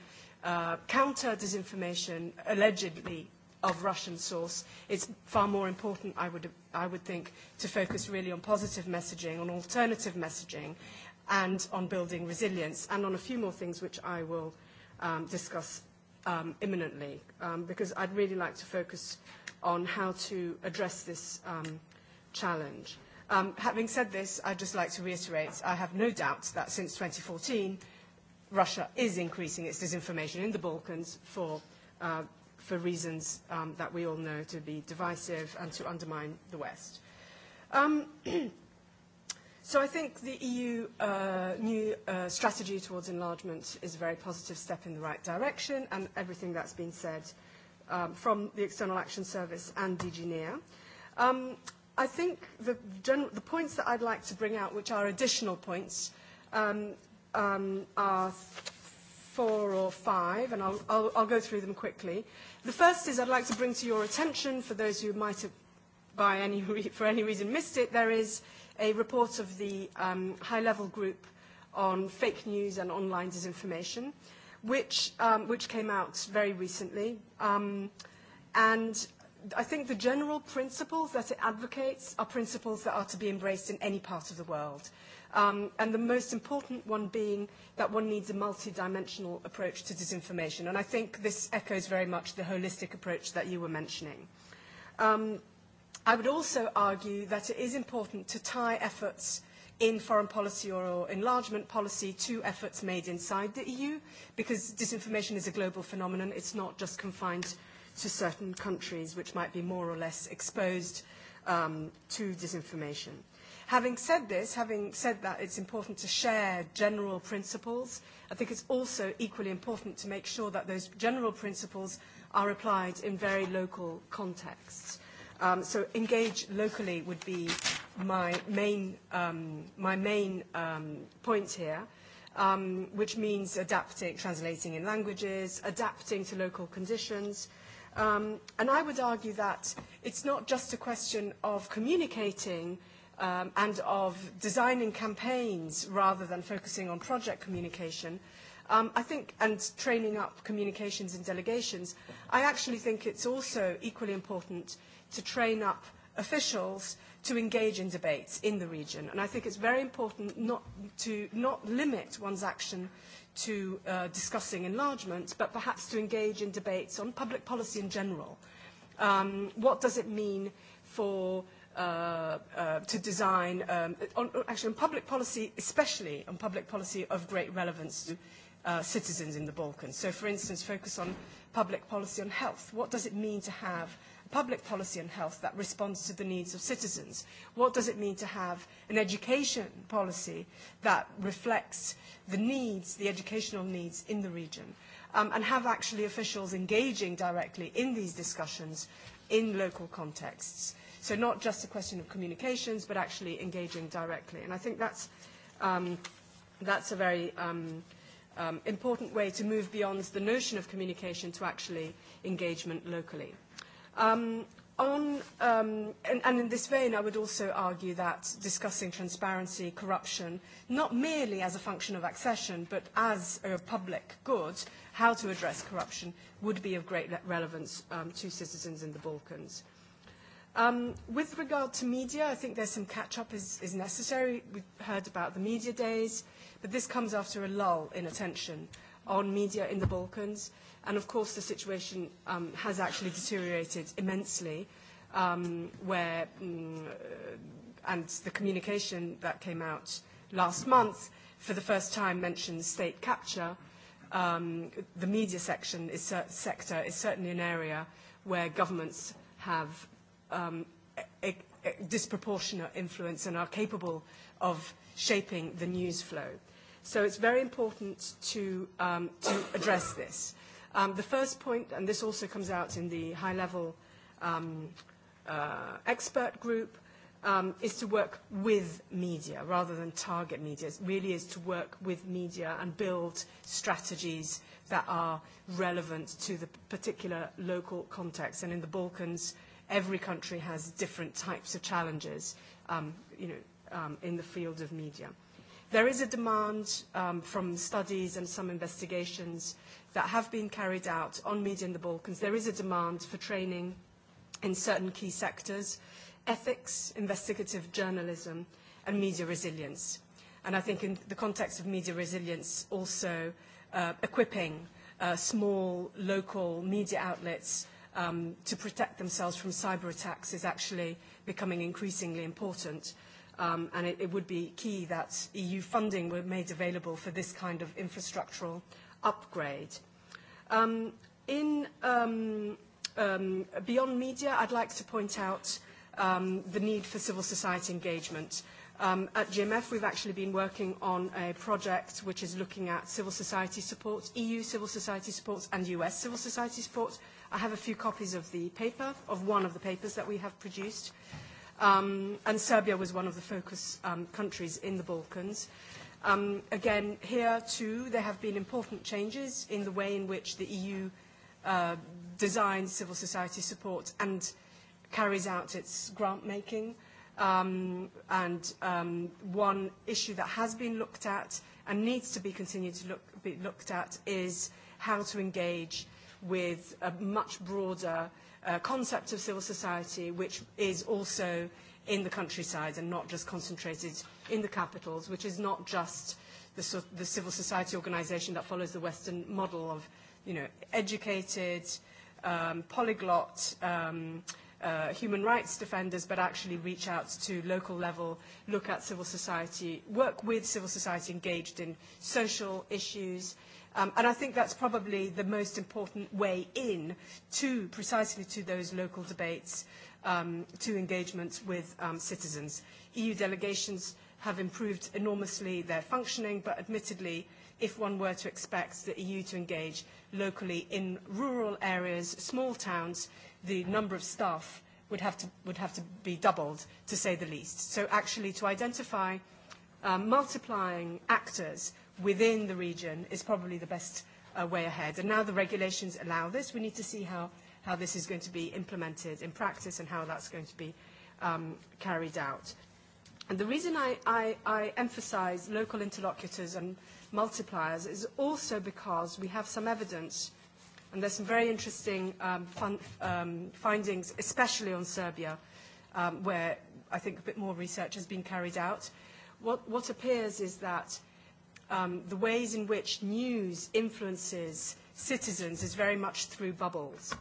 uh, counter disinformation allegedly of Russian source, it's far more important, I would, I would think, to focus really on positive messaging, on alternative messaging, and on building resilience, and on a few more things which I will um, discuss um, imminently, um, because I'd really like to focus on how to address this um, challenge. Um, having said this, I'd just like to reiterate, I have no doubt that since 2014, Russia is increasing its disinformation in the Balkans for, uh, for reasons um, that we all know to be divisive and to undermine the West. Um, So I think the EU uh, new uh, strategy towards enlargement is a very positive step in the right direction, and everything that's been said um, from the External Action Service and DG NEA. Um, I think the, gen- the points that I'd like to bring out, which are additional points, um, um, are four or five, and I'll, I'll, I'll go through them quickly. The first is I'd like to bring to your attention, for those who might have, by any, re- for any reason, missed it, there is a report of the um, high-level group on fake news and online disinformation, which, um, which came out very recently. Um, and I think the general principles that it advocates are principles that are to be embraced in any part of the world. Um, and the most important one being that one needs a multidimensional approach to disinformation. And I think this echoes very much the holistic approach that you were mentioning. Um, I would also argue that it is important to tie efforts in foreign policy or enlargement policy to efforts made inside the EU, because disinformation is a global phenomenon. It's not just confined to certain countries which might be more or less exposed um, to disinformation. Having said this, having said that, it's important to share general principles. I think it's also equally important to make sure that those general principles are applied in very local contexts. Um, so engage locally would be my main, um, my main um, point here, um, which means adapting, translating in languages, adapting to local conditions. Um, and I would argue that it's not just a question of communicating um, and of designing campaigns rather than focusing on project communication, um, I think, and training up communications and delegations, I actually think it's also equally important to train up officials to engage in debates in the region. And I think it's very important not to not limit one's action to uh, discussing enlargement, but perhaps to engage in debates on public policy in general. Um, what does it mean for uh, uh, to design, um, on, actually on public policy, especially on public policy of great relevance to citizens in the Balkans. So, for instance, focus on public policy on health. What does it mean to have a public policy on health that responds to the needs of citizens? What does it mean to have an education policy that reflects the needs, the educational needs in the region? Um, and have actually officials engaging directly in these discussions in local contexts. So not just a question of communications, but actually engaging directly. And I think that's, um, that's a very um, – um, important way to move beyond the notion of communication to actually engagement locally. Um, on, um, and, and in this vein, I would also argue that discussing transparency, corruption, not merely as a function of accession, but as a public good, how to address corruption would be of great relevance um, to citizens in the Balkans. Um, with regard to media, I think there's some catch-up is, is necessary. We've heard about the media days, but this comes after a lull in attention on media in the Balkans. And of course, the situation um, has actually deteriorated immensely, um, where, and the communication that came out last month for the first time mentions state capture. Um, the media section is, sector is certainly an area where governments have um, a, a disproportionate influence and are capable of shaping the news flow. So it's very important to, um, to address this. Um, the first point, and this also comes out in the high-level um, uh, expert group, um, is to work with media rather than target media. It really is to work with media and build strategies that are relevant to the particular local context. And in the Balkans, every country has different types of challenges um, you know, um, in the field of media. There is a demand um, from studies and some investigations that have been carried out on media in the Balkans. There is a demand for training in certain key sectors, ethics, investigative journalism, and media resilience. And I think in the context of media resilience, also uh, equipping uh, small local media outlets um, to protect themselves from cyber attacks is actually becoming increasingly important. Um, and it, it would be key that EU funding were made available for this kind of infrastructural upgrade. Um, in um, um, Beyond Media, I'd like to point out um, the need for civil society engagement. Um, at GMF, we've actually been working on a project which is looking at civil society support, EU civil society support, and US civil society support I have a few copies of the paper, of one of the papers that we have produced. Um, and Serbia was one of the focus um, countries in the Balkans. Um, again, here too, there have been important changes in the way in which the EU uh, designs civil society support and carries out its grant making. Um, and um, one issue that has been looked at and needs to be continued to look, be looked at is how to engage with a much broader uh, concept of civil society, which is also in the countryside and not just concentrated in the capitals, which is not just the, the civil society organization that follows the Western model of, you know, educated, um, polyglot, um, uh, human rights defenders, but actually reach out to local level, look at civil society, work with civil society engaged in social issues, Um, and I think that's probably the most important way in to precisely to those local debates, um, to engagements with um, citizens. EU delegations have improved enormously their functioning, but admittedly, if one were to expect the EU to engage locally in rural areas, small towns, the number of staff would have to, would have to be doubled, to say the least. So actually to identify um, multiplying actors within the region is probably the best uh, way ahead. And now the regulations allow this. We need to see how, how this is going to be implemented in practice and how that's going to be um, carried out. And the reason I, I, I emphasize local interlocutors and multipliers is also because we have some evidence, and there's some very interesting um, fun, um, findings, especially on Serbia, um, where I think a bit more research has been carried out. What, what appears is that um, the ways in which news influences citizens is very much through bubbles.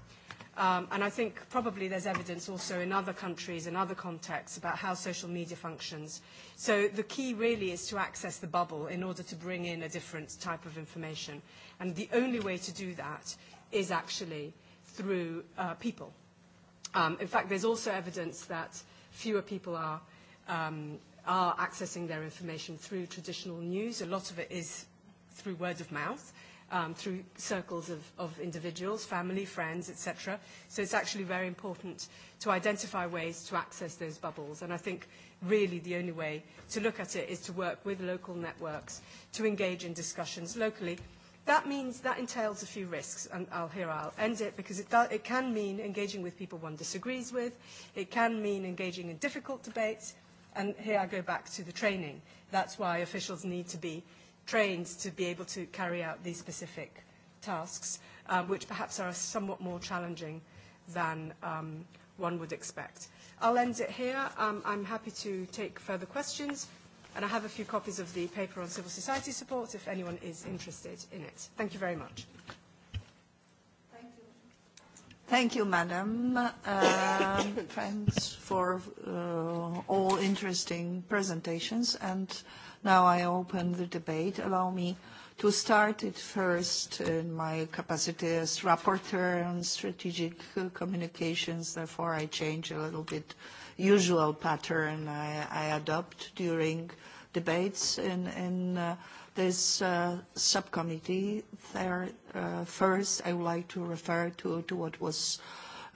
Um, and I think probably there's evidence also in other countries and other contexts about how social media functions. So the key really is to access the bubble in order to bring in a different type of information. And the only way to do that is actually through uh, people. Um, in fact, there's also evidence that fewer people are um, are accessing their information through traditional news. A lot of it is through word of mouth, um, through circles of, of individuals, family, friends, etc. So it's actually very important to identify ways to access those bubbles. And I think really the only way to look at it is to work with local networks, to engage in discussions locally. That means that entails a few risks, and I'll, here I'll end it, because it, it can mean engaging with people one disagrees with. It can mean engaging in difficult debates And here I go back to the training. That's why officials need to be trained to be able to carry out these specific tasks, um, which perhaps are somewhat more challenging than um, one would expect. I'll end it here. Um, I'm happy to take further questions, and I have a few copies of the paper on civil society support if anyone is interested in it. Thank you very much. Thank you, madam. Thanks for all interesting presentations. And Now I open the debate. Allow me to start it first in my capacity as rapporteur on strategic communications. Therefore, I change a little bit usual pattern I I adopt during debates in in this uh, subcommittee. There, uh, first, I would like to refer to, to what was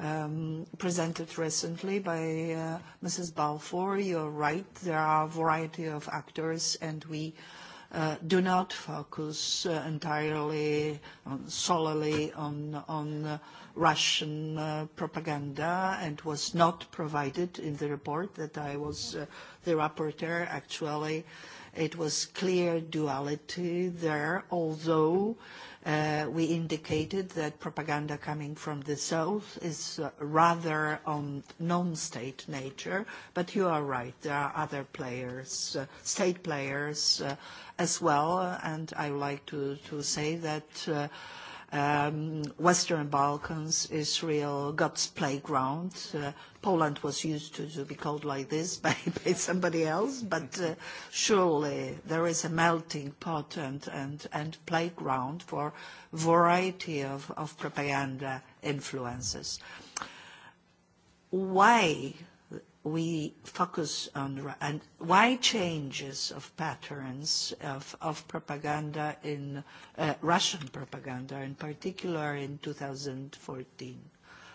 um, presented recently by uh, Mrs. Balfour. You're right, there are a variety of actors, and we uh, do not focus uh, entirely, on, solely on, on uh, Russian uh, propaganda and was not provided in the report that I was uh, the rapporteur, actually. Uh, It was clear duality there, although we indicated that propaganda coming from the south is rather on non-state nature. But you are right, there are other players, state players as well, and I would like to say that Western Balkans, Israel, God's playground. Poland was used to be called like this by somebody else, but surely there is a melting pot and playground for variety of propaganda influences. Why we focus on and why changes of patterns of, of propaganda in uh, Russian propaganda, in particular in 2014.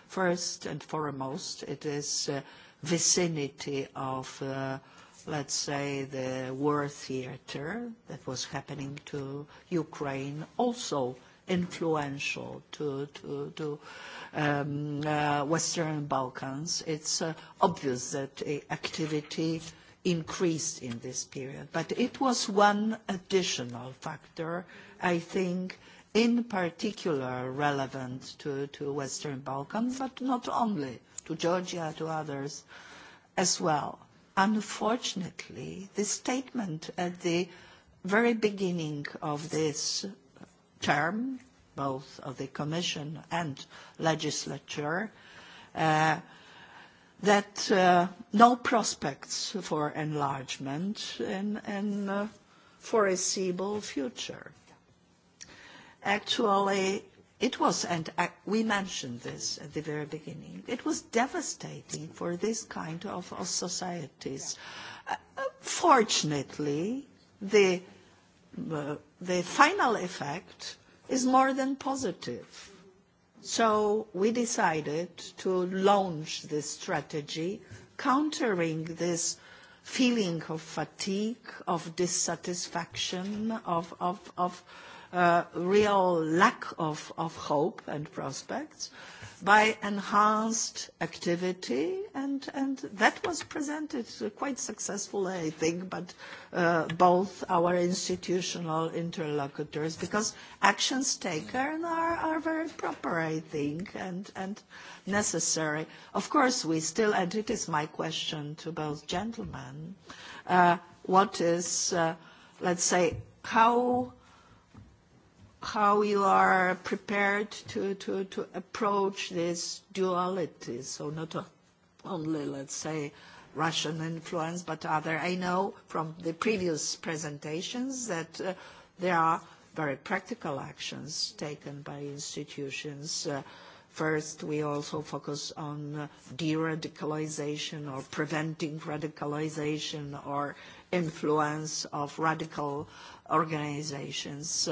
First and foremost, it is the vicinity of, let's say, the war theater that was happening to Ukraine, also influential to, to, to um, uh, Western Balkans. It's uh, obvious that the activity increased in this period. But it was one additional factor, I think, in particular relevant to, to Western Balkans, but not only, to Georgia, to others as well. Unfortunately, the statement at the very beginning of this term, both of the Commission and legislature, uh, that uh, no prospects for enlargement in, in foreseeable future. Actually, it was, and we mentioned this at the very beginning, it was devastating for this kind of, of societies. Uh, fortunately, the the final effect is more than positive. So we decided to launch this strategy, countering this feeling of fatigue, of dissatisfaction, of, of, of uh, real lack of, of hope and prospects by enhanced activity, and, and that was presented quite successfully, I think, but uh, both our institutional interlocutors, because actions taken are, are very proper, I think, and, and necessary. Of course, we still, and it is my question to both gentlemen, uh, what is, uh, let's say, how how you are prepared to, to, to approach this duality. So not only, let's say, Russian influence, but other. I know from the previous presentations that uh, there are very practical actions taken by institutions. Uh, First, we also focus on de-radicalization or preventing radicalization or influence of radical organizations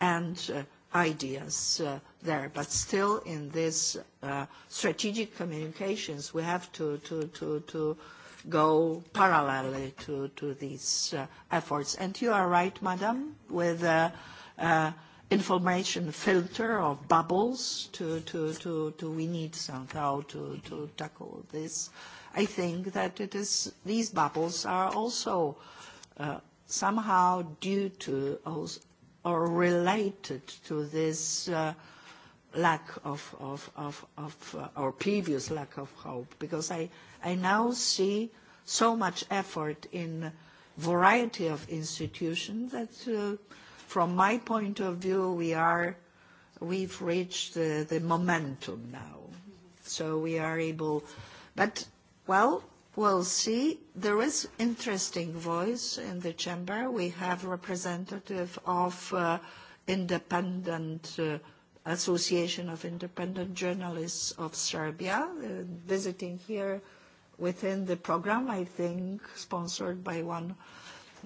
and ideas there. But still, in this strategic communications, we have to, to, to, to go parallelly to, to these efforts. And you are right, madam, with uh information filter of bubbles to, to, to, to we need somehow to, to tackle this. I think that it is, these bubbles are also somehow due to or related to this uh, lack of, of, of, of uh, or previous lack of hope, because I, I now see so much effort in a variety of institutions that uh, from my point of view, we are, we've reached the, the momentum now. So we are able, but well, We'll see. There is interesting voice in the chamber. We have representative of uh, independent Association of Independent Journalists of Serbia uh, visiting here within the program, I think, sponsored by one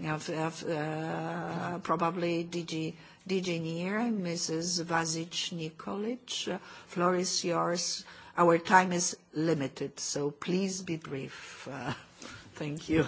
of, uh, probably DG, DG NIR, Mrs. Vasic Nikolic. Uh, floor is yours. Our time is limited, so please be brief. Thank you.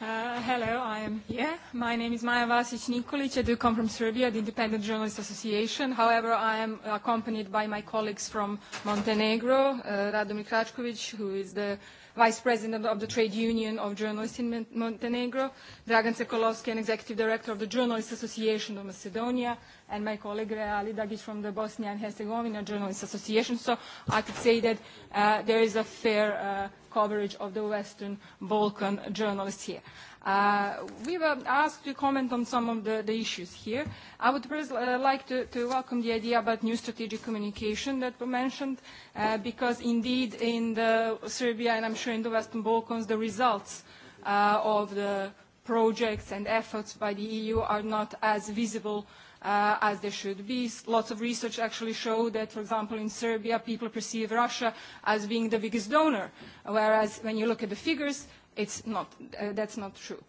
Hello, I am here. My name is Maja Vasić Nikolic, I do come from Serbia, the Independent Journalist Association. However, I am accompanied by my colleagues from Montenegro, uh, Radomir Kračković, who is the uh, Vice President of the Trade Union of Journalists in Montenegro, Dragan Sekolovsky, an Executive Director of the Journalists Association of Macedonia, and my colleague Ali Dagic from the Bosnia and Herzegovina Journalists Association. So I could say that uh, there is a fair uh, coverage of the Western Balkan journalists here. Uh, we were asked to comment on some of the, the issues here. I would first uh, like to, to welcome the idea about new strategic communication that were mentioned, uh, because indeed in the Serbia and I'm sure in the Western Balkans, the results uh, of the projects and efforts by the EU are not as visible uh, as they should be. Lots of research actually show that, for example, in Serbia, people perceive Russia as being the biggest donor, whereas when you look at the figures, It's not. Uh, that's not true.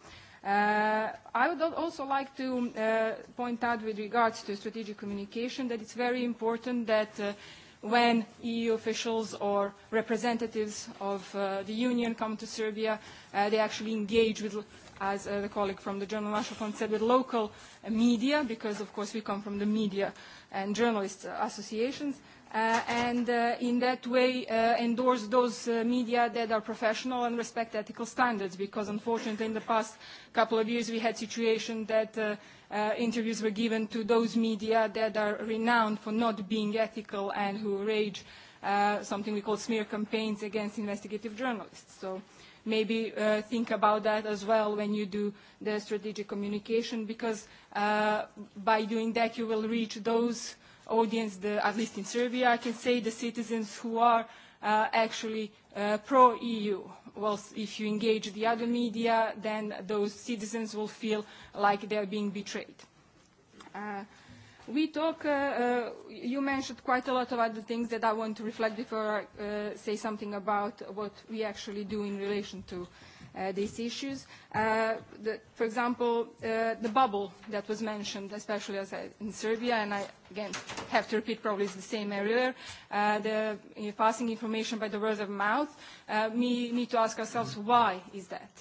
Uh, I would also like to uh, point out with regards to strategic communication that it's very important that uh, when EU officials or representatives of uh, the Union come to Serbia, uh, they actually engage with, as uh, the colleague from the Journal National Fund said, with local uh, media, because of course we come from the media and journalist associations. Uh, and in that way endorse those media that are professional and respect ethical standards because unfortunately in the past couple of years we had situation that interviews were given to those media that are renowned for not being ethical and who rage something we call smear campaigns against investigative journalists. So maybe uh, think about that as well when you do the strategic communication because uh, by doing that you will reach those audience, the, at least in Serbia, I can say the citizens who are uh, actually uh, pro-EU. Well, if you engage the other media, then those citizens will feel like they are being betrayed. Uh, we talk, uh, uh, you mentioned quite a lot of other things that I want to reflect before I uh, say something about what we actually do in relation to uh, uh, these issues. Uh, the, for example, uh, the bubble that was mentioned, especially as I, in Serbia, and I again have to repeat probably it's the same earlier, uh, the uh, passing information by the word of mouth, uh, we need to ask ourselves why is that?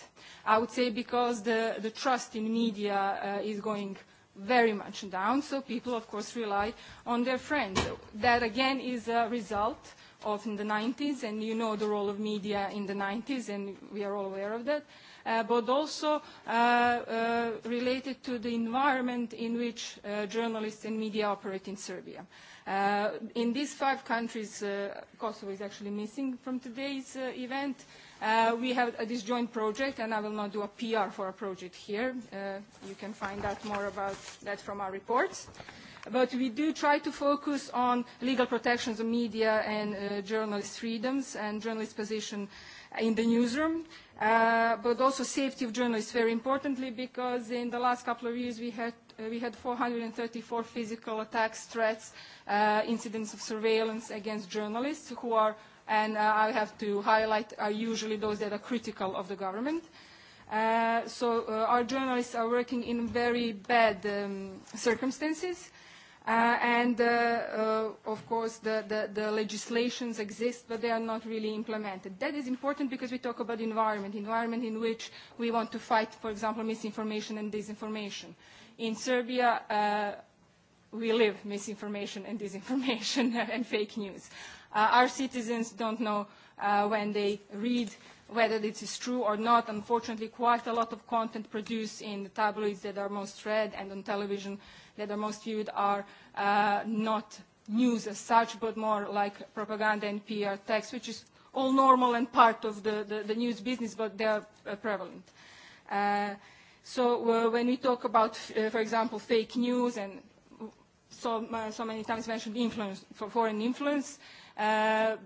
I would say because the, the trust in media uh, is going very much down, so people of course rely on their friends. That again is a result uh, of in the 90s, and you know the role of media in the 90s, and we are all aware of that, uh, but also uh, uh, related to the environment in which uh, journalists and media operate in Serbia. Uh, in these five countries, uh, Kosovo is actually missing from today's uh, event. Uh, we have a disjoint project, and I will not do a PR for a project here. Uh, you can find out more about that from our reports. Uh, But we do try to focus on legal protections of media and uh, journalist freedoms and journalist position in the newsroom, uh, but also safety of journalists, very importantly, because in the last couple of years we had uh, we had 434 physical attacks, threats, uh, incidents of surveillance against journalists who are, and uh, I have to highlight, are usually those that are critical of the government. Uh, so uh, our journalists are working in very bad um, circumstances and of course the, the, the legislations exist but they are not really implemented. That is important because we talk about environment, environment in which we want to fight, for example, misinformation and disinformation. In Serbia, we live misinformation and disinformation and fake news. Uh, our citizens don't know uh, when they read whether this is true or not. Unfortunately, quite a lot of content produced in the tabloids that are most read and on television uh, that are most viewed are uh, not news as such, but more like propaganda and PR text, which is all normal and part of the, the, the news business, but they are uh, prevalent. Uh, so uh, when we talk about, uh, for example, fake news and so, uh, so many times mentioned influence, for foreign influence, uh,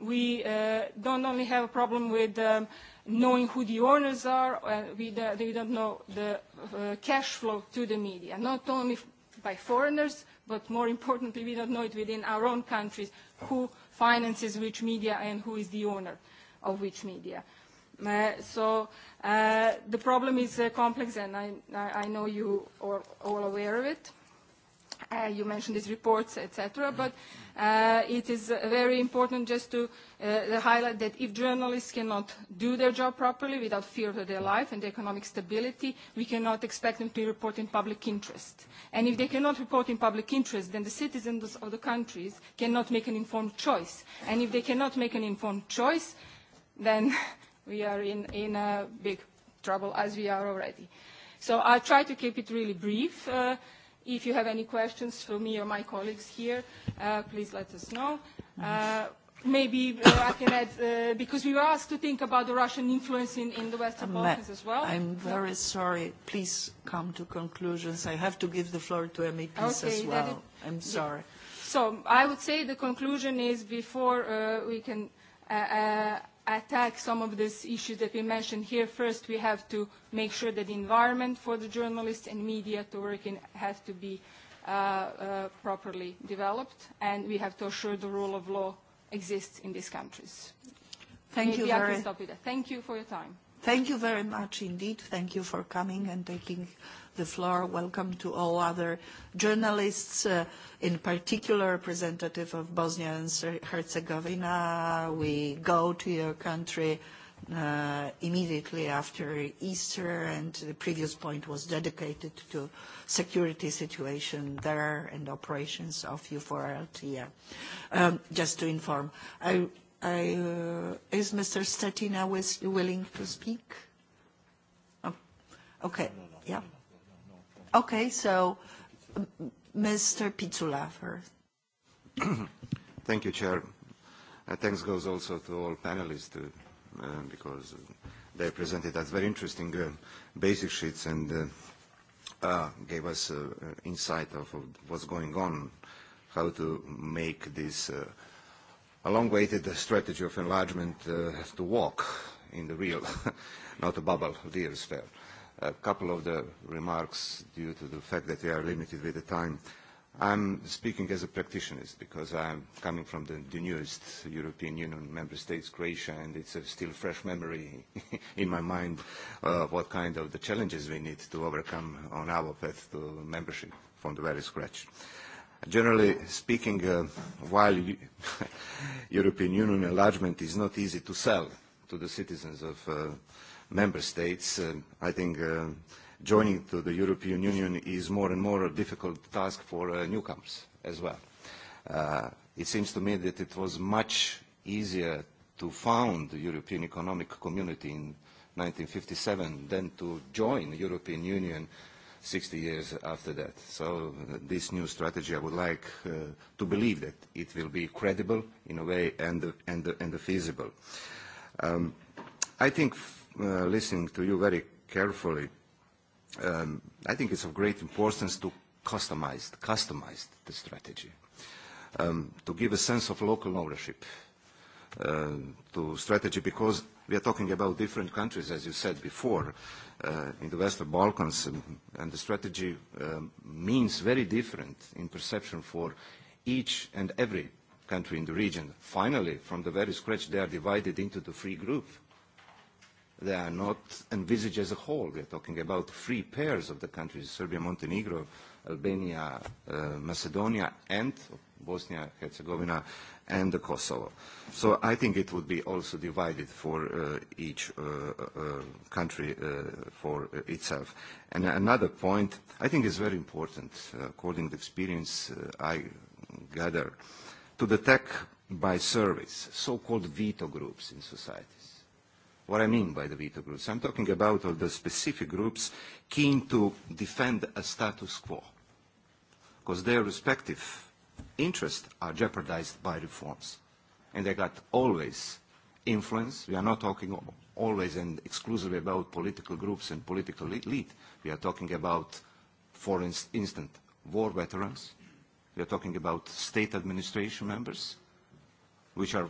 we uh, don't only have a problem with um, knowing who the owners are, uh, we, uh, we don't know the uh, cash flow to the media. Not only by foreigners, but more importantly, we don't know it within our own countries, who finances which media and who is the owner of which media. Uh, so uh, the problem is uh, complex, and I, I know you are all aware of it uh, you mentioned these reports, etc. But uh, it is very important just to uh, highlight that if journalists cannot do their job properly without fear of their life and economic stability, we cannot expect them to report in public interest. And if they cannot report in public interest, then the citizens of the countries cannot make an informed choice. And if they cannot make an informed choice, then we are in, in a big trouble as we are already. So I'll try to keep it really brief. Uh, If you have any questions for me or my colleagues here, uh, please let us know. Uh, maybe uh, I can add, uh, because we were asked to think about the Russian influence in, in the Western Balkans as well. I'm very sorry. Please come to conclusions. I have to give the floor to MEPs okay, as well. It, I'm sorry. So I would say the conclusion is before uh, we can uh, attack some of these issues that we mentioned here, first we have to make sure that the environment for the journalists and media to work in has to be uh, uh, properly developed, and we have to assure the rule of law exists in these countries. Thank Maybe you very much. Thank you for your time. Thank you very much indeed. Thank you for coming and taking the floor. Welcome to all other journalists, in particular representative of Bosnia and Herzegovina. We go to your country immediately after Easter, and the previous point was dedicated to security situation there and operations of EUFOR Um Just to inform, I I uh Is Mr. Stetina willing to speak? Okay. Yeah. Okay, so Mr. Pizzula first. Thank you, Chair. Uh, thanks goes also to all panelists too, uh, because they presented us very interesting uh, basic sheets and uh, uh, gave us uh, insight of what's going on, how to make this uh, a long-awaited strategy of enlargement uh, to walk in the real, not a bubble, real sphere a couple of the remarks due to the fact that we are limited with the time. I'm speaking as a practitioner because I'm coming from the, the newest European Union member states, Croatia, and it's a still fresh memory in my mind uh, what kind of the challenges we need to overcome on our path to membership from the very scratch. Generally speaking, uh, while European Union enlargement is not easy to sell to the citizens of uh, member states. I think joining to the European Union is more and more a difficult task for newcomers as well. it seems to me that it was much easier to found the European Economic Community in fifty seven than to join the European Union sixty years after that. So this new strategy, I would like uh, to believe that it will be credible in a way and, and, and feasible. Um, I think uh, listening to you very carefully. Um, I think it's of great importance to customize, customize the strategy, um, to give a sense of local ownership uh, to strategy because we are talking about different countries, as you said before, uh, in the Western Balkans, and, and the strategy um, means very different in perception for each and every country in the region. Finally, from the very scratch, they are divided into the three groups they are not envisaged as a whole. We are talking about three pairs of the countries, Serbia, Montenegro, Albania, uh, Macedonia, and Bosnia, Herzegovina, and the Kosovo. So I think it would be also divided for uh, each uh, uh, country uh, for itself. And another point I think is very important, uh, according to the experience uh, I gather, to detect by service so-called veto groups in societies what I mean by the veto groups. I'm talking about all the specific groups keen to defend a status quo, because their respective interests are jeopardized by reforms. And they got always influence. We are not talking always and exclusively about political groups and political elite. We are talking about, for instance, war veterans. We are talking about state administration members, which are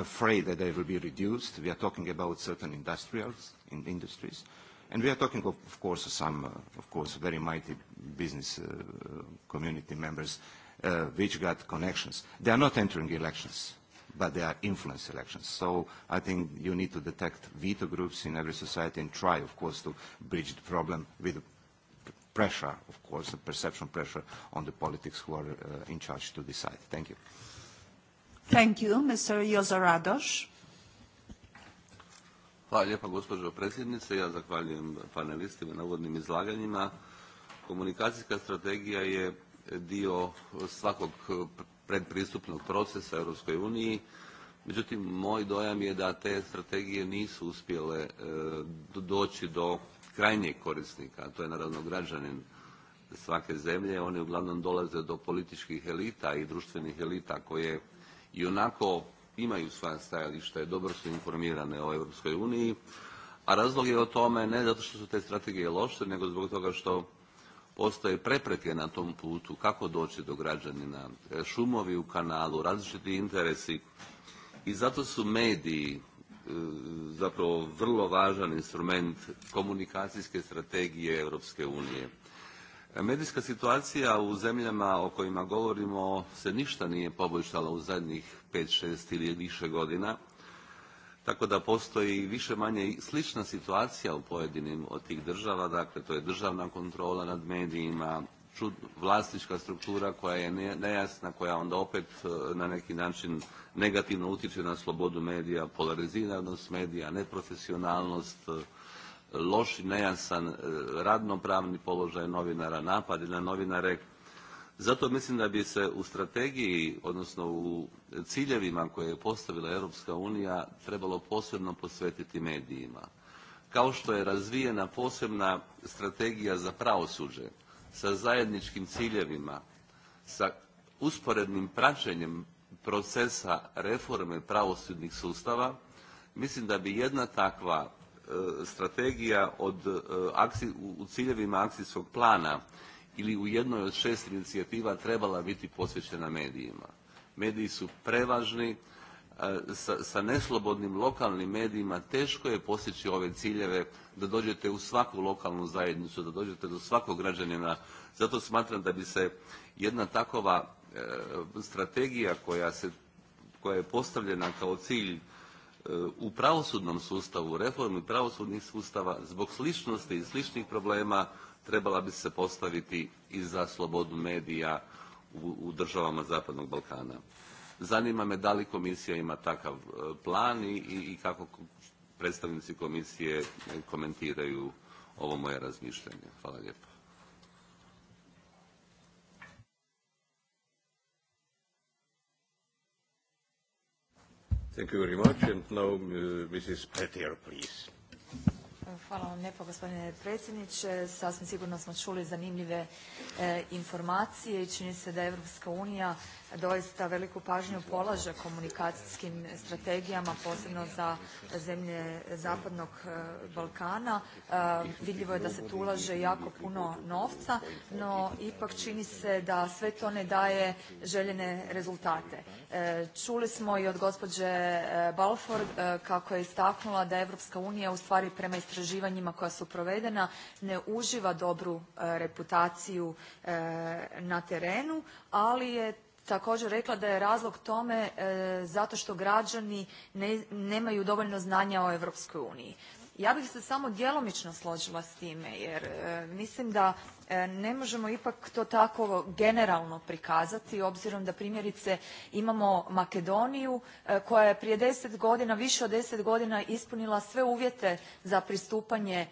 afraid that they will be reduced. We are talking about certain industrials in industries, and we are talking of, of course some, uh, of course, very mighty business uh, community members uh, which got connections. They are not entering elections, but they are influence elections. So I think you need to detect veto groups in every society and try, of course, to bridge the problem with pressure, of course, the perception pressure on the politics who are uh, in charge to decide. Thank you. Thank you. Mr. Jozo Radoš. Hvala lijepa gospođo predsjednice. Ja zahvaljujem panelistima na uvodnim izlaganjima. Komunikacijska strategija je dio svakog predpristupnog procesa Europskoj uniji. Međutim, moj dojam je da te strategije nisu uspjele doći do krajnjeg korisnika, a to je naravno građanin svake zemlje. Oni uglavnom dolaze do političkih elita i društvenih elita koje i onako imaju svoja stajališta i dobro su informirane o Europskoj uniji, a razlog je o tome ne zato što su te strategije loše, nego zbog toga što postoje prepreke na tom putu, kako doći do građanina, šumovi u kanalu, različiti interesi. I zato su mediji zapravo vrlo važan instrument komunikacijske strategije Europske unije. Medijska situacija u zemljama o kojima govorimo se ništa nije poboljšala u zadnjih 5, 6 ili više godina, tako da postoji više manje slična situacija u pojedinim od tih država, dakle to je državna kontrola nad medijima, vlasnička struktura koja je nejasna, koja onda opet na neki način negativno utječe na slobodu medija, polariziranost medija, neprofesionalnost, loš i nejasan radnopravni položaj novinara, napadi na novinare. Zato mislim da bi se u strategiji, odnosno u ciljevima koje je postavila Europska unija, trebalo posebno posvetiti medijima. Kao što je razvijena posebna strategija za pravosuđe sa zajedničkim ciljevima, sa usporednim praćenjem procesa reforme pravosudnih sustava, mislim da bi jedna takva strategija od, u ciljevima akcijskog plana ili u jednoj od šest inicijativa trebala biti posvećena medijima. Mediji su prevažni, sa, sa neslobodnim lokalnim medijima teško je postići ove ciljeve da dođete u svaku lokalnu zajednicu, da dođete do svakog građanina. Zato smatram da bi se jedna takova strategija koja, se, koja je postavljena kao cilj u pravosudnom sustavu, reformi pravosudnih sustava, zbog sličnosti i sličnih problema trebala bi se postaviti i za slobodu medija u, u državama Zapadnog Balkana. Zanima me da li komisija ima takav plan i, i kako predstavnici komisije komentiraju ovo moje razmišljanje. Hvala lijepo. Thank you very much. And now, Mrs. Petir, please. Hvala vam lijepo gospodine predsjedniče. Sasvim sigurno smo čuli zanimljive informacije i čini se da Europska unija doista veliku pažnju polaže komunikacijskim strategijama, posebno za zemlje Zapadnog Balkana. Vidljivo je da se tu ulaže jako puno novca, no ipak čini se da sve to ne daje željene rezultate. Čuli smo i od gospođe Balfour kako je istaknula da Europska unija ustvari prema istraživanjima koja su provedena ne uživa dobru reputaciju na terenu, ali je također rekla da je razlog tome zato što građani nemaju dovoljno znanja o Europskoj uniji. Ja bih se samo djelomično složila s time jer mislim da ne možemo ipak to tako generalno prikazati obzirom da primjerice imamo Makedoniju koja je prije deset godina, više od deset godina ispunila sve uvjete za pristupanje,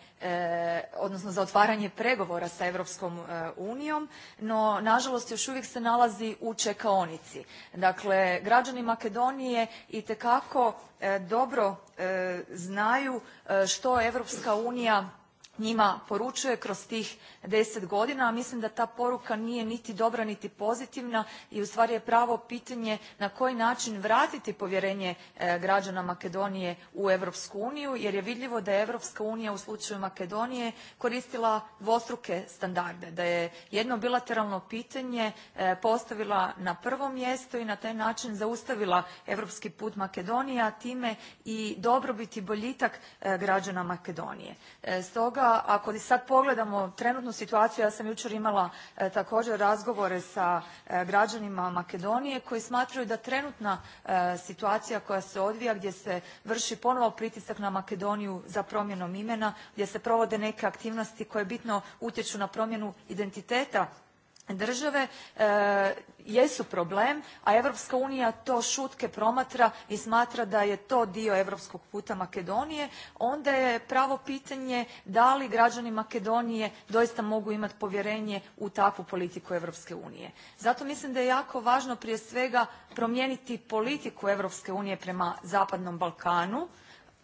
odnosno za otvaranje pregovora sa Europskom unijom, no nažalost još uvijek se nalazi u čekaonici. Dakle, građani Makedonije itekako dobro znaju što Europska unija njima poručuje kroz tih deset godina, a mislim da ta poruka nije niti dobra niti pozitivna i ustvari je pravo pitanje na koji način vratiti povjerenje građana Makedonije u Europsku uniju, jer je vidljivo da je Europska unija u slučaju Makedonije koristila dvostruke standarde, da je jedno bilateralno pitanje postavila na prvo mjesto i na taj način zaustavila europski put Makedonije, a time i dobrobit i boljitak građana Makedonije. Stoga ako sad pogledamo trenutnu situaciju ja sam jučer imala također razgovore sa građanima makedonije koji smatraju da trenutna situacija koja se odvija gdje se vrši ponovo pritisak na makedoniju za promjenom imena gdje se provode neke aktivnosti koje bitno utječu na promjenu identiteta države jesu problem, a Europska unija to šutke promatra i smatra da je to dio europskog puta Makedonije, onda je pravo pitanje da li građani Makedonije doista mogu imati povjerenje u takvu politiku Europske unije. Zato mislim da je jako važno prije svega promijeniti politiku Europske unije prema Zapadnom Balkanu,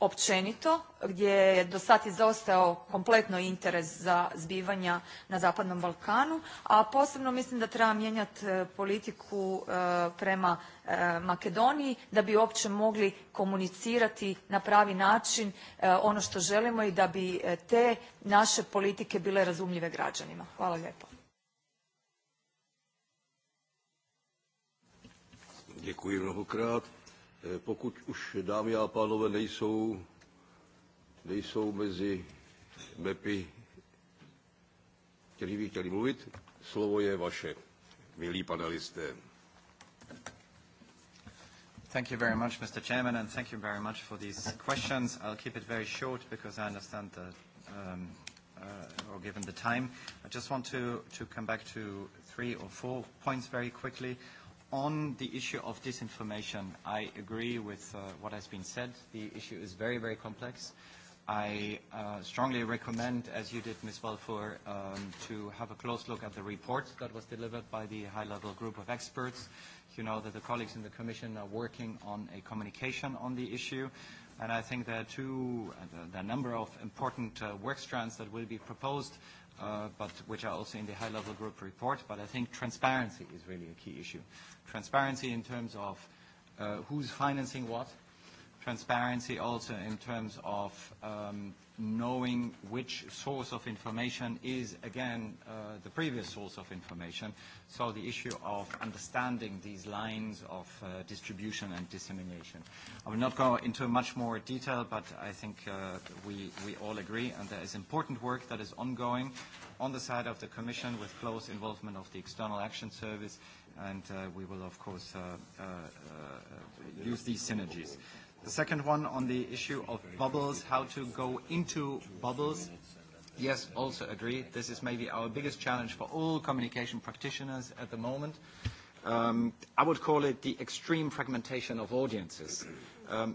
općenito, gdje je do sad izostao kompletno interes za zbivanja na Zapadnom Balkanu, a posebno mislim da treba mijenjati politiku prema Makedoniji da bi uopće mogli komunicirati na pravi način ono što želimo i da bi te naše politike bile razumljive građanima. Hvala lijepo. Pokud už, dámy a pánové, nejsou, nejsou mezi MEPy, kteří by chtěli mluvit, slovo je vaše, milí panelisté. Thank you very much, Mr. Chairman, and thank you very much for these questions. I'll keep it very short because I understand the, um, uh, or given the time. I just want to, to come back to three or four points very quickly. On the issue of disinformation, I agree with uh, what has been said. The issue is very, very complex. I uh, strongly recommend, as you did, Ms. Balfour, um, to have a close look at the report that was delivered by the high-level group of experts. You know that the colleagues in the Commission are working on a communication on the issue, and I think there are, two, a number of important uh, work strands that will be proposed uh, but which are also in the high-level group report. But I think transparency is really a key issue. Transparency in terms of uh, who's financing what, transparency also in terms of um, knowing which source of information is, again, uh, the previous source of information. So the issue of understanding these lines of uh, distribution and dissemination. I will not go into much more detail, but I think uh, we, we all agree, and there is important work that is ongoing on the side of the Commission with close involvement of the External Action Service, and uh, we will, of course, uh, uh, uh, use these synergies. Uh, The second one on the issue of bubbles, how to go into bubbles. Yes, also agree. This is maybe our biggest challenge for all communication practitioners at the moment. I would call it the extreme fragmentation of audiences,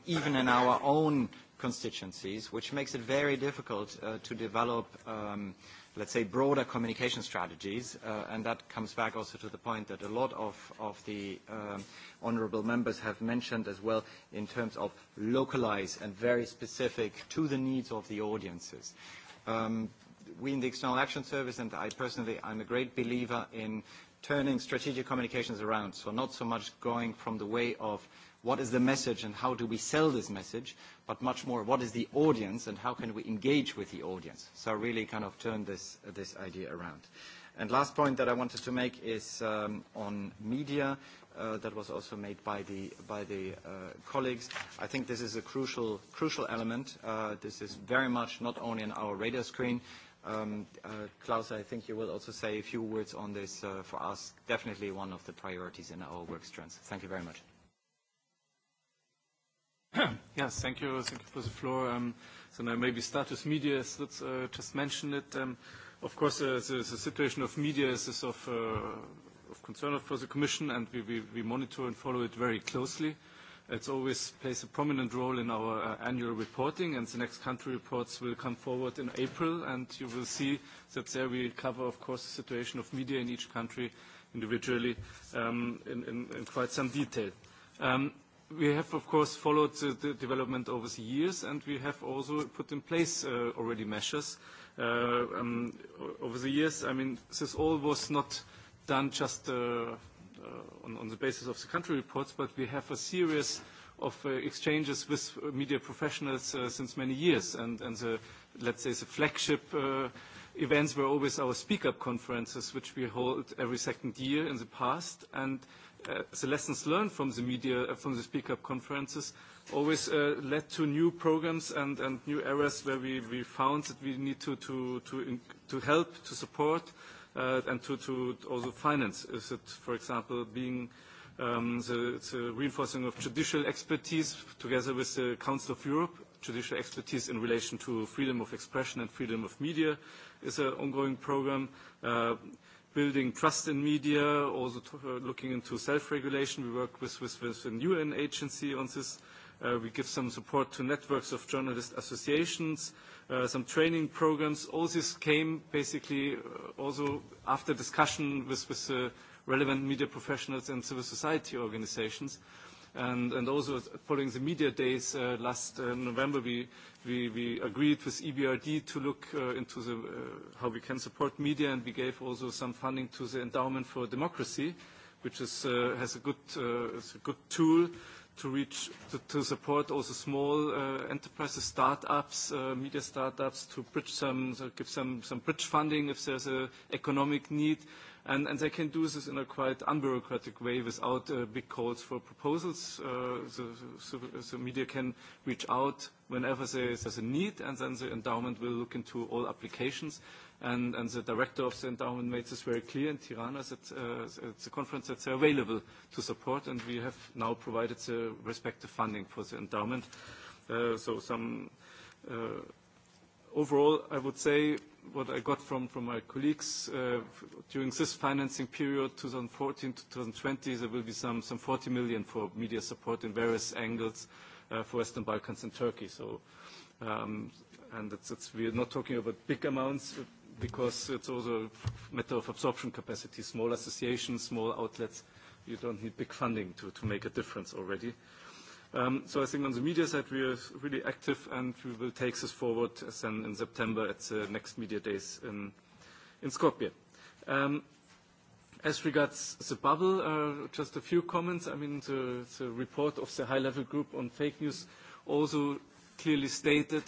even in our own constituencies, which makes it very difficult to develop um, let's say, broader communication strategies. and that comes back also to the point that a lot of, of the um, honourable members have mentioned as well in terms of localised and very specific to the needs of the audiences. Um, we in the External Action Service, and I personally, I'm a great believer in turning strategic communications around. So not so much going from the way of – what is the message and how do we sell this message, but much more what is the audience and how can we engage with the audience. So really kind of turn this, this idea around. And last point that I wanted to make is um, on media uh, that was also made by the, by the uh, colleagues. I think this is a crucial, crucial element. Uh, this is very much not only on our radar screen, Um Klaus, I think you will also say a few words on this. For us, definitely one of the priorities in our work strands. Thank you very much. Yes, thank you. Thank you for the floor. so now maybe start with media, as let's uh, just mention it. Um, of course, uh, the, the situation of media is, of, uh, of concern for the Commission, and we, we, we monitor and follow it very closely. It always plays a prominent role in our annual reporting, and the next country reports will come forward in April, and you will see that there we cover, of course, the situation of media in each country individually in, in, quite some detail. We have, of course, followed the development over the years, and we have also put in place already measures. Over the years, I mean, this all was not done just on the basis of the country reports, but we have a series of exchanges with media professionals since many years. And the, let's say, the flagship events were always our Speak Up conferences, which we hold every second year in the past. And uh, the lessons learned from the media, from the speak up conferences, always uh, led to new programs and, and new areas where we, we found that we need to, to, to, in, to help, to support, uh, and to, to also finance. Is it, for example, being um, the, the reinforcing of judicial expertise together with the Council of Europe, judicial expertise in relation to freedom of expression and freedom of media is an ongoing program. Uh, building trust in media, also looking into self-regulation. We work with, with, with a UN agency on this. Uh, we give some support to networks of journalist associations, uh, some training programs. All this came basically also after discussion with, with uh, relevant media professionals and civil society organizations. Uh, And, and also following the media days uh, last uh, November, we, we, we agreed with EBRD to look uh, into the, uh, how we can support media, and we gave also some funding to the Endowment for Democracy, which is, uh, has a good, uh, is a good tool to reach to, to support also small uh, enterprises, startups, uh, media startups, to bridge some, give some, some bridge funding if there's an economic need. And, and they can do this in a quite unbureaucratic way without uh, big calls for proposals. Uh, so, so, so media can reach out whenever there is a need, and then the endowment will look into all applications. And, and the director of the endowment made this very clear in Tirana that, uh, at the conference that they're available to support, and we have now provided the respective funding for the endowment. Uh, so some uh, overall, I would say what I got from my colleagues, during this financing period, 2014 to 2020, there will be some 40 million for media support in various angles for Western Balkans and Turkey. We're not talking about big amounts because it's also a matter of absorption capacity. Small associations, small outlets, you don't need big funding to make a difference already. So I think on the media side, we are really active, and we will take this forward then in September at the next media days in Skopje. As regards the bubble, just a few comments. I mean, the report of the high-level group on fake news also clearly stated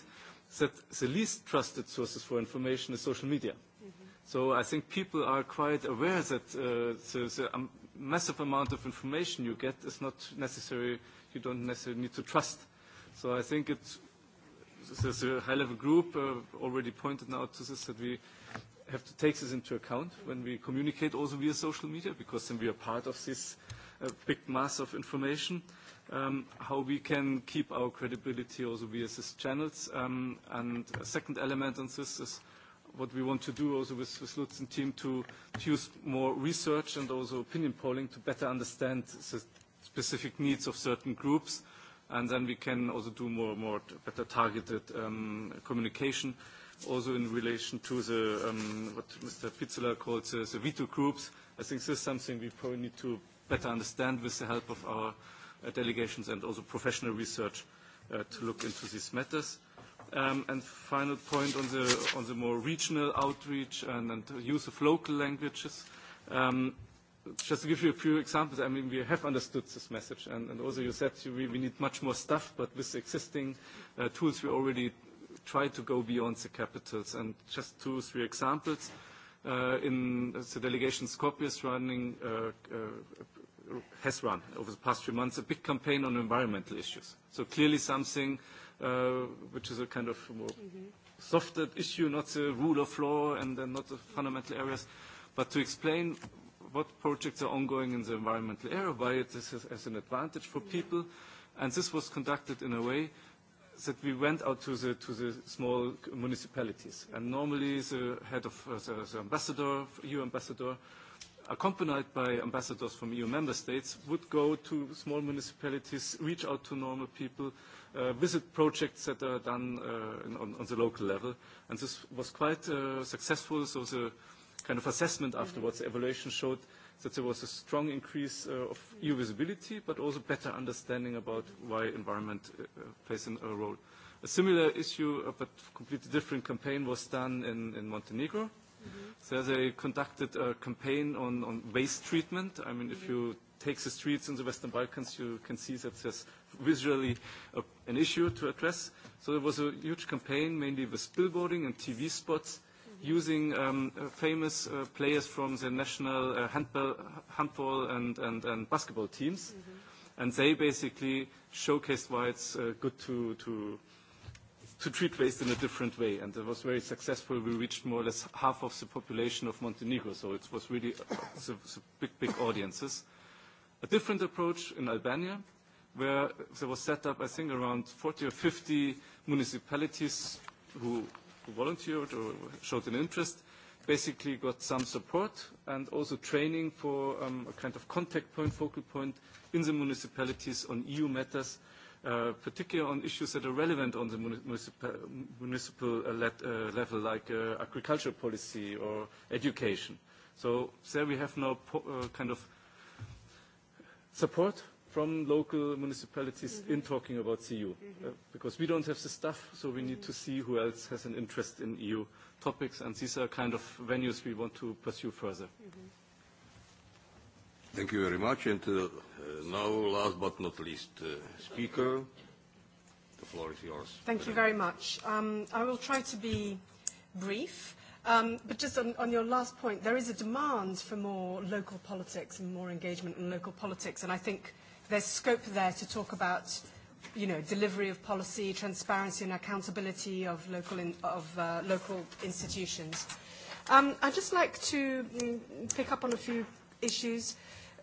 that the least trusted sources for information is social media. So I think people are quite aware that the massive amount of information you get is not necessarily you don't necessarily need to trust. So I think it's there's a high-level group uh, already pointed now to this that we have to take this into account when we communicate also via social media because then we are part of this uh, big mass of information. Um, how we can keep our credibility also via these channels. Um, and a second element on this is what we want to do also with, with Lutz and team to, to use more research and also opinion polling to better understand the specific needs of certain groups, and then we can also do more, more better targeted um, communication. Also in relation to the um, what Mr. Pitzler calls the the veto groups, I think this is something we probably need to better understand with the help of our uh, delegations and also professional research uh, to look into these matters. Um, and final point on the on the more regional outreach and, and use of local languages. Um, just to give you a few examples, I mean, we have understood this message, and, and also you said we, we need much more stuff, but with existing uh, tools, we already try to go beyond the capitals. And just two, or three examples. Uh, in the delegation Skopje is running, uh, uh, has run over the past few months, a big campaign on environmental issues. So clearly something uh, which is a kind of more softer issue, not the rule of law and then not the fundamental areas, but to explain what projects are ongoing in the environmental area, why this is as an advantage for people. And this was conducted in a way that we went out to the, to the small municipalities. And normally the head of uh, the, the ambassador, EU ambassador, accompanied by ambassadors from EU member states, would go to small municipalities, reach out to normal people, uh, visit projects that are done uh, on, on the local level. And this was quite uh, successful. So the kind of assessment afterwards, the evaluation showed that there was a strong increase uh, of EU visibility, but also better understanding about why environment uh, plays a role. A similar issue, uh, but completely different campaign, was done in, in Montenegro. So they conducted a campaign on, on waste treatment. I mean, if you take the streets in the Western Balkans, you can see that there's visually a, an issue to address. So there was a huge campaign, mainly with billboarding and TV spots, using um, famous uh, players from the national uh, handball, handball and, and, and basketball teams. Mm-hmm. And they basically showcased why it's uh, good to, to, to treat waste in a different way. And it was very successful. We reached more or less half of the population of Montenegro. So it was really the, the big, big audiences. A different approach in Albania, where there was set up, I think, around 40 or 50 municipalities who who volunteered or showed an interest basically got some support and also training for um, a kind of contact point, focal point in the municipalities on EU matters, uh, particularly on issues that are relevant on the municipal, municipal uh, let, uh, level, like uh, agriculture policy or education. So there we have now po- uh, kind of support from local municipalities in talking about EU, because we don't have the staff, so we need to see who else has an interest in EU topics, and these are kind of venues we want to pursue further. Thank you very much. And uh, now, last but not least, uh, speaker, the floor is yours. Thank you very much. Um, I will try to be brief. Um, but just on, on your last point, there is a demand for more local politics and more engagement in local politics, and I think there's scope there to talk about you know, delivery of policy, transparency and accountability of local, in, of, uh, local institutions. Um, I'd just like to pick up on a few issues.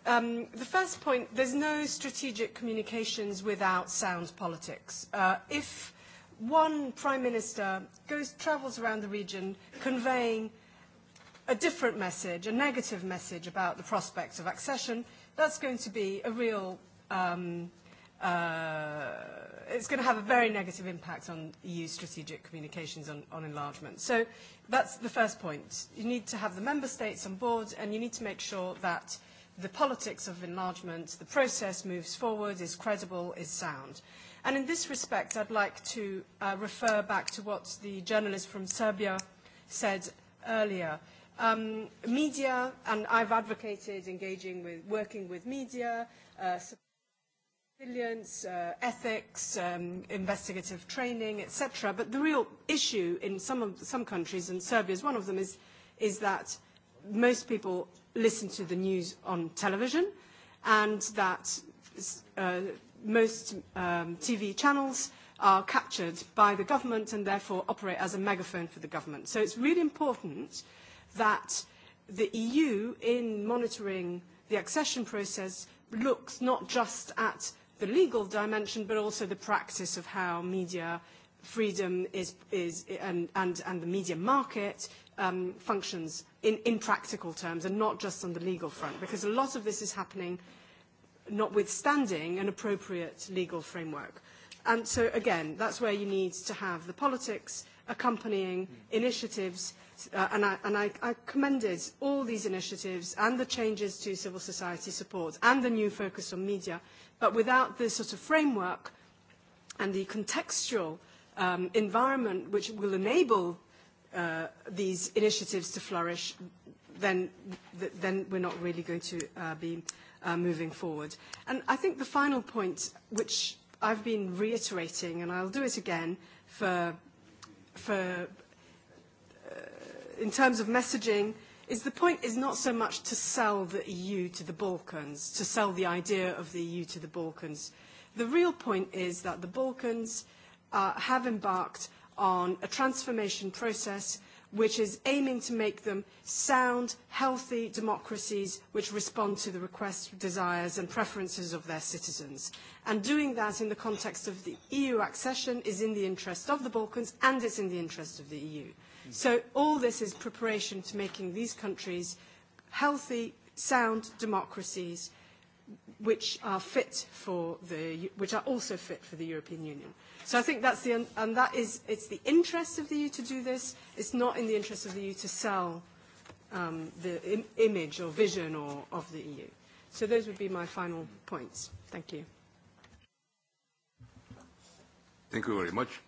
Um, the first point, there's no strategic communications without sound politics. Uh, if one prime minister goes, travels around the region conveying a different message, a negative message about the prospects of accession, that's going to be a real um, uh, it's going to have a very negative impact on EU strategic communications on, on enlargement. So that's the first point. You need to have the member states on board, and you need to make sure that the politics of enlargement, the process moves forward, is credible, is sound. And in this respect, I'd like to uh, refer back to what the journalist from Serbia said earlier. Um, media, and I've advocated engaging with, working with media, uh, Resilience, uh, ethics, um, investigative training, etc. But the real issue in some of some countries, and Serbia is one of them, is is that most people listen to the news on television, and that uh, most um, TV channels are captured by the government and therefore operate as a megaphone for the government. So it's really important that the EU, in monitoring the accession process, looks not just at the legal dimension, but also the practice of how media freedom is, is and, and, and the media market um, functions in, in practical terms and not just on the legal front, because a lot of this is happening notwithstanding an appropriate legal framework. And so, again, that's where you need to have the politics accompanying initiatives. Uh, and I, and I, I commended all these initiatives and the changes to civil society support and the new focus on media But without this sort of framework and the contextual um, environment which will enable uh, these initiatives to flourish, then, then we're not really going to uh, be uh, moving forward. And I think the final point, which I've been reiterating, and I'll do it again for, for uh, in terms of messaging, is the point is not so much to sell the EU to the Balkans, to sell the idea of the EU to the Balkans. The real point is that the Balkans uh, have embarked on a transformation process which is aiming to make them sound, healthy democracies which respond to the requests, desires and preferences of their citizens. And doing that in the context of the EU accession is in the interest of the Balkans and it's in the interest of the EU. So all this is preparation to making these countries healthy, sound democracies which are fit for the which are also fit for the European Union. So I think that's the and that is it's the interest of the EU to do this. It's not in the interest of the EU to sell um, the Im- image or vision or of the EU. So those would be my final points. Thank you. Thank you very much.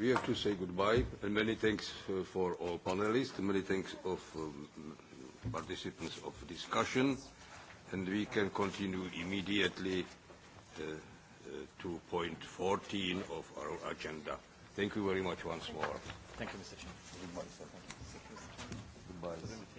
We have to say goodbye, and many thanks uh, for all panelists, many thanks of um, participants of discussion, and we can continue immediately uh, uh, to point 14 of our agenda. Thank you very much once more. Thank you, Mr. Chairman. Goodbye, sir. Goodbye.